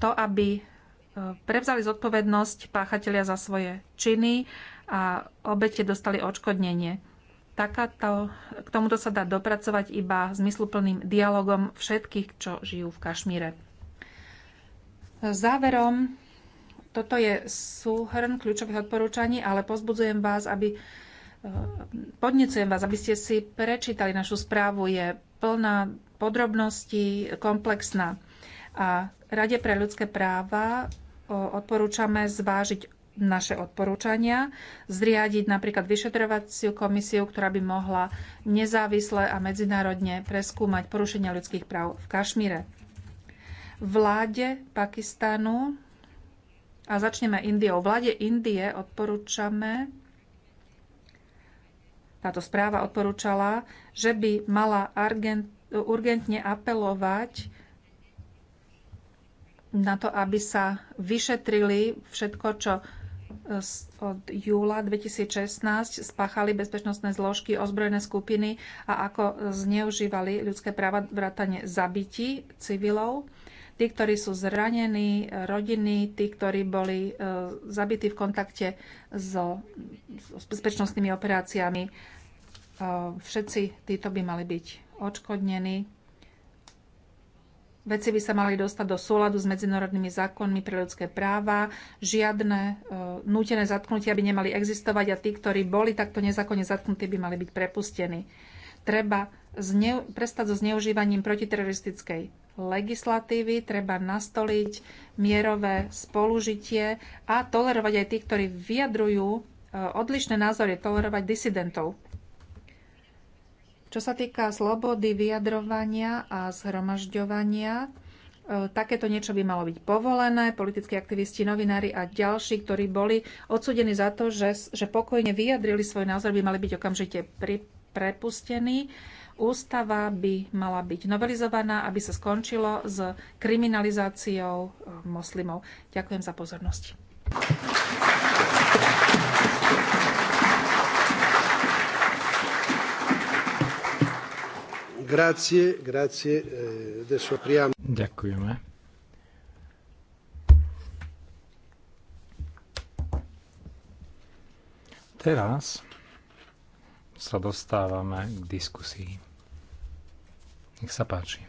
to, aby e, prevzali zodpovednosť páchatelia za svoje činy a obete dostali odškodnenie takáto, k tomuto sa dá dopracovať iba zmysluplným dialogom všetkých, čo žijú v Kašmíre. Záverom, toto je súhrn kľúčových odporúčaní, ale pozbudzujem vás, aby e, podnecujem vás, aby ste si prečítali našu správu. Je plná podrobností, komplexná. A Rade pre ľudské práva odporúčame zvážiť naše odporúčania, zriadiť napríklad vyšetrovaciu komisiu, ktorá by mohla nezávisle a medzinárodne preskúmať porušenia ľudských práv v Kašmíre. Vláde Pakistanu a začneme Indiou. Vláde Indie odporúčame, táto správa odporúčala, že by mala urgentne apelovať na to, aby sa vyšetrili všetko, čo od júla 2016 spáchali bezpečnostné zložky, ozbrojené skupiny a ako zneužívali ľudské práva vrátane zabití civilov. Tí, ktorí sú zranení, rodiny, tí, ktorí boli e, zabití v kontakte so, s bezpečnostnými operáciami, e, všetci títo by mali byť odškodnení Veci by sa mali dostať do súladu s medzinárodnými zákonmi pre ľudské práva. Žiadne e, nútené zatknutia by nemali existovať a tí, ktorí boli takto nezákonne zatknutí, by mali byť prepustení. Treba zneu- prestať so zneužívaním protiteroristickej legislatívy, treba nastoliť mierové spolužitie a tolerovať aj tých, ktorí vyjadrujú e, odlišné názory, tolerovať disidentov. Čo sa týka slobody vyjadrovania a zhromažďovania, e, takéto niečo by malo byť povolené. Politickí aktivisti, novinári a ďalší, ktorí boli odsudení za to, že, že pokojne vyjadrili svoj názor, by mali byť okamžite pri, prepustení. Ústava by mala byť novelizovaná, aby sa skončilo s kriminalizáciou e, moslimov. Ďakujem za pozornosť. Grazie, grazie. Eh, adesso apriamo. Ďakujeme. Teraz sa dostávame k diskusii. Nech sa páči.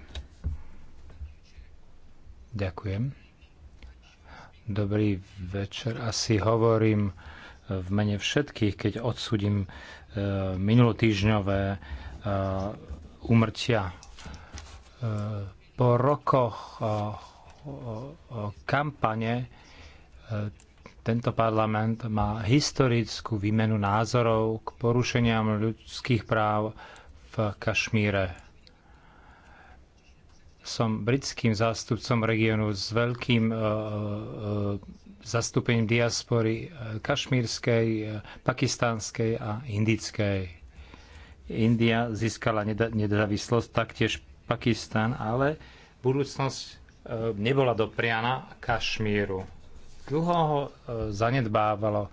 Ďakujem. Dobrý večer. Asi hovorím v mene všetkých, keď odsudím eh, minulotýžňové eh, úmrtia. E, po rokoch kampane e, tento parlament má historickú výmenu názorov k porušeniam ľudských práv v Kašmíre. Som britským zástupcom regiónu s veľkým e, zastúpením diaspory kašmírskej, pakistánskej a indickej. India získala nezávislosť, taktiež Pakistan, ale budúcnosť e, nebola dopriana Kašmíru. Dlho ho e, zanedbávalo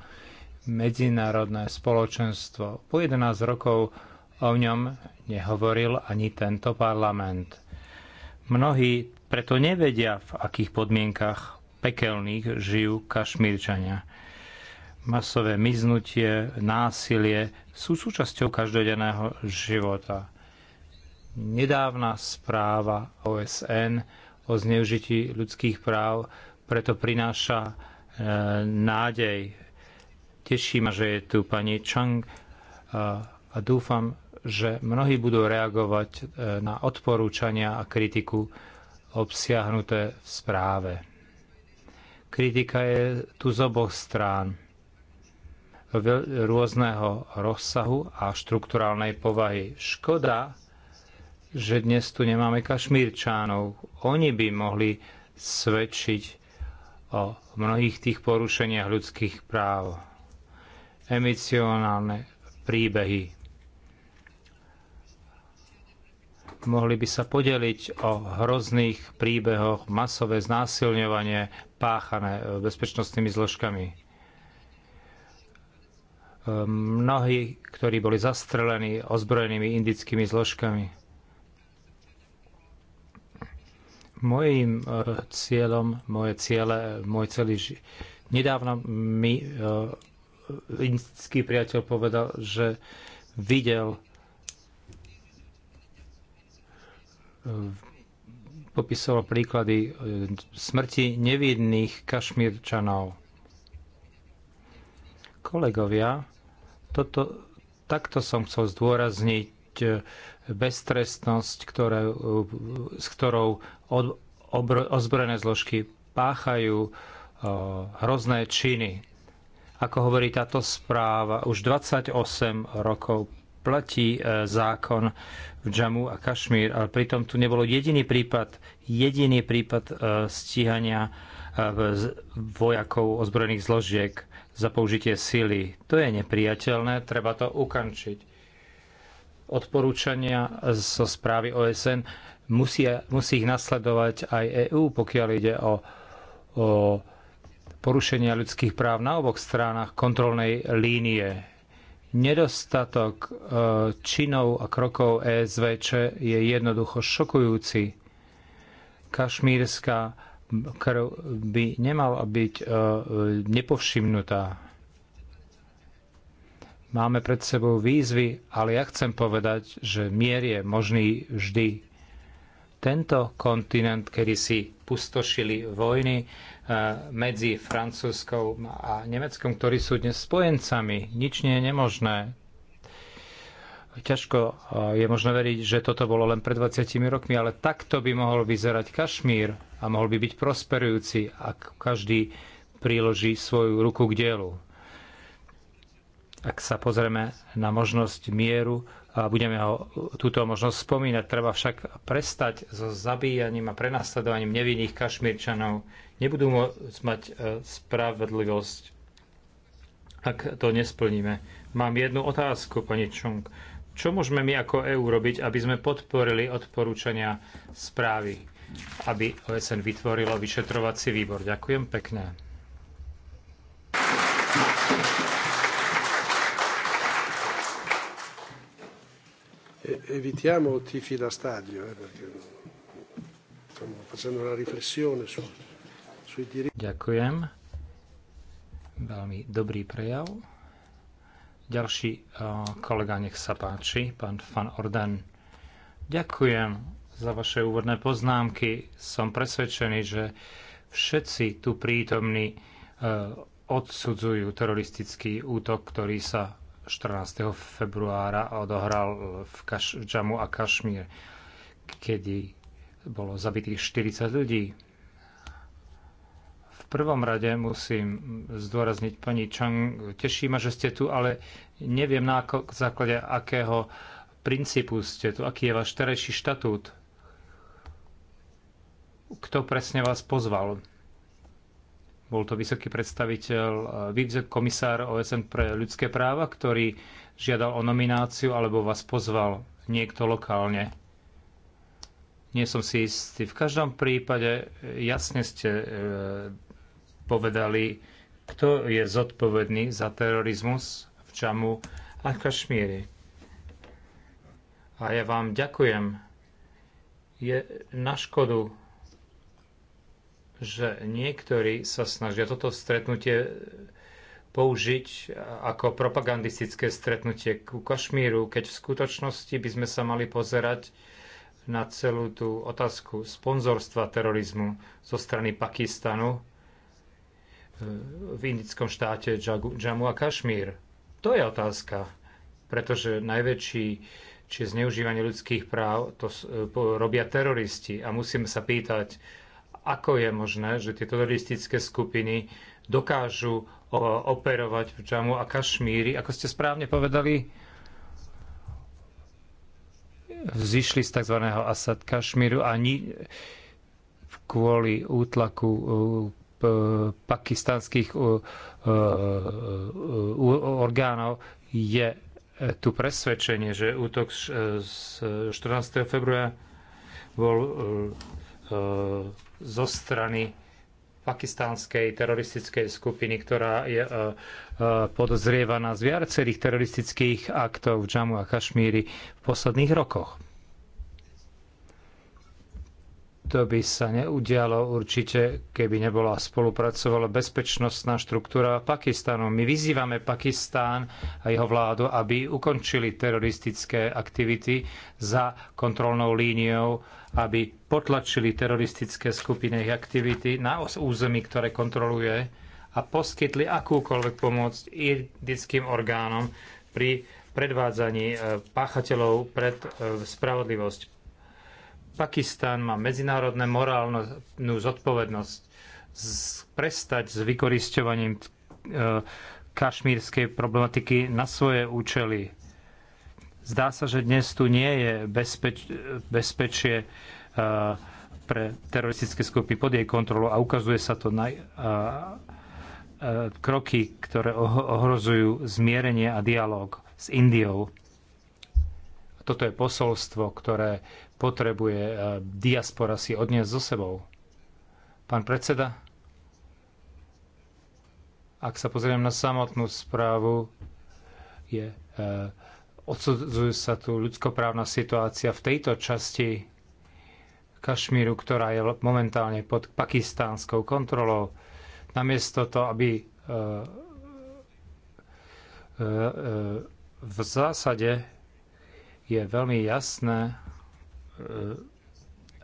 medzinárodné spoločenstvo. Po 11 rokov o ňom nehovoril ani tento parlament. Mnohí preto nevedia, v akých podmienkach pekelných žijú kašmírčania masové miznutie, násilie sú súčasťou každodenného života. Nedávna správa OSN o zneužití ľudských práv preto prináša e, nádej. Teší ma, že je tu pani Chang a, e, a dúfam, že mnohí budú reagovať e, na odporúčania a kritiku obsiahnuté v správe. Kritika je tu z oboch strán rôzneho rozsahu a štrukturálnej povahy. Škoda, že dnes tu nemáme kašmírčánov. Oni by mohli svedčiť o mnohých tých porušeniach ľudských práv. Emocionálne príbehy. Mohli by sa podeliť o hrozných príbehoch, masové znásilňovanie páchané bezpečnostnými zložkami mnohí, ktorí boli zastrelení ozbrojenými indickými zložkami. Mojím e, cieľom, moje ciele, môj celý ži- Nedávno mi uh, indický priateľ povedal, že videl uh, popisoval príklady uh, smrti nevidných kašmírčanov. Kolegovia, toto, takto som chcel zdôrazniť e, beztrestnosť, ktoré, e, s ktorou od, obro, ozbrojené zložky páchajú o, e, hrozné činy. Ako hovorí táto správa, už 28 rokov platí zákon v Džamu a Kašmír, ale pritom tu nebolo jediný prípad, jediný prípad stíhania vojakov ozbrojených zložiek za použitie sily. To je nepriateľné, treba to ukončiť. Odporúčania zo správy OSN musia, musí ich nasledovať aj EÚ, pokiaľ ide o, o porušenia ľudských práv na oboch stranách kontrolnej línie. Nedostatok e, činov a krokov ESVČ je jednoducho šokujúci. Kašmírska krv by nemala byť e, nepovšimnutá. Máme pred sebou výzvy, ale ja chcem povedať, že mier je možný vždy. Tento kontinent, kedy si pustošili vojny e, medzi Francúzskou a Nemeckom, ktorí sú dnes spojencami, nič nie je nemožné. Ťažko e, je možno veriť, že toto bolo len pred 20 rokmi, ale takto by mohol vyzerať Kašmír a mohol by byť prosperujúci, ak každý príloží svoju ruku k dielu. Ak sa pozrieme na možnosť mieru, a budeme ho, túto možnosť spomínať, treba však prestať so zabíjaním a prenasledovaním nevinných kašmírčanov. Nebudú môcť mať e, spravedlivosť, ak to nesplníme. Mám jednu otázku, pani Čung. Čo môžeme my ako EÚ robiť, aby sme podporili odporúčania správy? aby OSN vytvorilo vyšetrovací výbor. Ďakujem pekne. E, evitiamo tifi da stadio, eh, perché stiamo facendo una riflessione su, sui diritti. Ďakujem. Veľmi dobrý prejav. Ďalší eh, kolega, nech sa páči, pán Van Orden. Ďakujem za vaše úvodné poznámky. Som presvedčený, že všetci tu prítomní e, odsudzujú teroristický útok, ktorý sa 14. februára odohral v, Kaš- v Džamu a Kašmír, kedy bolo zabitých 40 ľudí. V prvom rade musím zdôrazniť pani Chang, teší ma, že ste tu, ale neviem na ako, základe akého princípu ste tu, aký je váš terajší štatút kto presne vás pozval. Bol to vysoký predstaviteľ, eh, komisár OSN pre ľudské práva, ktorý žiadal o nomináciu alebo vás pozval niekto lokálne. Nie som si istý. V každom prípade eh, jasne ste e, povedali, kto je zodpovedný za terorizmus v Čamu a Kašmíri. A ja vám ďakujem. Je na škodu že niektorí sa snažia toto stretnutie použiť ako propagandistické stretnutie ku Kašmíru, keď v skutočnosti by sme sa mali pozerať na celú tú otázku sponzorstva terorizmu zo strany Pakistanu e, v indickom štáte Jammu a Kašmír. To je otázka, pretože najväčší či zneužívanie ľudských práv to e, robia teroristi a musíme sa pýtať, ako je možné, že tie teroristické skupiny dokážu operovať v Džamu a Kašmíri? Ako ste správne povedali, zišli z tzv. Asad Kašmíru a ni- kvôli útlaku pakistanských e, e, orgánov je tu presvedčenie, že útok z 14. februára bol e, zo strany pakistánskej teroristickej skupiny, ktorá je e, e, podozrievaná z viacerých teroristických aktov v Džamu a Kašmíri v posledných rokoch. To by sa neudialo určite, keby nebola spolupracovala bezpečnostná štruktúra Pakistánu. My vyzývame Pakistán a jeho vládu, aby ukončili teroristické aktivity za kontrolnou líniou, aby potlačili teroristické skupiny ich aktivity na území, ktoré kontroluje a poskytli akúkoľvek pomoc indickým orgánom pri predvádzaní e, páchateľov pred e, spravodlivosť. Pakistan má medzinárodnú morálnu zodpovednosť prestať s vykoristovaním e, kašmírskej problematiky na svoje účely. Zdá sa, že dnes tu nie je bezpeč- bezpečie pre teroristické skupy pod jej kontrolou a ukazuje sa to na kroky, ktoré ohrozujú zmierenie a dialog s Indiou. Toto je posolstvo, ktoré potrebuje diaspora si odniesť so sebou. Pán predseda, ak sa pozriem na samotnú správu, je, eh, odsudzuje sa tu ľudskoprávna situácia v tejto časti Kašmíru, ktorá je momentálne pod pakistánskou kontrolou. Namiesto to, aby e, e, e, v zásade je veľmi jasné,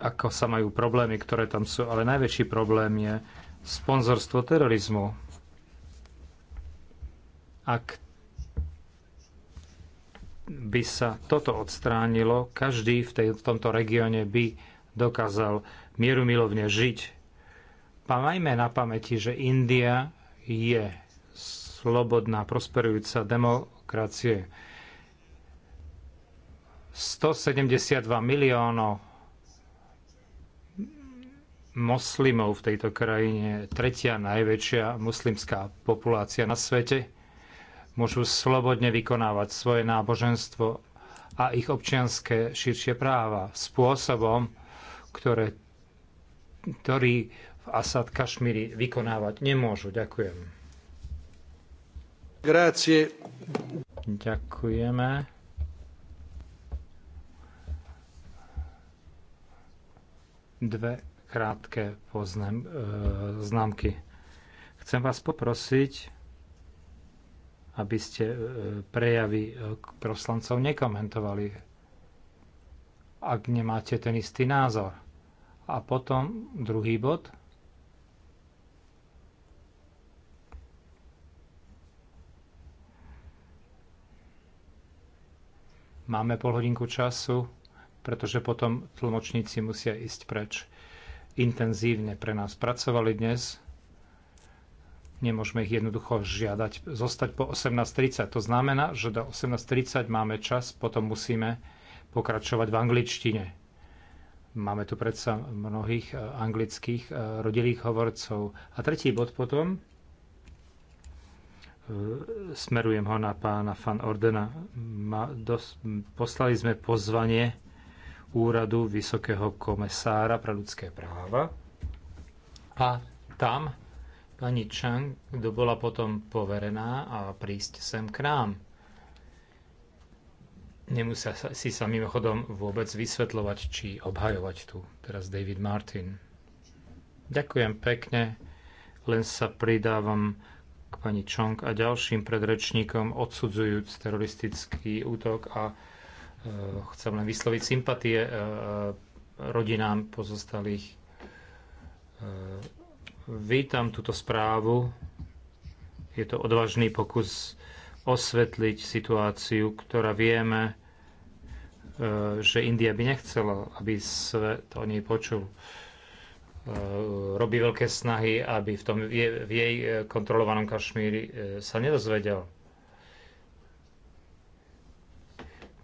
ako sa majú problémy, ktoré tam sú, ale najväčší problém je sponzorstvo terorizmu. Ak by sa toto odstránilo, každý v, tej, v tomto regióne by dokázal mierumilovne žiť. Majme na pamäti, že India je slobodná, prosperujúca demokracie. 172 miliónov moslimov v tejto krajine, tretia najväčšia muslimská populácia na svete, môžu slobodne vykonávať svoje náboženstvo a ich občianské širšie práva spôsobom, ktoré, ktorý v Asad Kašmíri vykonávať nemôžu. Ďakujem. Grácie. Ďakujeme. Dve krátke poznám, e, známky. Chcem vás poprosiť, aby ste e, prejavy e, proslancov nekomentovali, ak nemáte ten istý názor. A potom druhý bod. Máme pol hodinku času, pretože potom tlmočníci musia ísť preč. Intenzívne pre nás pracovali dnes. Nemôžeme ich jednoducho žiadať zostať po 18.30. To znamená, že do 18.30 máme čas, potom musíme pokračovať v angličtine. Máme tu predsa mnohých e, anglických e, rodilých hovorcov. A tretí bod potom, e, smerujem ho na pána Fan Ordena. Ma, dos, poslali sme pozvanie úradu Vysokého komisára pre ľudské práva a tam pani Chang, kto bola potom poverená a prísť sem k nám. Nemusia si sa mimochodom vôbec vysvetľovať či obhajovať tu. Teraz David Martin. Ďakujem pekne. Len sa pridávam k pani Čong a ďalším predrečníkom odsudzujúc teroristický útok a e, chcem len vysloviť sympatie e, e rodinám pozostalých. E, vítam túto správu. Je to odvážny pokus osvetliť situáciu, ktorá vieme, e, že India by nechcela, aby svet o nej počul. E, robí veľké snahy, aby v, tom, v jej kontrolovanom Kašmíri e, sa nedozvedel.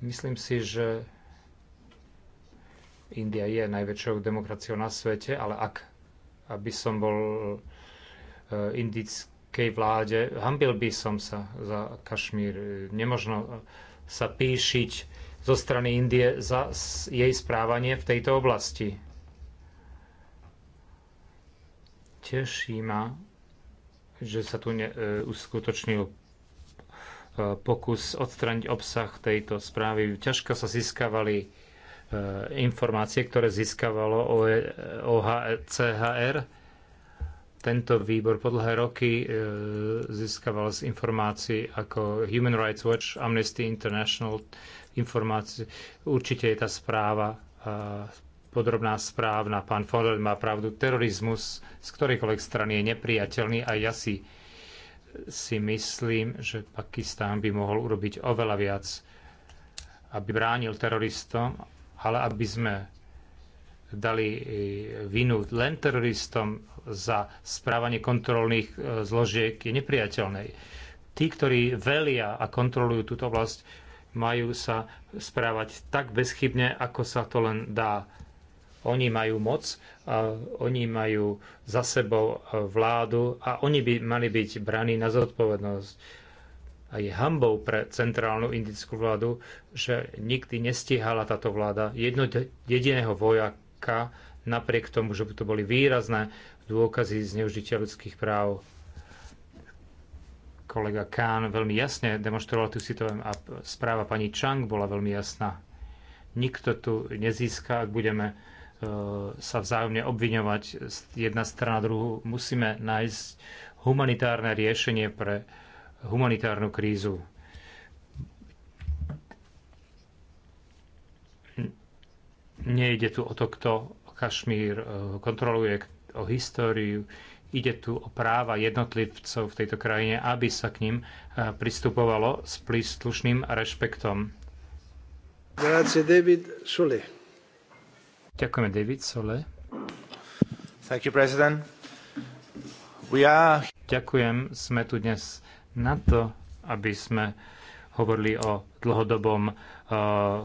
Myslím si, že India je najväčšou demokraciou na svete, ale ak aby som bol indický kej vláde. Hambil by som sa za Kašmír. Nemožno sa píšiť zo strany Indie za jej správanie v tejto oblasti. Teší ma, že sa tu ne, e, uskutočnil e, pokus odstraniť obsah tejto správy. Ťažko sa získavali e, informácie, ktoré získavalo OHCHR. E, e, tento výbor po dlhé roky e, získaval z informácií ako Human Rights Watch, Amnesty International informácie. Určite je tá správa e, podrobná správna. Pán Fondel má pravdu. Terorizmus z ktorejkoľvek strany je nepriateľný a ja si, si myslím, že Pakistán by mohol urobiť oveľa viac, aby bránil teroristom, ale aby sme dali e, vinu len teroristom za správanie kontrolných e, zložiek je nepriateľné. Tí, ktorí velia a kontrolujú túto vlast, majú sa správať tak bezchybne, ako sa to len dá. Oni majú moc, a oni majú za sebou e, vládu a oni by mali byť braní na zodpovednosť. A je hambou pre centrálnu indickú vládu, že nikdy nestihala táto vláda jedno, jediného voja, Iraka, napriek tomu, že by to boli výrazné dôkazy zneužitia ľudských práv. Kolega Kán veľmi jasne demonstroval tú situáciu a správa pani Chang bola veľmi jasná. Nikto tu nezíska, ak budeme e, sa vzájomne obviňovať jedna strana druhú. Musíme nájsť humanitárne riešenie pre humanitárnu krízu. Nejde tu o to, kto Kašmír eh, kontroluje, o históriu. Ide tu o práva jednotlivcov v tejto krajine, aby sa k ním eh, pristupovalo s príslušným rešpektom. Grazie, David Sule. Ďakujeme, David Sule. Thank you, President. We are... Ďakujem, sme tu dnes na to, aby sme hovorili o dlhodobom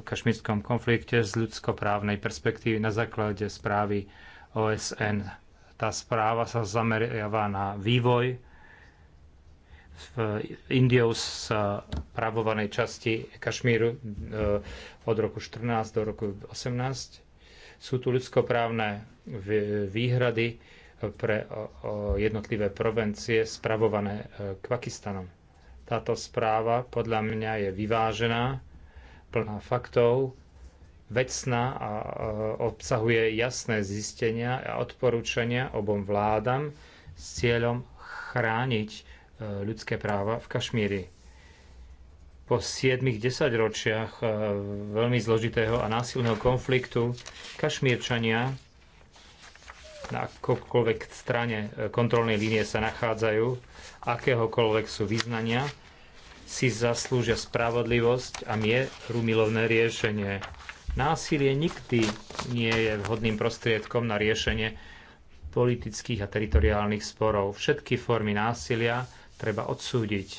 kašmírskom konflikte z ľudskoprávnej perspektívy na základe správy OSN. Tá správa sa zameriava na vývoj v Indiou z právovanej časti Kašmíru e, od roku 14 do roku 18. Sú tu ľudskoprávne výhrady pre jednotlivé provencie spravované e, Pakistanom. Táto správa podľa mňa je vyvážená plná faktov, vecná a obsahuje jasné zistenia a odporúčania obom vládam s cieľom chrániť e, ľudské práva v Kašmíri. Po 7-10 ročiach e, veľmi zložitého a násilného konfliktu Kašmírčania na akokoľvek strane e, kontrolnej línie sa nachádzajú, akéhokoľvek sú význania, si zaslúžia spravodlivosť a mieru milovné riešenie. Násilie nikdy nie je vhodným prostriedkom na riešenie politických a teritoriálnych sporov. Všetky formy násilia treba odsúdiť.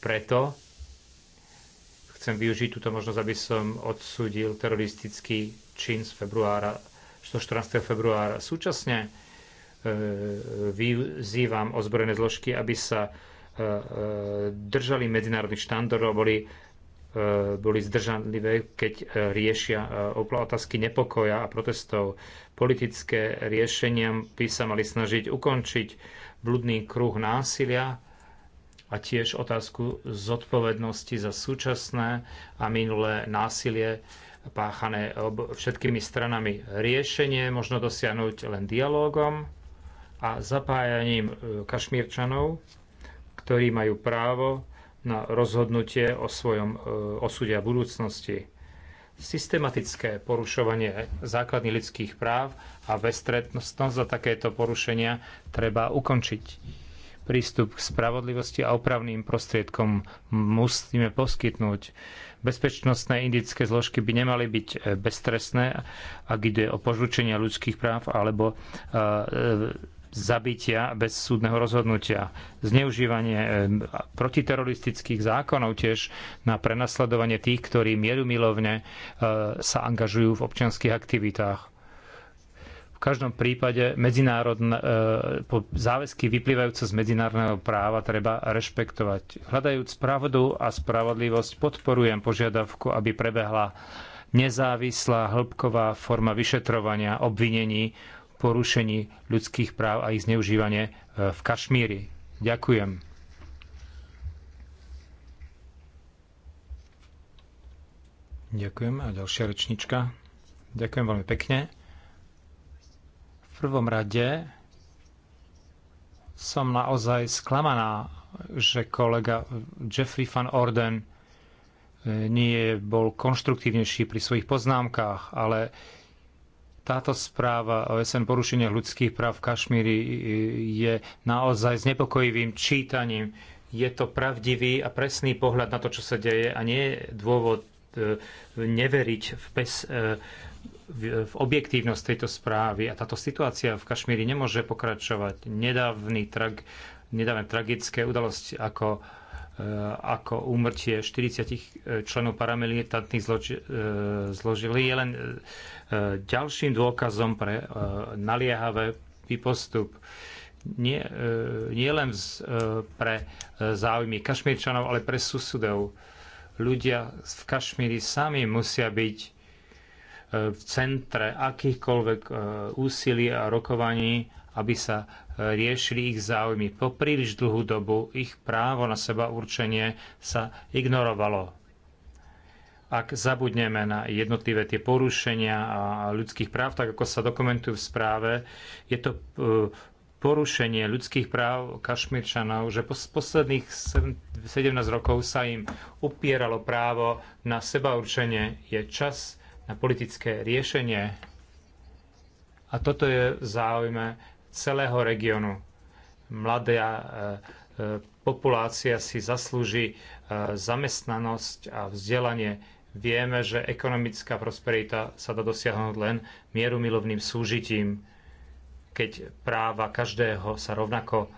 Preto chcem využiť túto možnosť, aby som odsúdil teroristický čin z februára, 14. februára. Súčasne e, vyzývam ozbrojené zložky, aby sa E, držali medzinárodných štandardov, boli, e, boli zdržanlivé, keď e, riešia otázky nepokoja a protestov. Politické riešenia by sa mali snažiť ukončiť bludný kruh násilia a tiež otázku zodpovednosti za súčasné a minulé násilie páchané všetkými stranami. Riešenie možno dosiahnuť len dialógom a zapájaním kašmírčanov ktorí majú právo na rozhodnutie o svojom e, osude a budúcnosti. Systematické porušovanie základných ľudských práv a bestretnosť za takéto porušenia treba ukončiť. Prístup k spravodlivosti a opravným prostriedkom musíme poskytnúť. Bezpečnostné indické zložky by nemali byť e, beztresné, ak ide o požúčenie ľudských práv alebo e, zabitia bez súdneho rozhodnutia, zneužívanie eh, protiteroristických zákonov tiež na prenasledovanie tých, ktorí mierumilovne eh, sa angažujú v občianských aktivitách. V každom prípade medzinárodné eh, záväzky vyplývajúce z medzinárodného práva treba rešpektovať. Hľadajúc pravdu a spravodlivosť podporujem požiadavku, aby prebehla nezávislá hĺbková forma vyšetrovania obvinení porušení ľudských práv a ich zneužívanie e, v Kašmíri. Ďakujem. Ďakujem. A ďalšia rečnička. Ďakujem veľmi pekne. V prvom rade som naozaj sklamaná, že kolega Jeffrey van Orden e, nie bol konštruktívnejší pri svojich poznámkach, ale táto správa o SN porušeniach ľudských práv v Kašmíri e, je naozaj znepokojivým čítaním. Je to pravdivý a presný pohľad na to, čo sa deje a nie je dôvod e, neveriť v, bez, e, v objektívnosť tejto správy. A táto situácia v Kašmíri nemôže pokračovať. Nedávny trag, nedávne tragické udalosti ako E, ako úmrtie 40 e, členov paramilitantných e, zložili, je len ďalším dôkazom pre naliehavé postup. Nie, nie len z, pre záujmy kašmírčanov, ale pre susudov. Ľudia v Kašmíri sami musia byť v centre akýchkoľvek úsilí a rokovaní aby sa e, riešili ich záujmy. Po príliš dlhú dobu ich právo na seba určenie sa ignorovalo. Ak zabudneme na jednotlivé tie porušenia a ľudských práv, tak ako sa dokumentujú v správe, je to e, porušenie ľudských práv kašmirčanov, že po posledných 17 rokov sa im upieralo právo na seba určenie. Je čas na politické riešenie. A toto je záujme celého regiónu. Mladá e, e, populácia si zaslúži e, zamestnanosť a vzdelanie. Vieme, že ekonomická prosperita sa dá dosiahnuť len mierumilovným súžitím, keď práva každého sa rovnako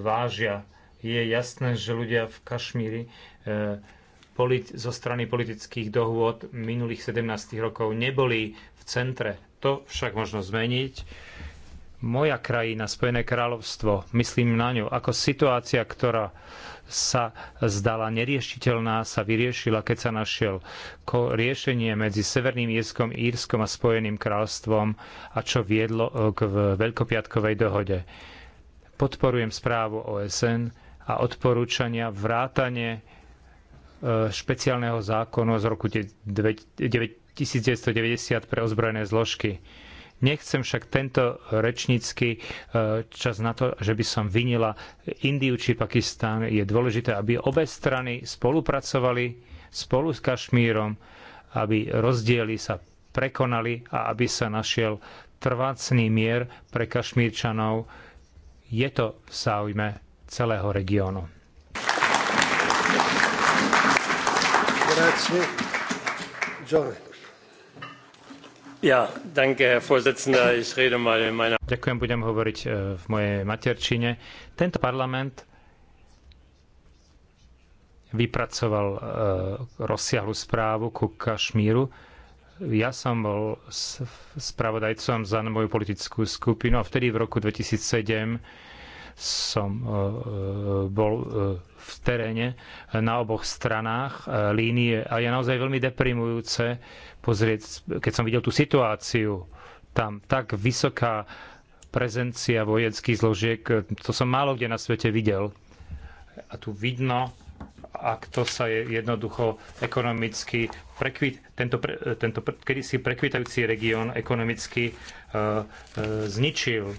vážia. Je jasné, že ľudia v Kašmíri zo strany politických dohôd minulých 17 rokov neboli v centre. To však možno zmeniť moja krajina, Spojené kráľovstvo, myslím na ňu, ako situácia, ktorá sa zdala neriešiteľná, sa vyriešila, keď sa našiel ko riešenie medzi Severným Írskom, Írskom a Spojeným kráľstvom a čo viedlo e, k Veľkopiatkovej dohode. Podporujem správu OSN a odporúčania vrátane e, špeciálneho zákonu z roku 1990 pre ozbrojené zložky Nechcem však tento rečnícky e, čas na to, že by som vinila Indiu či Pakistán. Je dôležité, aby obe strany spolupracovali spolu s Kašmírom, aby rozdiely sa prekonali a aby sa našiel trvácný mier pre Kašmírčanov. Je to v záujme celého regiónu. Grazie. Giove. Ďakujem, budem hovoriť e, v mojej materčine. Tento parlament vypracoval e, rozsiahlu správu ku Kašmíru. Ja som bol spravodajcom za moju politickú skupinu a vtedy v roku 2007 som e, e, bol e, v teréne na oboch stranách línie a je naozaj veľmi deprimujúce pozrieť, keď som videl tú situáciu tam, tak vysoká prezencia vojenských zložiek, to som málo kde na svete videl. A tu vidno, ak to sa je jednoducho ekonomicky prekvít, tento, tento kedysi prekvitajúci región ekonomicky e, e, zničil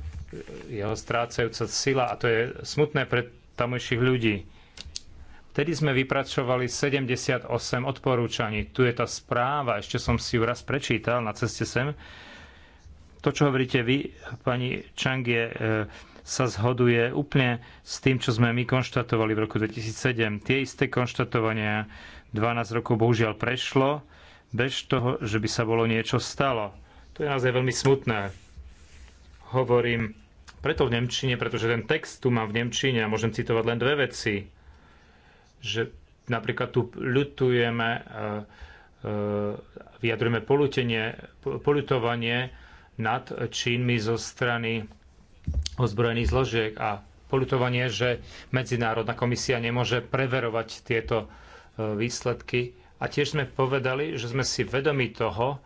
jeho strácajúca sila a to je smutné pre tamojších ľudí. Vtedy sme vypracovali 78 odporúčaní. Tu je tá správa, ešte som si ju raz prečítal na ceste sem. To, čo hovoríte vy, pani Čangie, e, sa zhoduje úplne s tým, čo sme my konštatovali v roku 2007. Tie isté konštatovania 12 rokov bohužiaľ prešlo, bez toho, že by sa bolo niečo stalo. To je naozaj veľmi smutné hovorím preto v Nemčine, pretože ten text tu mám v Nemčine a môžem citovať len dve veci. Že napríklad tu ľutujeme, e, e, vyjadrujeme polutenie, polutovanie nad činmi zo strany ozbrojených zložiek a polutovanie, že Medzinárodná komisia nemôže preverovať tieto e, výsledky. A tiež sme povedali, že sme si vedomi toho,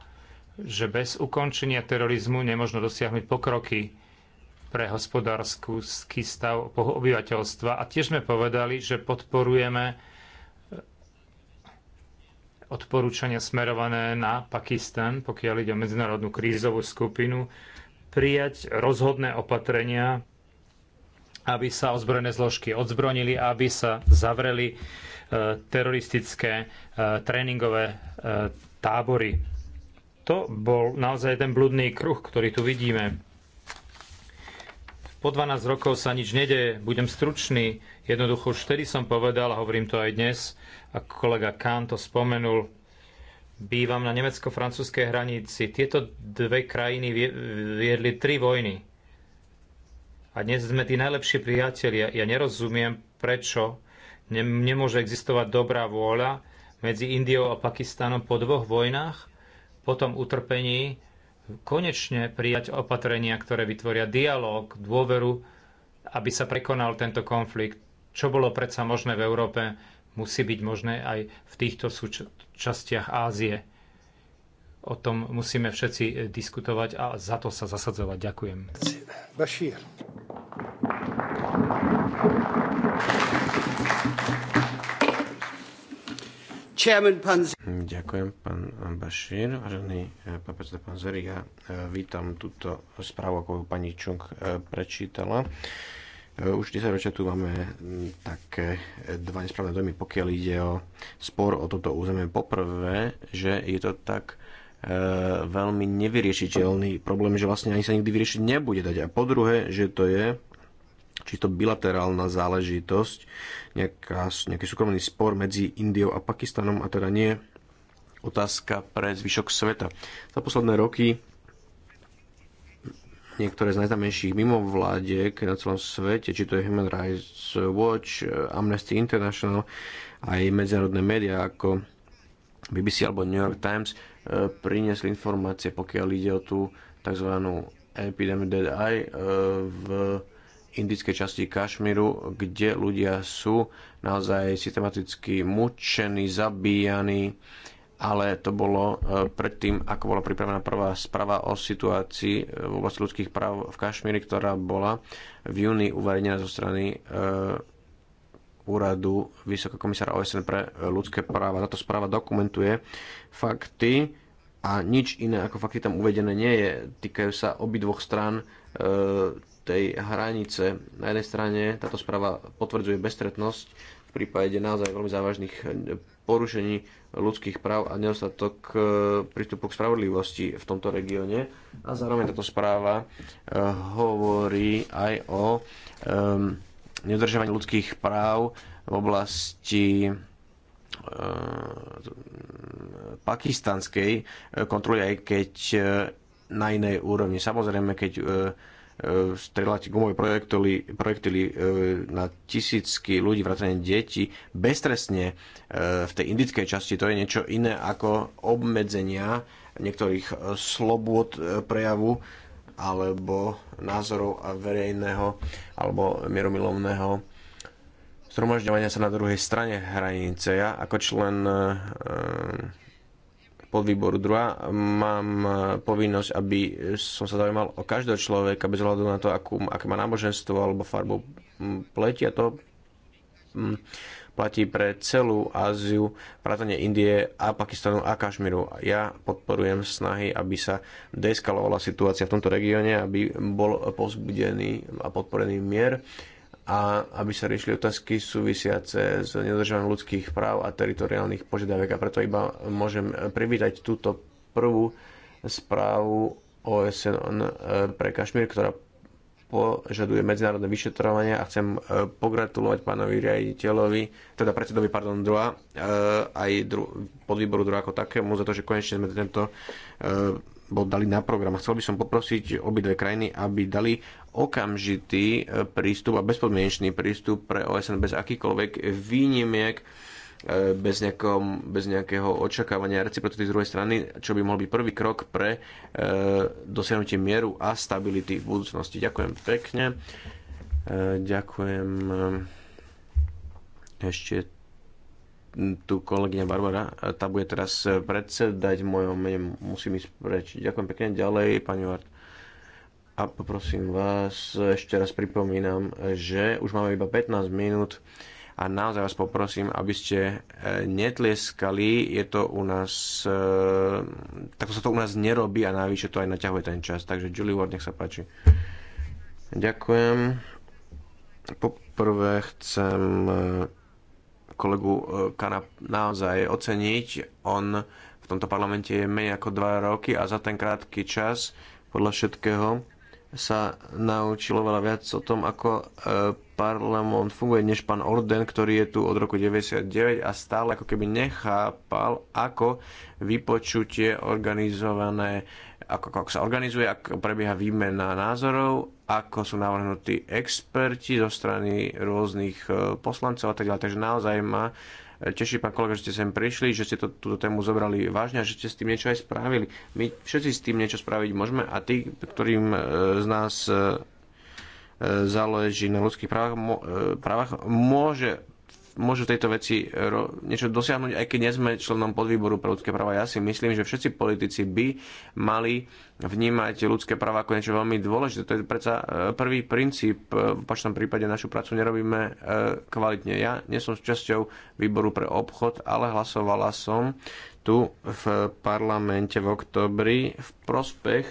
že bez ukončenia terorizmu nemôžno dosiahnuť pokroky pre hospodárskú stav obyvateľstva. A tiež sme povedali, že podporujeme eh, odporúčania smerované na Pakistan, pokiaľ ide o medzinárodnú krízovú skupinu, prijať rozhodné opatrenia, aby sa ozbrojené zložky odzbronili, aby sa zavreli eh, teroristické eh, tréningové tábory to bol naozaj ten blúdny kruh, ktorý tu vidíme. Po 12 rokov sa nič nedeje, budem stručný. Jednoducho už vtedy som povedal, a hovorím to aj dnes, ako kolega Kahn to spomenul, bývam na nemecko-francúzskej hranici. Tieto dve krajiny viedli tri vojny. A dnes sme tí najlepší priatelia. Ja nerozumiem, prečo nemôže existovať dobrá vôľa medzi Indiou a Pakistanom po dvoch vojnách, po tom utrpení konečne prijať opatrenia, ktoré vytvoria dialog, dôveru, aby sa prekonal tento konflikt. Čo bolo predsa možné v Európe, musí byť možné aj v týchto častiach Ázie. O tom musíme všetci diskutovať a za to sa zasadzovať. Ďakujem. Bašír. Ďakujem, pán Bašir. Vážený eh, pán predseda, pán Zeri, ja eh, vítam túto správu, ako pani Čung eh, prečítala. Už 10 ročia tu máme mm, také dva nesprávne domy, pokiaľ ide o spor o toto územie. Poprvé, že je to tak veľmi nevyriešiteľný problém, že vlastne ani sa nikdy vyriešiť nebude dať. A po druhé, že to je či to bilaterálna záležitosť, nejaká, nejaký súkromný spor medzi Indiou a Pakistanom a teda nie otázka pre zvyšok sveta. Za posledné roky niektoré z najznamenších mimovládiek na celom svete, či to je Human Rights Watch, Amnesty International, aj medzinárodné médiá ako BBC alebo New York Times eh, priniesli informácie, pokiaľ ide o tú tzv. epidemiu Dead Eye eh, v indickej časti Kašmíru, kde ľudia sú naozaj systematicky mučení, zabíjani, ale to bolo e, predtým, ako bola pripravená prvá správa o situácii e, v oblasti ľudských práv v Kašmíri, ktorá bola v júni uverejnená zo strany e, úradu Vysokého komisára OSN pre ľudské práva. Táto správa dokumentuje fakty a nič iné ako fakty tam uvedené nie je. Týkajú sa obidvoch strán tej hranice. Na jednej strane táto správa potvrdzuje bestretnosť v prípade naozaj veľmi závažných porušení ľudských práv a nedostatok e, prístupu k spravodlivosti v tomto regióne. A zároveň táto správa e, hovorí aj o um, nedržovaní ľudských práv v oblasti e, pakistanskej kontroly, aj keď na inej úrovni. Samozrejme, keď E, strieľať gumové projektily, projektily e, na tisícky ľudí, vrátane deti beztrestne e, v tej indickej časti, to je niečo iné ako obmedzenia niektorých slobôd prejavu alebo názorov a verejného alebo mieromilovného zhromažďovania sa na druhej strane hranice. Ja ako člen podvýboru. Druhá, mám eh, povinnosť, aby som sa zaujímal o každého človeka, bez hľadu na to, akú, aké má náboženstvo alebo farbu mm, pleti. A to mm, platí pre celú Áziu, vrátane Indie a Pakistanu a Kašmiru. Ja podporujem snahy, aby sa deeskalovala situácia v tomto regióne, aby bol pozbudený a podporený mier a aby sa riešili otázky súvisiace s nedodržovaním ľudských práv a teritoriálnych požiadaviek. A preto iba môžem privítať túto prvú správu OSN pre Kašmír, ktorá požaduje medzinárodné vyšetrovanie a chcem e, pogratulovať pánovi riaditeľovi, teda predsedovi, pardon, druhá, e, aj dru, podvýboru druhá ako takému, za to, že konečne sme tento e, bol dali na program. Chcel by som poprosiť obidve krajiny, aby dali okamžitý e, prístup a bezpodmienečný prístup pre OSN bez akýkoľvek výnimiek, e, bez, nejakom, bez nejakého očakávania reciprocity z druhej strany, čo by mohol byť prvý krok pre e, dosiahnutie mieru a stability v budúcnosti. Ďakujem pekne. E, ďakujem e, ešte tu kolegyňa Barbara, tá bude teraz predsedať v mojom mene, musím ísť preč. Ďakujem pekne ďalej, pani Vart. A poprosím vás, ešte raz pripomínam, že už máme iba 15 minút a naozaj vás poprosím, aby ste e, netlieskali. Je to u nás... E, tak sa to u nás nerobí a navyše to aj naťahuje ten čas. Takže Julie Ward, nech sa páči. Ďakujem. Poprvé chcem e, kolegu Kana naozaj oceniť. On v tomto parlamente je menej ako dva roky a za ten krátky čas podľa všetkého sa naučilo veľa viac o tom, ako e, parlament funguje, než pán Orden, ktorý je tu od roku 99 a stále ako keby nechápal, ako vypočutie organizované, ako, ako sa organizuje, ako prebieha výmena názorov, ako sú navrhnutí experti zo strany rôznych e, poslancov a tak ďalej. Takže naozaj má teší, pán kolega, že ste sem prišli, že ste to, túto tému zobrali vážne a že ste s tým niečo aj spravili. My všetci s tým niečo spraviť môžeme a tí, ktorým e, z nás e, e, záleží na ľudských právach, právach môže môžu v tejto veci eh, niečo dosiahnuť, aj keď nie sme členom podvýboru pre ľudské práva. Ja si myslím, že všetci politici by mali vnímať ľudské práva ako niečo veľmi dôležité. To je predsa eh, prvý princíp. Eh, v opačnom prípade našu prácu nerobíme kvalitne. Ja nie som časťou výboru pre obchod, ale hlasovala som tu v parlamente v oktobri v prospech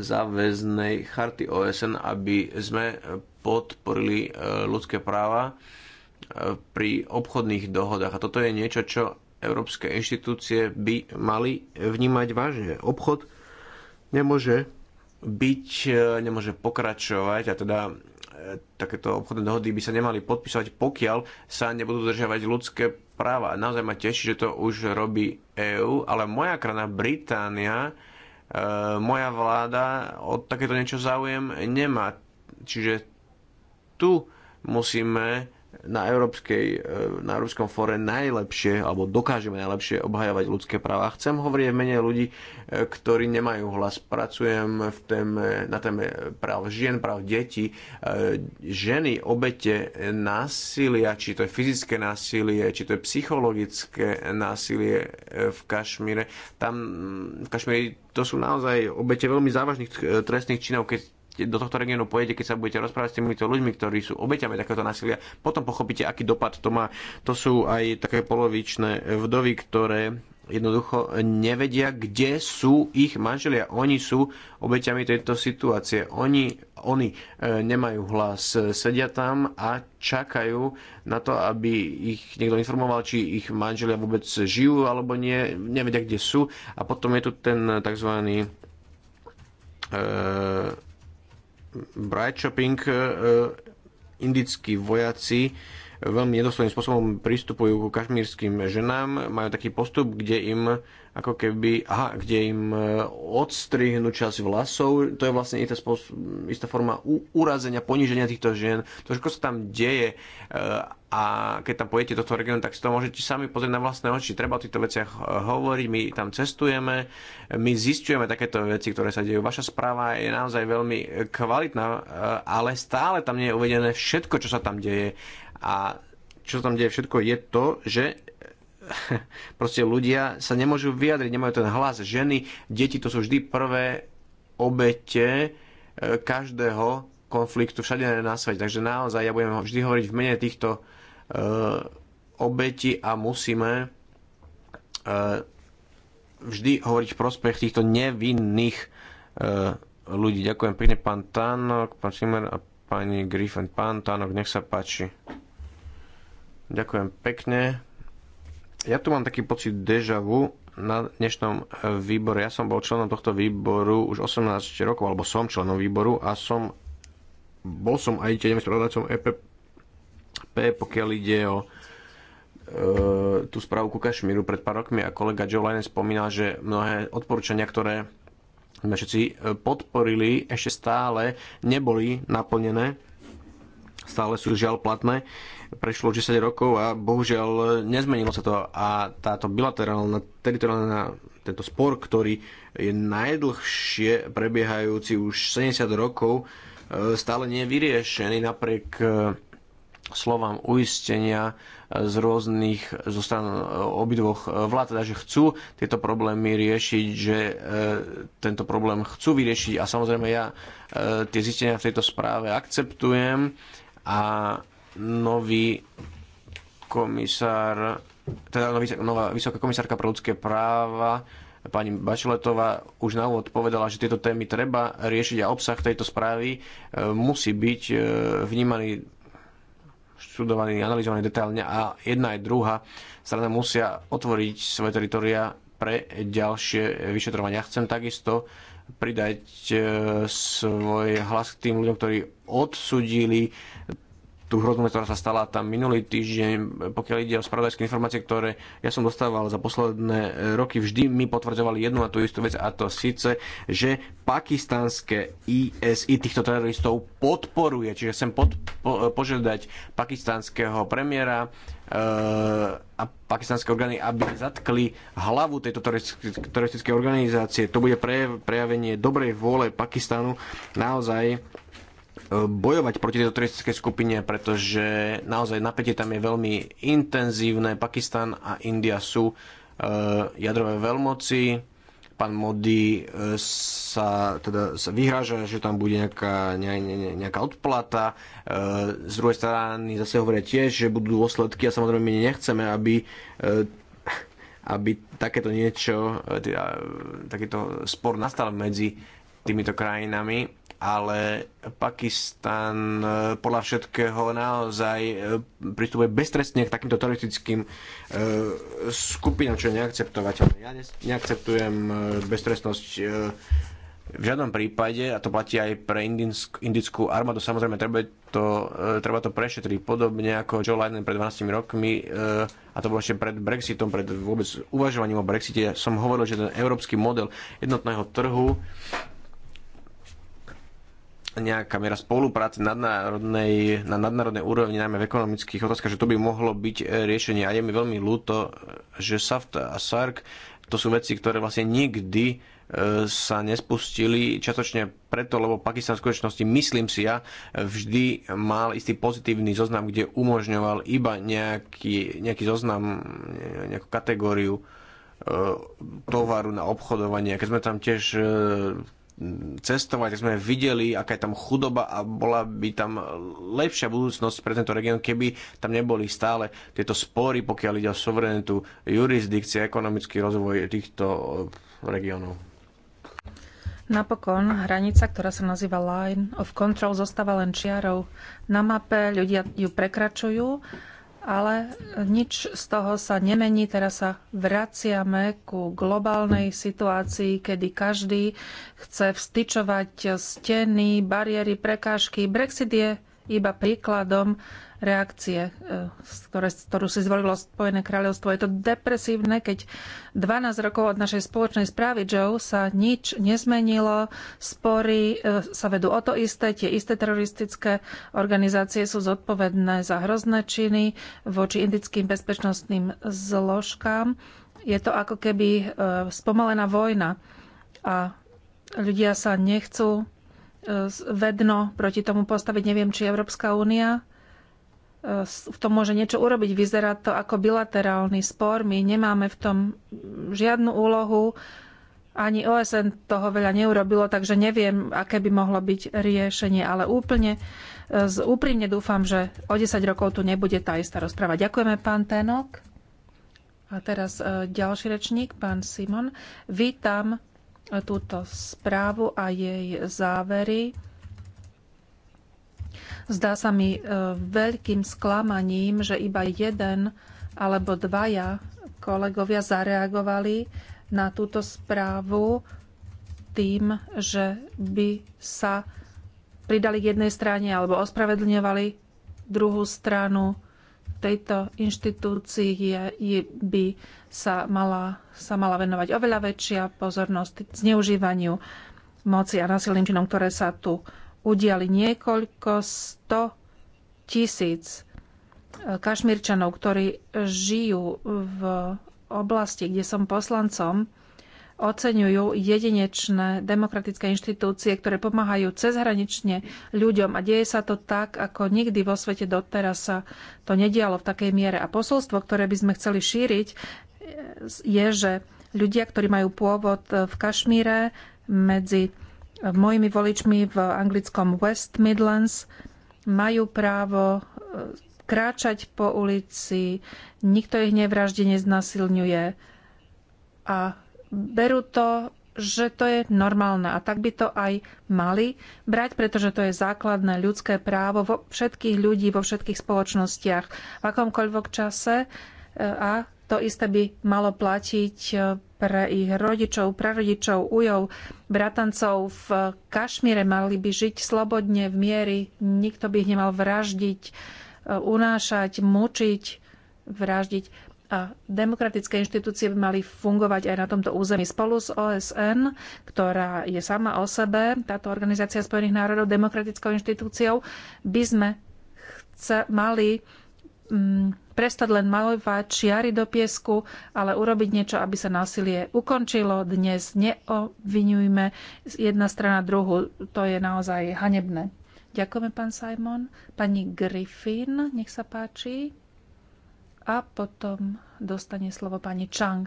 záväznej charty OSN, aby sme podporili e, ľudské práva e, pri obchodných dohodách. A toto je niečo, čo európske inštitúcie by mali vnímať vážne. Obchod nemôže byť, e, nemôže pokračovať a teda takéto obchodné dohody by sa nemali podpisovať, pokiaľ sa nebudú držiavať ľudské práva. Naozaj ma teší, že to už robí EÚ, ale moja krajina Británia, moja vláda od takéto niečo záujem nemá. Čiže tu musíme na, európskej, e, na Európskom fóre najlepšie, alebo dokážeme najlepšie obhajovať ľudské práva. Chcem hovoriť v mene ľudí, e, ktorí nemajú hlas. Pracujem v téme, na téme práv žien, práv detí. E, ženy, obete násilia, či to je fyzické násilie, či to je psychologické násilie v Kašmíre. Tam v Kašmíre to sú naozaj obete veľmi závažných trestných činov, keď do tohto regiónu pojete, keď sa budete rozprávať s týmito ľuďmi, ktorí sú obeťami takéhoto násilia, potom pochopíte, aký dopad to má. To sú aj také polovičné vdovy, ktoré jednoducho nevedia, kde sú ich manželia. Oni sú obeťami tejto situácie. Oni, oni e, nemajú hlas, e, sedia tam a čakajú na to, aby ich niekto informoval, či ich manželia vôbec žijú alebo nie, nevedia, kde sú. A potom je tu ten tzv. E Bright Shopping e, e, indickí vojaci e, veľmi nedostojným spôsobom pristupujú ku kašmírským ženám, majú taký postup, kde im ako keby, aha, kde im e, odstrihnú časť vlasov, to je vlastne istá, istá forma urazenia, poníženia týchto žien, to čo sa tam deje e, a keď tam pojete do toho regionu, tak si to môžete sami pozrieť na vlastné oči, treba o týchto veciach e, hovoriť, my tam cestujeme, my zistujeme takéto veci, ktoré sa dejú. Vaša správa je naozaj veľmi kvalitná, ale stále tam nie je uvedené všetko, čo sa tam deje a čo sa tam deje všetko je to, že proste ľudia sa nemôžu vyjadriť, nemajú ten hlas. Ženy, deti to sú vždy prvé obete e, každého konfliktu všade na svete. Takže naozaj ja budem vždy hovoriť v mene týchto e, obeti a musíme e, vždy hovoriť v prospech týchto nevinných ľudí. Ďakujem pekne pán Tánok, pán Simer a pani Griffin. Pán Tánok, nech sa páči. Ďakujem pekne ja tu mám taký pocit deja vu na dnešnom e, výbore. Ja som bol členom tohto výboru už 18 rokov, alebo som členom výboru a som bol som aj tieňom spravodajcom EPP, pokiaľ ide o e, tú správu ku Kašmíru pred pár rokmi a kolega Joe Lennon spomínal, že mnohé odporúčania, ktoré sme všetci e, podporili, ešte stále neboli naplnené, stále sú žiaľ platné prešlo 10 rokov a bohužiaľ nezmenilo sa to a táto bilaterálna, teritoriálna, tento spor, ktorý je najdlhšie prebiehajúci už 70 rokov, e, stále nie je vyriešený napriek e, slovám uistenia e, z rôznych zo stran obidvoch vlád, teda že chcú tieto problémy riešiť, že e, tento problém chcú vyriešiť a samozrejme ja e, tie zistenia v tejto správe akceptujem a nový komisár, teda nová vysoká komisárka pre ľudské práva, pani Bačletová už na úvod povedala, že tieto témy treba riešiť a obsah tejto správy e, musí byť e, vnímaný, študovaný, analyzovaný detailne a jedna aj druhá strana musia otvoriť svoje teritoria pre ďalšie vyšetrovania. Chcem takisto pridať e, svoj hlas k tým ľuďom, ktorí odsudili tú hrozbu, ktorá sa stala tam minulý týždeň, pokiaľ ide o spravodajské informácie, ktoré ja som dostával za posledné e, roky, vždy mi potvrdzovali jednu a tú istú vec, a to síce, že pakistanské ISI týchto teroristov podporuje. Čiže chcem pod, po, požiadať pakistanského premiéra, e, a pakistanské orgány, aby zatkli hlavu tejto teroristickej organizácie. To bude prejavenie dobrej vôle Pakistanu naozaj bojovať proti tejto teroristickej skupine, pretože naozaj napätie tam je veľmi intenzívne. Pakistan a India sú e, jadrové veľmoci. Pán Modi e, sa teda sa vyhráža, že tam bude nejaká, ne, ne, nejaká odplata. E, z druhej strany zase hovoria tiež, že budú dôsledky a samozrejme my nechceme, aby aby takéto niečo, teda, takýto spor nastal medzi týmito krajinami ale Pakistan eh, podľa všetkého naozaj eh, pristupuje beztrestne k takýmto teroristickým eh, skupinám, čo je neakceptovateľné. Ja neakceptujem beztrestnosť v žiadnom prípade, a to platí aj pre indinsk, indickú armádu, samozrejme treba to, treba to prešetriť podobne ako Joe Biden pred 12 rokmi a to bolo ešte pred Brexitom, pred vôbec uvažovaním o Brexite. Som hovoril, že ten európsky model jednotného trhu nejaká miera spolupráce nadnárodnej, na nadnárodnej úrovni, najmä v ekonomických otázkach, že to by mohlo byť e, riešenie. A je mi veľmi ľúto, že SAFT a SARC to sú veci, ktoré vlastne nikdy e, sa nespustili čiatočne preto, lebo Pakistan v skutočnosti, myslím si ja, vždy mal istý pozitívny zoznam, kde umožňoval iba nejaký, nejaký zoznam, nejakú kategóriu e, tovaru na obchodovanie. Keď sme tam tiež cestovať, sme videli, aká je tam chudoba a bola by tam lepšia budúcnosť pre tento región, keby tam neboli stále tieto spory, pokiaľ ide o suverenitu, jurisdikcie, ekonomický rozvoj týchto eh, regiónov. Napokon hranica, ktorá sa nazýva Line of Control, zostáva len čiarou. Na mape ľudia ju prekračujú ale nič z toho sa nemení. Teraz sa vraciame ku globálnej situácii, kedy každý chce vstyčovať steny, bariéry, prekážky. Brexit je iba príkladom reakcie, e, ktoré, ktorú si zvolilo Spojené kráľovstvo. Je to depresívne, keď 12 rokov od našej spoločnej správy Joe sa nič nezmenilo, spory e, sa vedú o to isté, tie isté teroristické organizácie sú zodpovedné za hrozné činy voči indickým bezpečnostným zložkám. Je to ako keby e, spomalená vojna a ľudia sa nechcú vedno proti tomu postaviť. Neviem, či Európska únia e, v tom môže niečo urobiť. Vyzerá to ako bilaterálny spor. My nemáme v tom žiadnu úlohu. Ani OSN toho veľa neurobilo, takže neviem, aké by mohlo byť riešenie, ale úplne e, úprimne dúfam, že o 10 rokov tu nebude tá istá rozpráva. Ďakujeme, pán Tenok. A teraz e, ďalší rečník, pán Simon. Vítam túto správu a jej závery. Zdá sa mi e, veľkým sklamaním, že iba jeden alebo dvaja kolegovia zareagovali na túto správu tým, že by sa pridali k jednej strane alebo ospravedlňovali druhú stranu tejto inštitúcii by sa mala, sa mala venovať oveľa väčšia pozornosť zneužívaniu moci a násilným činom, ktoré sa tu udiali niekoľko sto tisíc e, kašmírčanov, ktorí žijú v oblasti, kde som poslancom, oceňujú jedinečné demokratické inštitúcie, ktoré pomáhajú cezhranične ľuďom. A deje sa to tak, ako nikdy vo svete doteraz sa to nedialo v takej miere. A posolstvo, ktoré by sme chceli šíriť, je, že ľudia, ktorí majú pôvod v Kašmíre medzi mojimi voličmi v anglickom West Midlands, majú právo eh, kráčať po ulici, nikto ich nevražde, neznasilňuje a berú to, že to je normálne a tak by to aj mali brať, pretože to je základné ľudské právo vo všetkých ľudí, vo všetkých spoločnostiach v akomkoľvek čase e, a to isté by malo platiť e, pre ich rodičov, prarodičov, ujov, bratancov. V Kašmíre mali by žiť slobodne, v miery. Nikto by ich nemal vraždiť, e, unášať, mučiť, vraždiť. A demokratické inštitúcie by mali fungovať aj na tomto území spolu s OSN, ktorá je sama o sebe, táto Organizácia spojených národov, demokratickou inštitúciou, by sme chce, mali mm, prestať len malovať čiary do piesku, ale urobiť niečo, aby sa násilie ukončilo. Dnes neovinujme jedna strana druhu. To je naozaj hanebné. Ďakujeme, pán Simon. Pani Griffin, nech sa páči a potom dostane slovo pani Chang.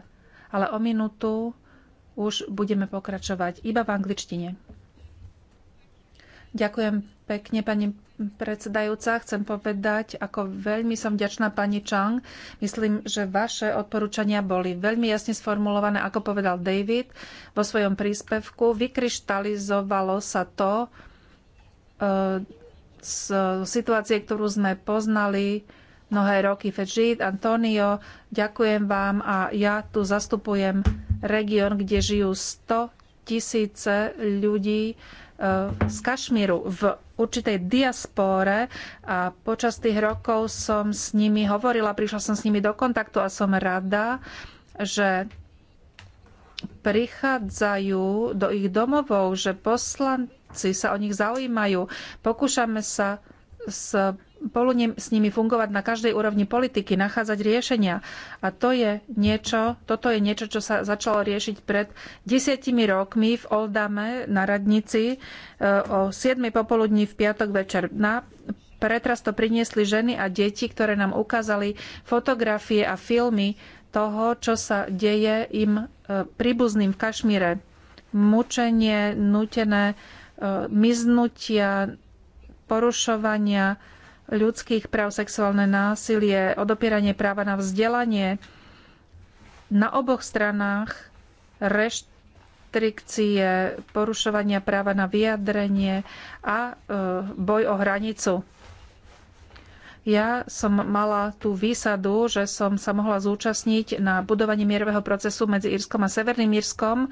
Ale o minútu už budeme pokračovať iba v angličtine. Ďakujem pekne, pani predsedajúca. Chcem povedať, ako veľmi som vďačná pani Chang. Myslím, že vaše odporúčania boli veľmi jasne sformulované, ako povedal David vo svojom príspevku. Vykryštalizovalo sa to e, z situácie, ktorú sme poznali mnohé roky. Fedžid, Antonio, ďakujem vám a ja tu zastupujem región, kde žijú 100 tisíce ľudí eh, z Kašmíru v určitej diaspóre a počas tých rokov som s nimi hovorila, prišla som s nimi do kontaktu a som rada, že prichádzajú do ich domovov, že poslanci sa o nich zaujímajú. Pokúšame sa s spolu s nimi fungovať na každej úrovni politiky, nachádzať riešenia. A to je niečo, toto je niečo, čo sa začalo riešiť pred desiatimi rokmi v Oldame na Radnici e, o 7. popoludní v piatok večer. Na pretras to priniesli ženy a deti, ktoré nám ukázali fotografie a filmy toho, čo sa deje im e, príbuzným v Kašmíre. Mučenie, nutené e, miznutia, porušovania, ľudských práv, sexuálne násilie, odopieranie práva na vzdelanie. Na oboch stranách reštrikcie, porušovania práva na vyjadrenie a e, boj o hranicu. Ja som mala tú výsadu, že som sa mohla zúčastniť na budovaní mierového procesu medzi Írskom a Severným Írskom,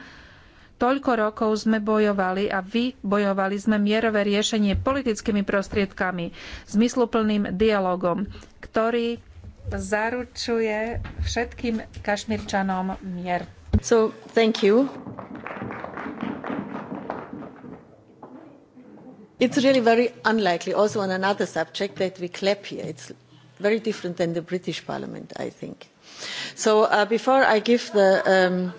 Toľko rokov sme bojovali a vy bojovali sme mierové riešenie politickými prostriedkami, zmysluplným dialogom, ktorý zaručuje všetkým kašmirčanom mier. So, thank you. It's really very unlikely, also on another subject, that we clap here. It's very different than the British Parliament, I think. So uh, before I give the um,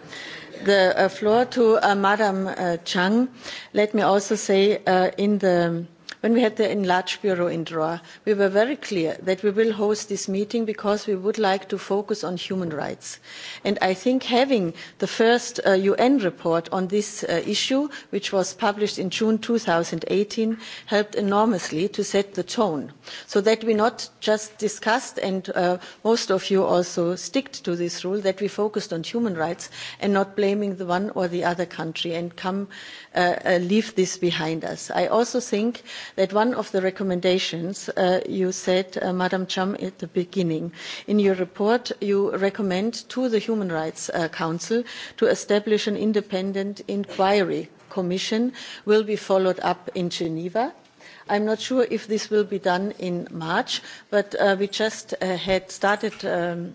the uh, floor to uh, Madam uh, Chang. Let me also say in the When we had the enlarged bureau in Doha, we were very clear that we will host this meeting because we would like to focus on human rights. And I think having the first uh, UN report on this uh, issue, which was published in June eighteen, helped enormously to set the tone so that we not just discussed, and uh, most of you also stick to this rule, that we focused on human rights and not blaming the one or the other country and come uh, uh, leave this behind us. I also think that one of the recommendations uh, you said, uh, Madam Cham, at the beginning. In your report, you recommend to the Human Rights uh, Council to establish an independent inquiry commission will be followed up in Geneva i'm not sure if this will be done in march but uh, we just uh, had started um,